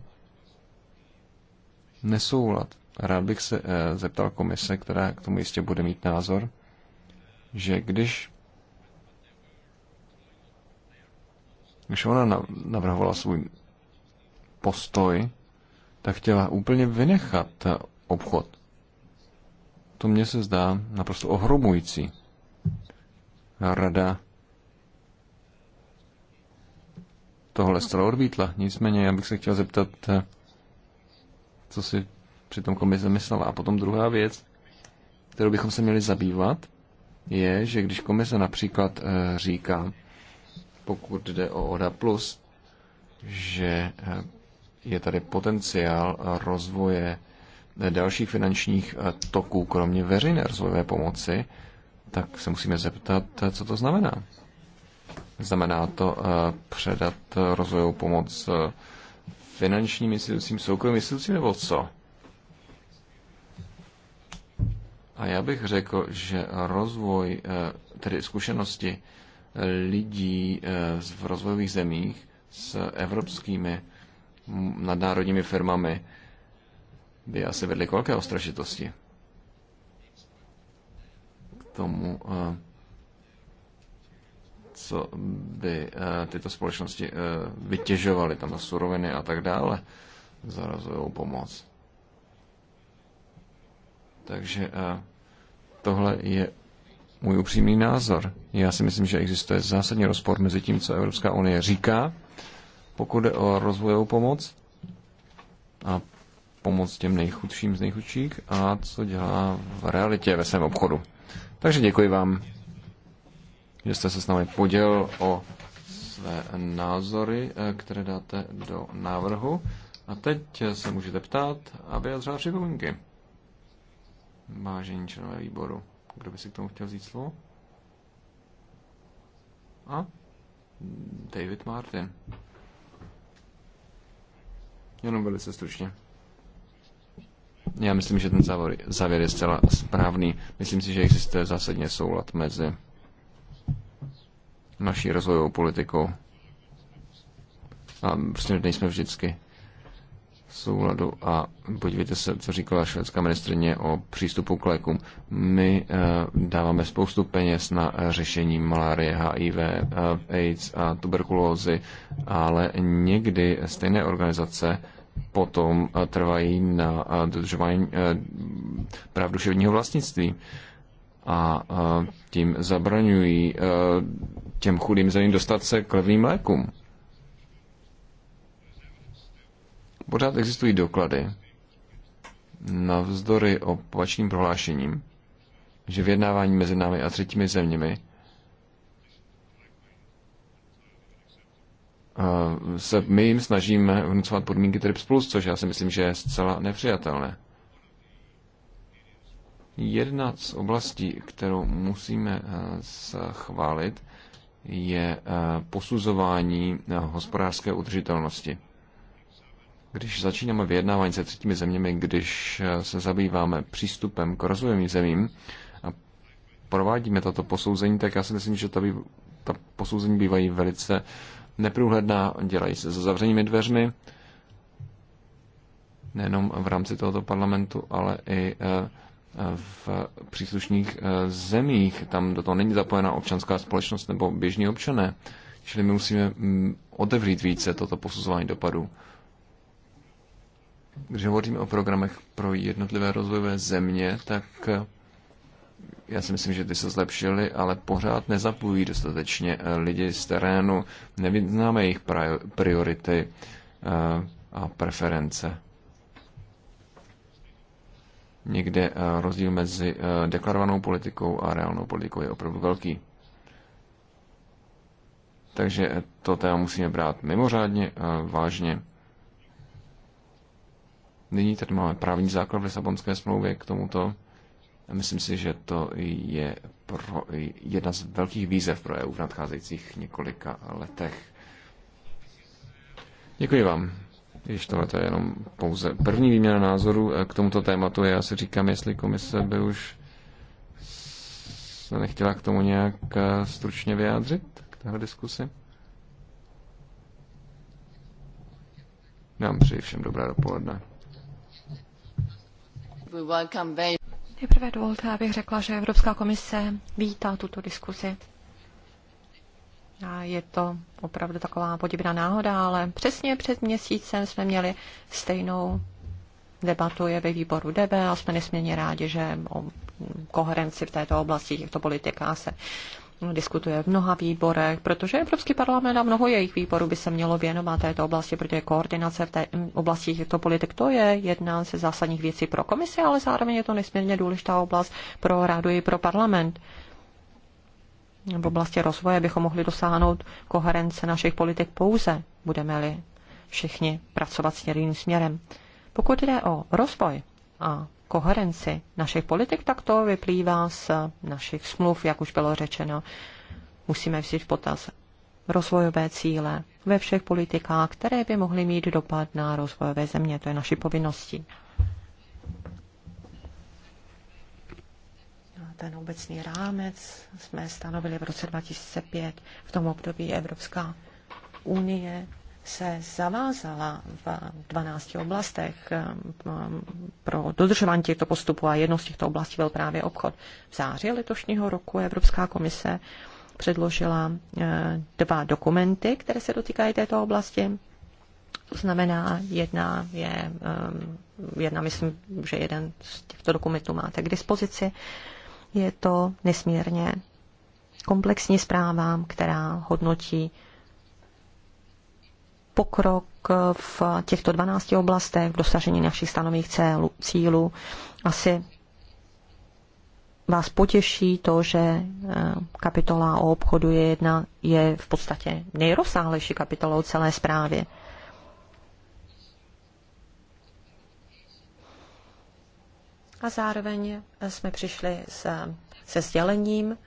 nesoulad. Rád bych se eh, zeptal komise, která k tomu jistě bude mít názor, že když když ona navrhovala svůj postoj, tak chtěla úplně vynechat obchod. To mně se zdá naprosto ohromující. Rada tohle zcela odmítla. Nicméně já bych se chtěl zeptat, co si při tom komise myslela. A potom druhá věc, kterou bychom se měli zabývat, je, že když komise například eh, říká, pokud jde o ODA+, že eh, je tady potenciál rozvoje dalších finančních toků, kromě veřejné rozvojové pomoci, tak se musíme zeptat, co to znamená. Znamená to eh, předat rozvojovou pomoc eh, finančním institucím, soukromým institucím nebo co? A já bych řekl, že rozvoj, eh, tedy zkušenosti lidí v rozvojových zemích s evropskými nadnárodními firmami by asi vedly k velké ostražitosti. K tomu, eh, co by eh, tyto společnosti eh, vytěžovaly tam na suroviny a tak dále, zarazují pomoc. Takže tohle je můj upřímný názor. Já si myslím, že existuje zásadní rozpor mezi tím, co Evropská unie říká pokud jde o rozvojovou pomoc a pomoc těm nejchudším z nejchudších a co dělá v realitě ve svém obchodu. Takže děkuji vám, že jste se s námi podělil o své názory, eh, které dáte do návrhu. A teď se můžete ptát a vyjadřovat připomínky. Vážení členové výboru, kdo by si k tomu chtěl vzít slovo? A? David Martin. Jenom velice stručně. Já myslím, že ten závěr, závěr je zcela správný. Myslím si, že existuje zásadně soulad mezi naší rozvojovou politikou. A prostě nejsme vždycky souladu a podívejte se, co říkala švédská ministrině o přístupu k lékům. My eh, dáváme spoustu peněz na eh, řešení malárie, HIV, eh, AIDS a tuberkulózy, ale někdy stejné organizace potom trvají na dodržování práv duševního vlastnictví a tím zabraňují těm chudým zemím dostat se k levným lékům. Pořád existují doklady, navzdory opačným prohlášením, že vyjednávání mezi námi a třetími zeměmi se my jim snažíme vnucovat podmínky TRIPS+, plus, což já si myslím, že je zcela nepřijatelné. Jedna z oblastí, kterou musíme schválit, je posuzování hospodářské udržitelnosti. Když začínáme vyjednávání se třetími zeměmi, když eh, se zabýváme přístupem k rozvojovým zemím a provádíme tato posouzení, tak já si myslím, že ta, by, ta posouzení bývají velice neprůhledná, dělají se za zavřenými dveřmi, nejenom v rámci tohoto parlamentu, ale i eh, eh, v příslušných zemích. Tam do toho není zapojená občanská společnost nebo běžní občané. Čili my musíme mm, otevřít více toto posuzování dopadů když hovoříme o programech pro jednotlivé rozvojové země, tak eh, já si myslím, že ty se zlepšily, ale pořád nezapojují dostatečně eh, lidi z terénu, nevyznáme jejich priority eh, a preference. Někde rozdíl mezi deklarovanou politikou a reálnou politikou je opravdu velký. Takže to téma musíme brát mimořádně vážně Nyní tady máme právní základ v Lisabonské smlouvě k tomuto. A myslím si, že to je pro, jedna z velkých výzev pro EU v nadcházejících několika letech. Děkuji vám. Když tohle je jenom pouze první výměna názoru eh, k tomuto tématu, já si říkám, jestli komise by už se nechtěla k tomu nějak eh, stručně vyjádřit, k téhle diskusi. Nám přeji všem dobré dopoledne. Nejprve dovolte, abych řekla, že Evropská komise vítá tuto diskuzi. A je to opravdu taková podivná náhoda, ale přesně před měsícem jsme měli stejnou debatu je ve výboru DB a jsme nesmírně rádi, že o koherenci v této oblasti těchto politikách se diskutuje v mnoha výborech, protože Evropský parlament a mnoho jejich výborů by se mělo věnovat této oblasti, protože koordinace v té mm, oblasti těchto politik to je jedna ze zásadních věcí pro komisi, ale zároveň je to nesmírně důležitá oblast pro rádu i pro parlament. V oblasti rozvoje bychom mohli dosáhnout koherence našich politik pouze, budeme-li všichni pracovat směrným směrem. Pokud jde o rozvoj a koherenci našich politik, tak to vyplývá z našich smluv, jak už bylo řečeno. Musíme vzít v potaz rozvojové cíle ve všech politikách, které by mohly mít dopad na rozvojové země. To je naší povinností. No, ten obecný rámec jsme stanovili v roce 2005. V tom období Evropská unie se zavázala v 12 oblastech ehm, pro dodržování těchto postupů a jednou z těchto oblastí byl právě obchod. V září letošního roku Evropská komise předložila eh, dva dokumenty, které se dotýkají této oblasti. To znamená, jedna je, ehm, jedna myslím, že jeden z těchto dokumentů máte k dispozici. Je to nesmírně komplexní zpráva, která hodnotí pokrok v těchto 12 oblastech, v dosažení našich stanových cílů. Asi vás potěší to, že eh, kapitola o obchodu je jedna, je v podstatě nejrozsáhlejší kapitolou celé zprávy. A zároveň eh, jsme přišli se, se sdělením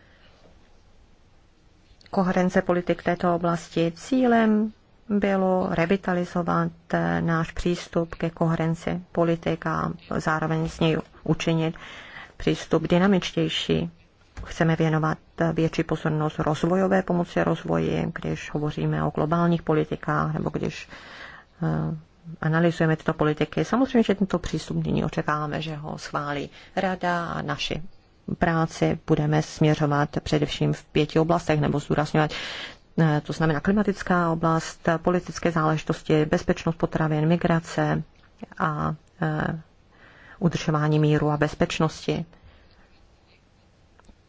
koherence politik této oblasti. Cílem bylo revitalizovat eh, náš přístup ke koherenci politik a zároveň z něj učinit přístup dynamičtější. Chceme věnovat eh, větší pozornost rozvojové pomoci rozvoji, když hovoříme o globálních politikách nebo když eh, analyzujeme tyto politiky. Samozřejmě, že tento přístup nyní očekáváme, že ho schválí rada a naši práci budeme směřovat především v pěti oblastech nebo zdůrazňovat Eh, to znamená klimatická oblast, politické záležitosti, bezpečnost potravin, migrace a eh, udržování míru a bezpečnosti.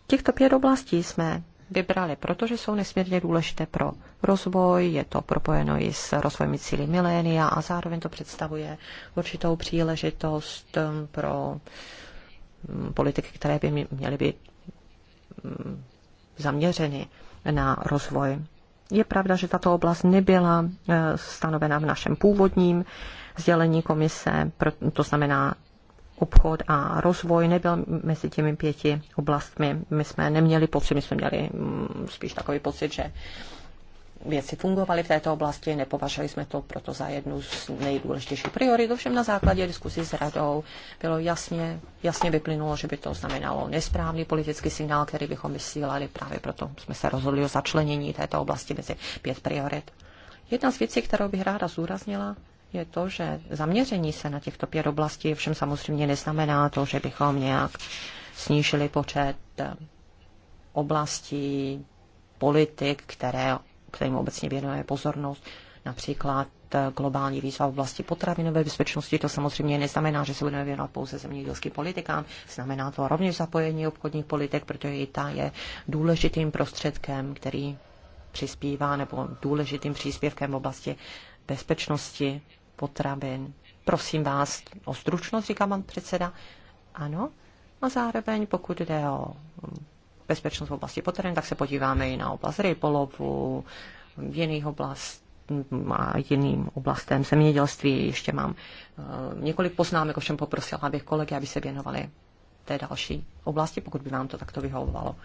Těchto pět oblastí jsme vybrali, protože jsou nesmírně důležité pro rozvoj, je to propojeno i s rozvojem cíly milénia a zároveň to představuje určitou příležitost eh, pro mm, politiky, které by měly být mm, zaměřeny na rozvoj je pravda, že tato oblast nebyla e, stanovena v našem původním sdělení komise, to znamená obchod a rozvoj nebyl mezi těmi pěti oblastmi. My jsme neměli pocit, my jsme měli mm, spíš takový pocit, že věci fungovaly v této oblasti, nepovažovali jsme to proto za jednu z nejdůležitějších priorit, ovšem na základě diskusí s radou bylo jasně, jasně vyplynulo, že by to znamenalo nesprávný politický signál, který bychom vysílali, právě proto jsme se rozhodli o začlenění této oblasti mezi pět priorit. Jedna z věcí, kterou bych ráda zúraznila, je to, že zaměření se na těchto pět oblastí všem samozřejmě neznamená to, že bychom nějak snížili počet eh, oblastí, politik, které kterým obecně věnuje pozornost, například eh, globální výzva v oblasti potravinové bezpečnosti. To samozřejmě neznamená, že se budeme věnovat pouze zemědělským politikám, znamená to rovněž zapojení obchodních politik, protože i ta je důležitým prostředkem, který přispívá nebo důležitým příspěvkem v oblasti bezpečnosti potravin. Prosím vás o stručnost, říká pan předseda. Ano. A zároveň, pokud jde o bezpečnost v oblasti potravin, tak se podíváme i na oblast rybolovu, jiných oblast a jiným oblastem zemědělství. Ještě mám uh, několik poznámek, ovšem poprosila abych kolegy, aby se věnovali té další oblasti, pokud by vám to takto vyhovovalo.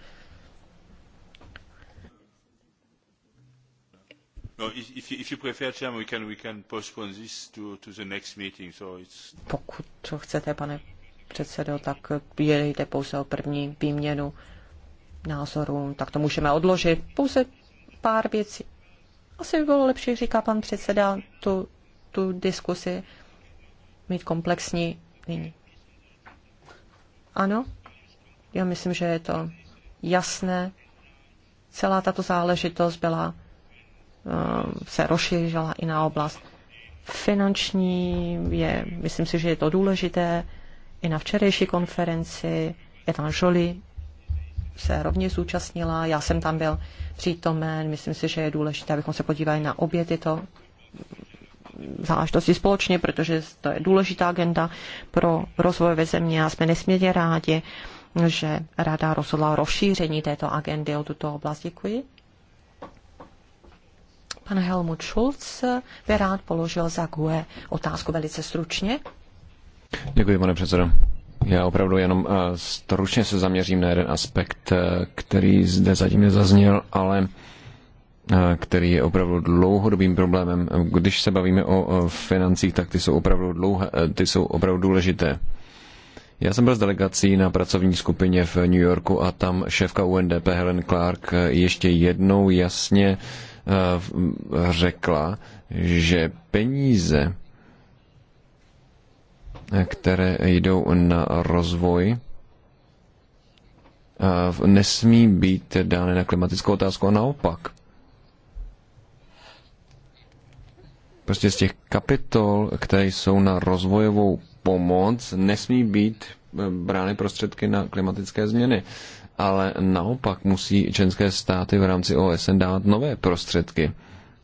Pokud chcete, pane předsedo, tak jde pouze o první výměnu názorům, tak to můžeme odložit. Pouze pár věcí. Asi by bylo lepší, říká pan předseda, tu, tu diskusi mít komplexní nyní. Ano, já myslím, že je to jasné. Celá tato záležitost byla, eh, se rozšířila i na oblast finanční, je, myslím si, že je to důležité. I na včerejší konferenci je tam Jolie, se rovně zúčastnila, já jsem tam byl přítomen, myslím si, že je důležité, abychom se podívali na obě tyto záležitosti společně, protože to je důležitá agenda pro ve země a jsme nesmírně rádi, že Rada rozhodla o rozšíření této agendy o tuto oblast. Děkuji. Pan Helmut Schulz by rád položil za GUE otázku velice stručně. Děkuji, pane předsedo. Já opravdu jenom eh, stručně se zaměřím na jeden aspekt, eh, který zde zatím nezazněl, ale eh, který je opravdu dlouhodobým problémem. Když se bavíme o financích, tak ty jsou opravdu, dlouhé, ty jsou opravdu důležité. Já jsem byl s delegací na pracovní skupině v New Yorku a tam šéfka UNDP Helen Clark ještě jednou jasně řekla, že peníze které jdou na rozvoj, nesmí být dány na klimatickou otázku a naopak. Prostě z těch kapitol, které jsou na rozvojovou pomoc, nesmí být e, brány prostředky na klimatické změny. Ale naopak musí členské státy v rámci OSN dávat nové prostředky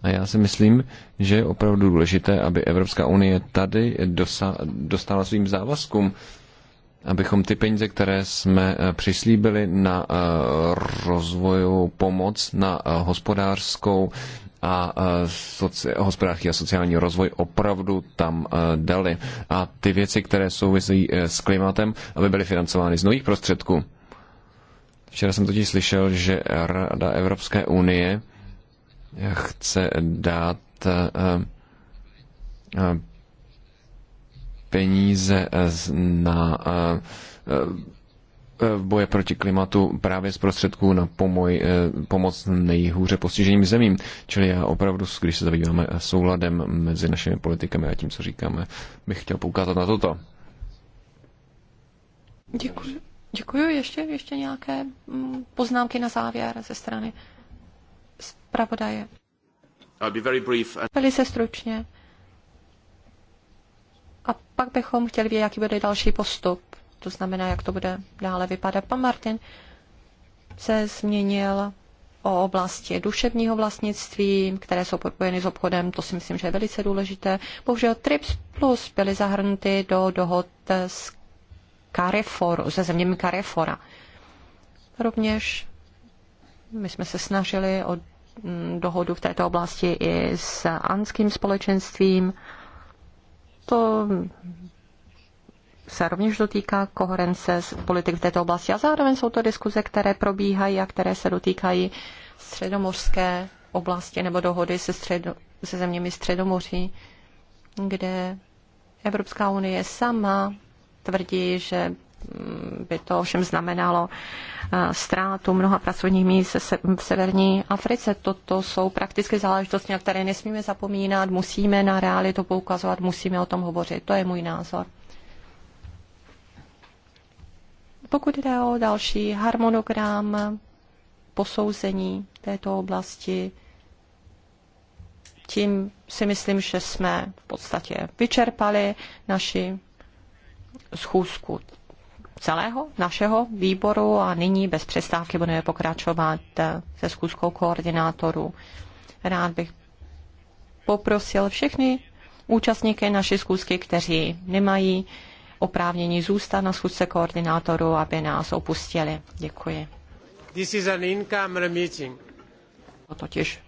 a já si myslím, že je opravdu důležité, aby Evropská unie tady dostala svým závazkům, abychom ty peníze, které jsme eh, přislíbili na eh, rozvojovou pomoc, na eh, hospodářskou a soci- hospodářský a sociální rozvoj opravdu tam dali. A ty věci, které souvisí s klimatem, aby byly financovány z nových prostředků. Včera jsem totiž slyšel, že Rada Evropské unie chce dát eh, eh, peníze eh, na boje proti klimatu právě z prostředků na pomoj, pomoc nejhůře postiženým zemím. Čili já opravdu, když se zabýváme souladem mezi našimi politikami a tím, co říkáme, bych chtěl poukázat na toto. Děkuji. Děkuji. Ještě, ještě nějaké mm, poznámky na závěr ze strany zpravodaje. Velice stručně. A pak bychom chtěli vědět, jaký bude další postup. To znamená, jak to bude dále vypadat. Pan Martin se změnil o oblasti duševního vlastnictví, které jsou propojeny s obchodem, to si myslím, že je velice důležité. Bohužel TRIPS Plus byly zahrnuty do dohod s Carrefour, se zeměmi Carrefoura. Rovněž my jsme se snažili o Mm, dohodu v této oblasti i s anským společenstvím. To se rovněž dotýká koherence politik v této oblasti a zároveň jsou to diskuze, které probíhají a které se dotýkají středomořské oblasti nebo dohody se, středo, se zeměmi Středomoří, kde Evropská unie sama tvrdí, že by to ovšem znamenalo eh, ztrátu mnoha pracovních míst v severní Africe. Toto jsou prakticky záležitosti, na které nesmíme zapomínat, musíme na realitu poukazovat, musíme o tom hovořit. To je můj názor. Pokud jde o další harmonogram posouzení této oblasti, tím si myslím, že jsme v podstatě vyčerpali naši schůzku celého našeho výboru a nyní bez přestávky budeme pokračovat eh, se zkuskou koordinátorů. Rád bych poprosil všechny účastníky naší zkusky, kteří nemají oprávnění zůstat na zkusce koordinátorů, aby nás opustili. Děkuji. This is an in-camera meeting. Totiž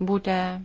bude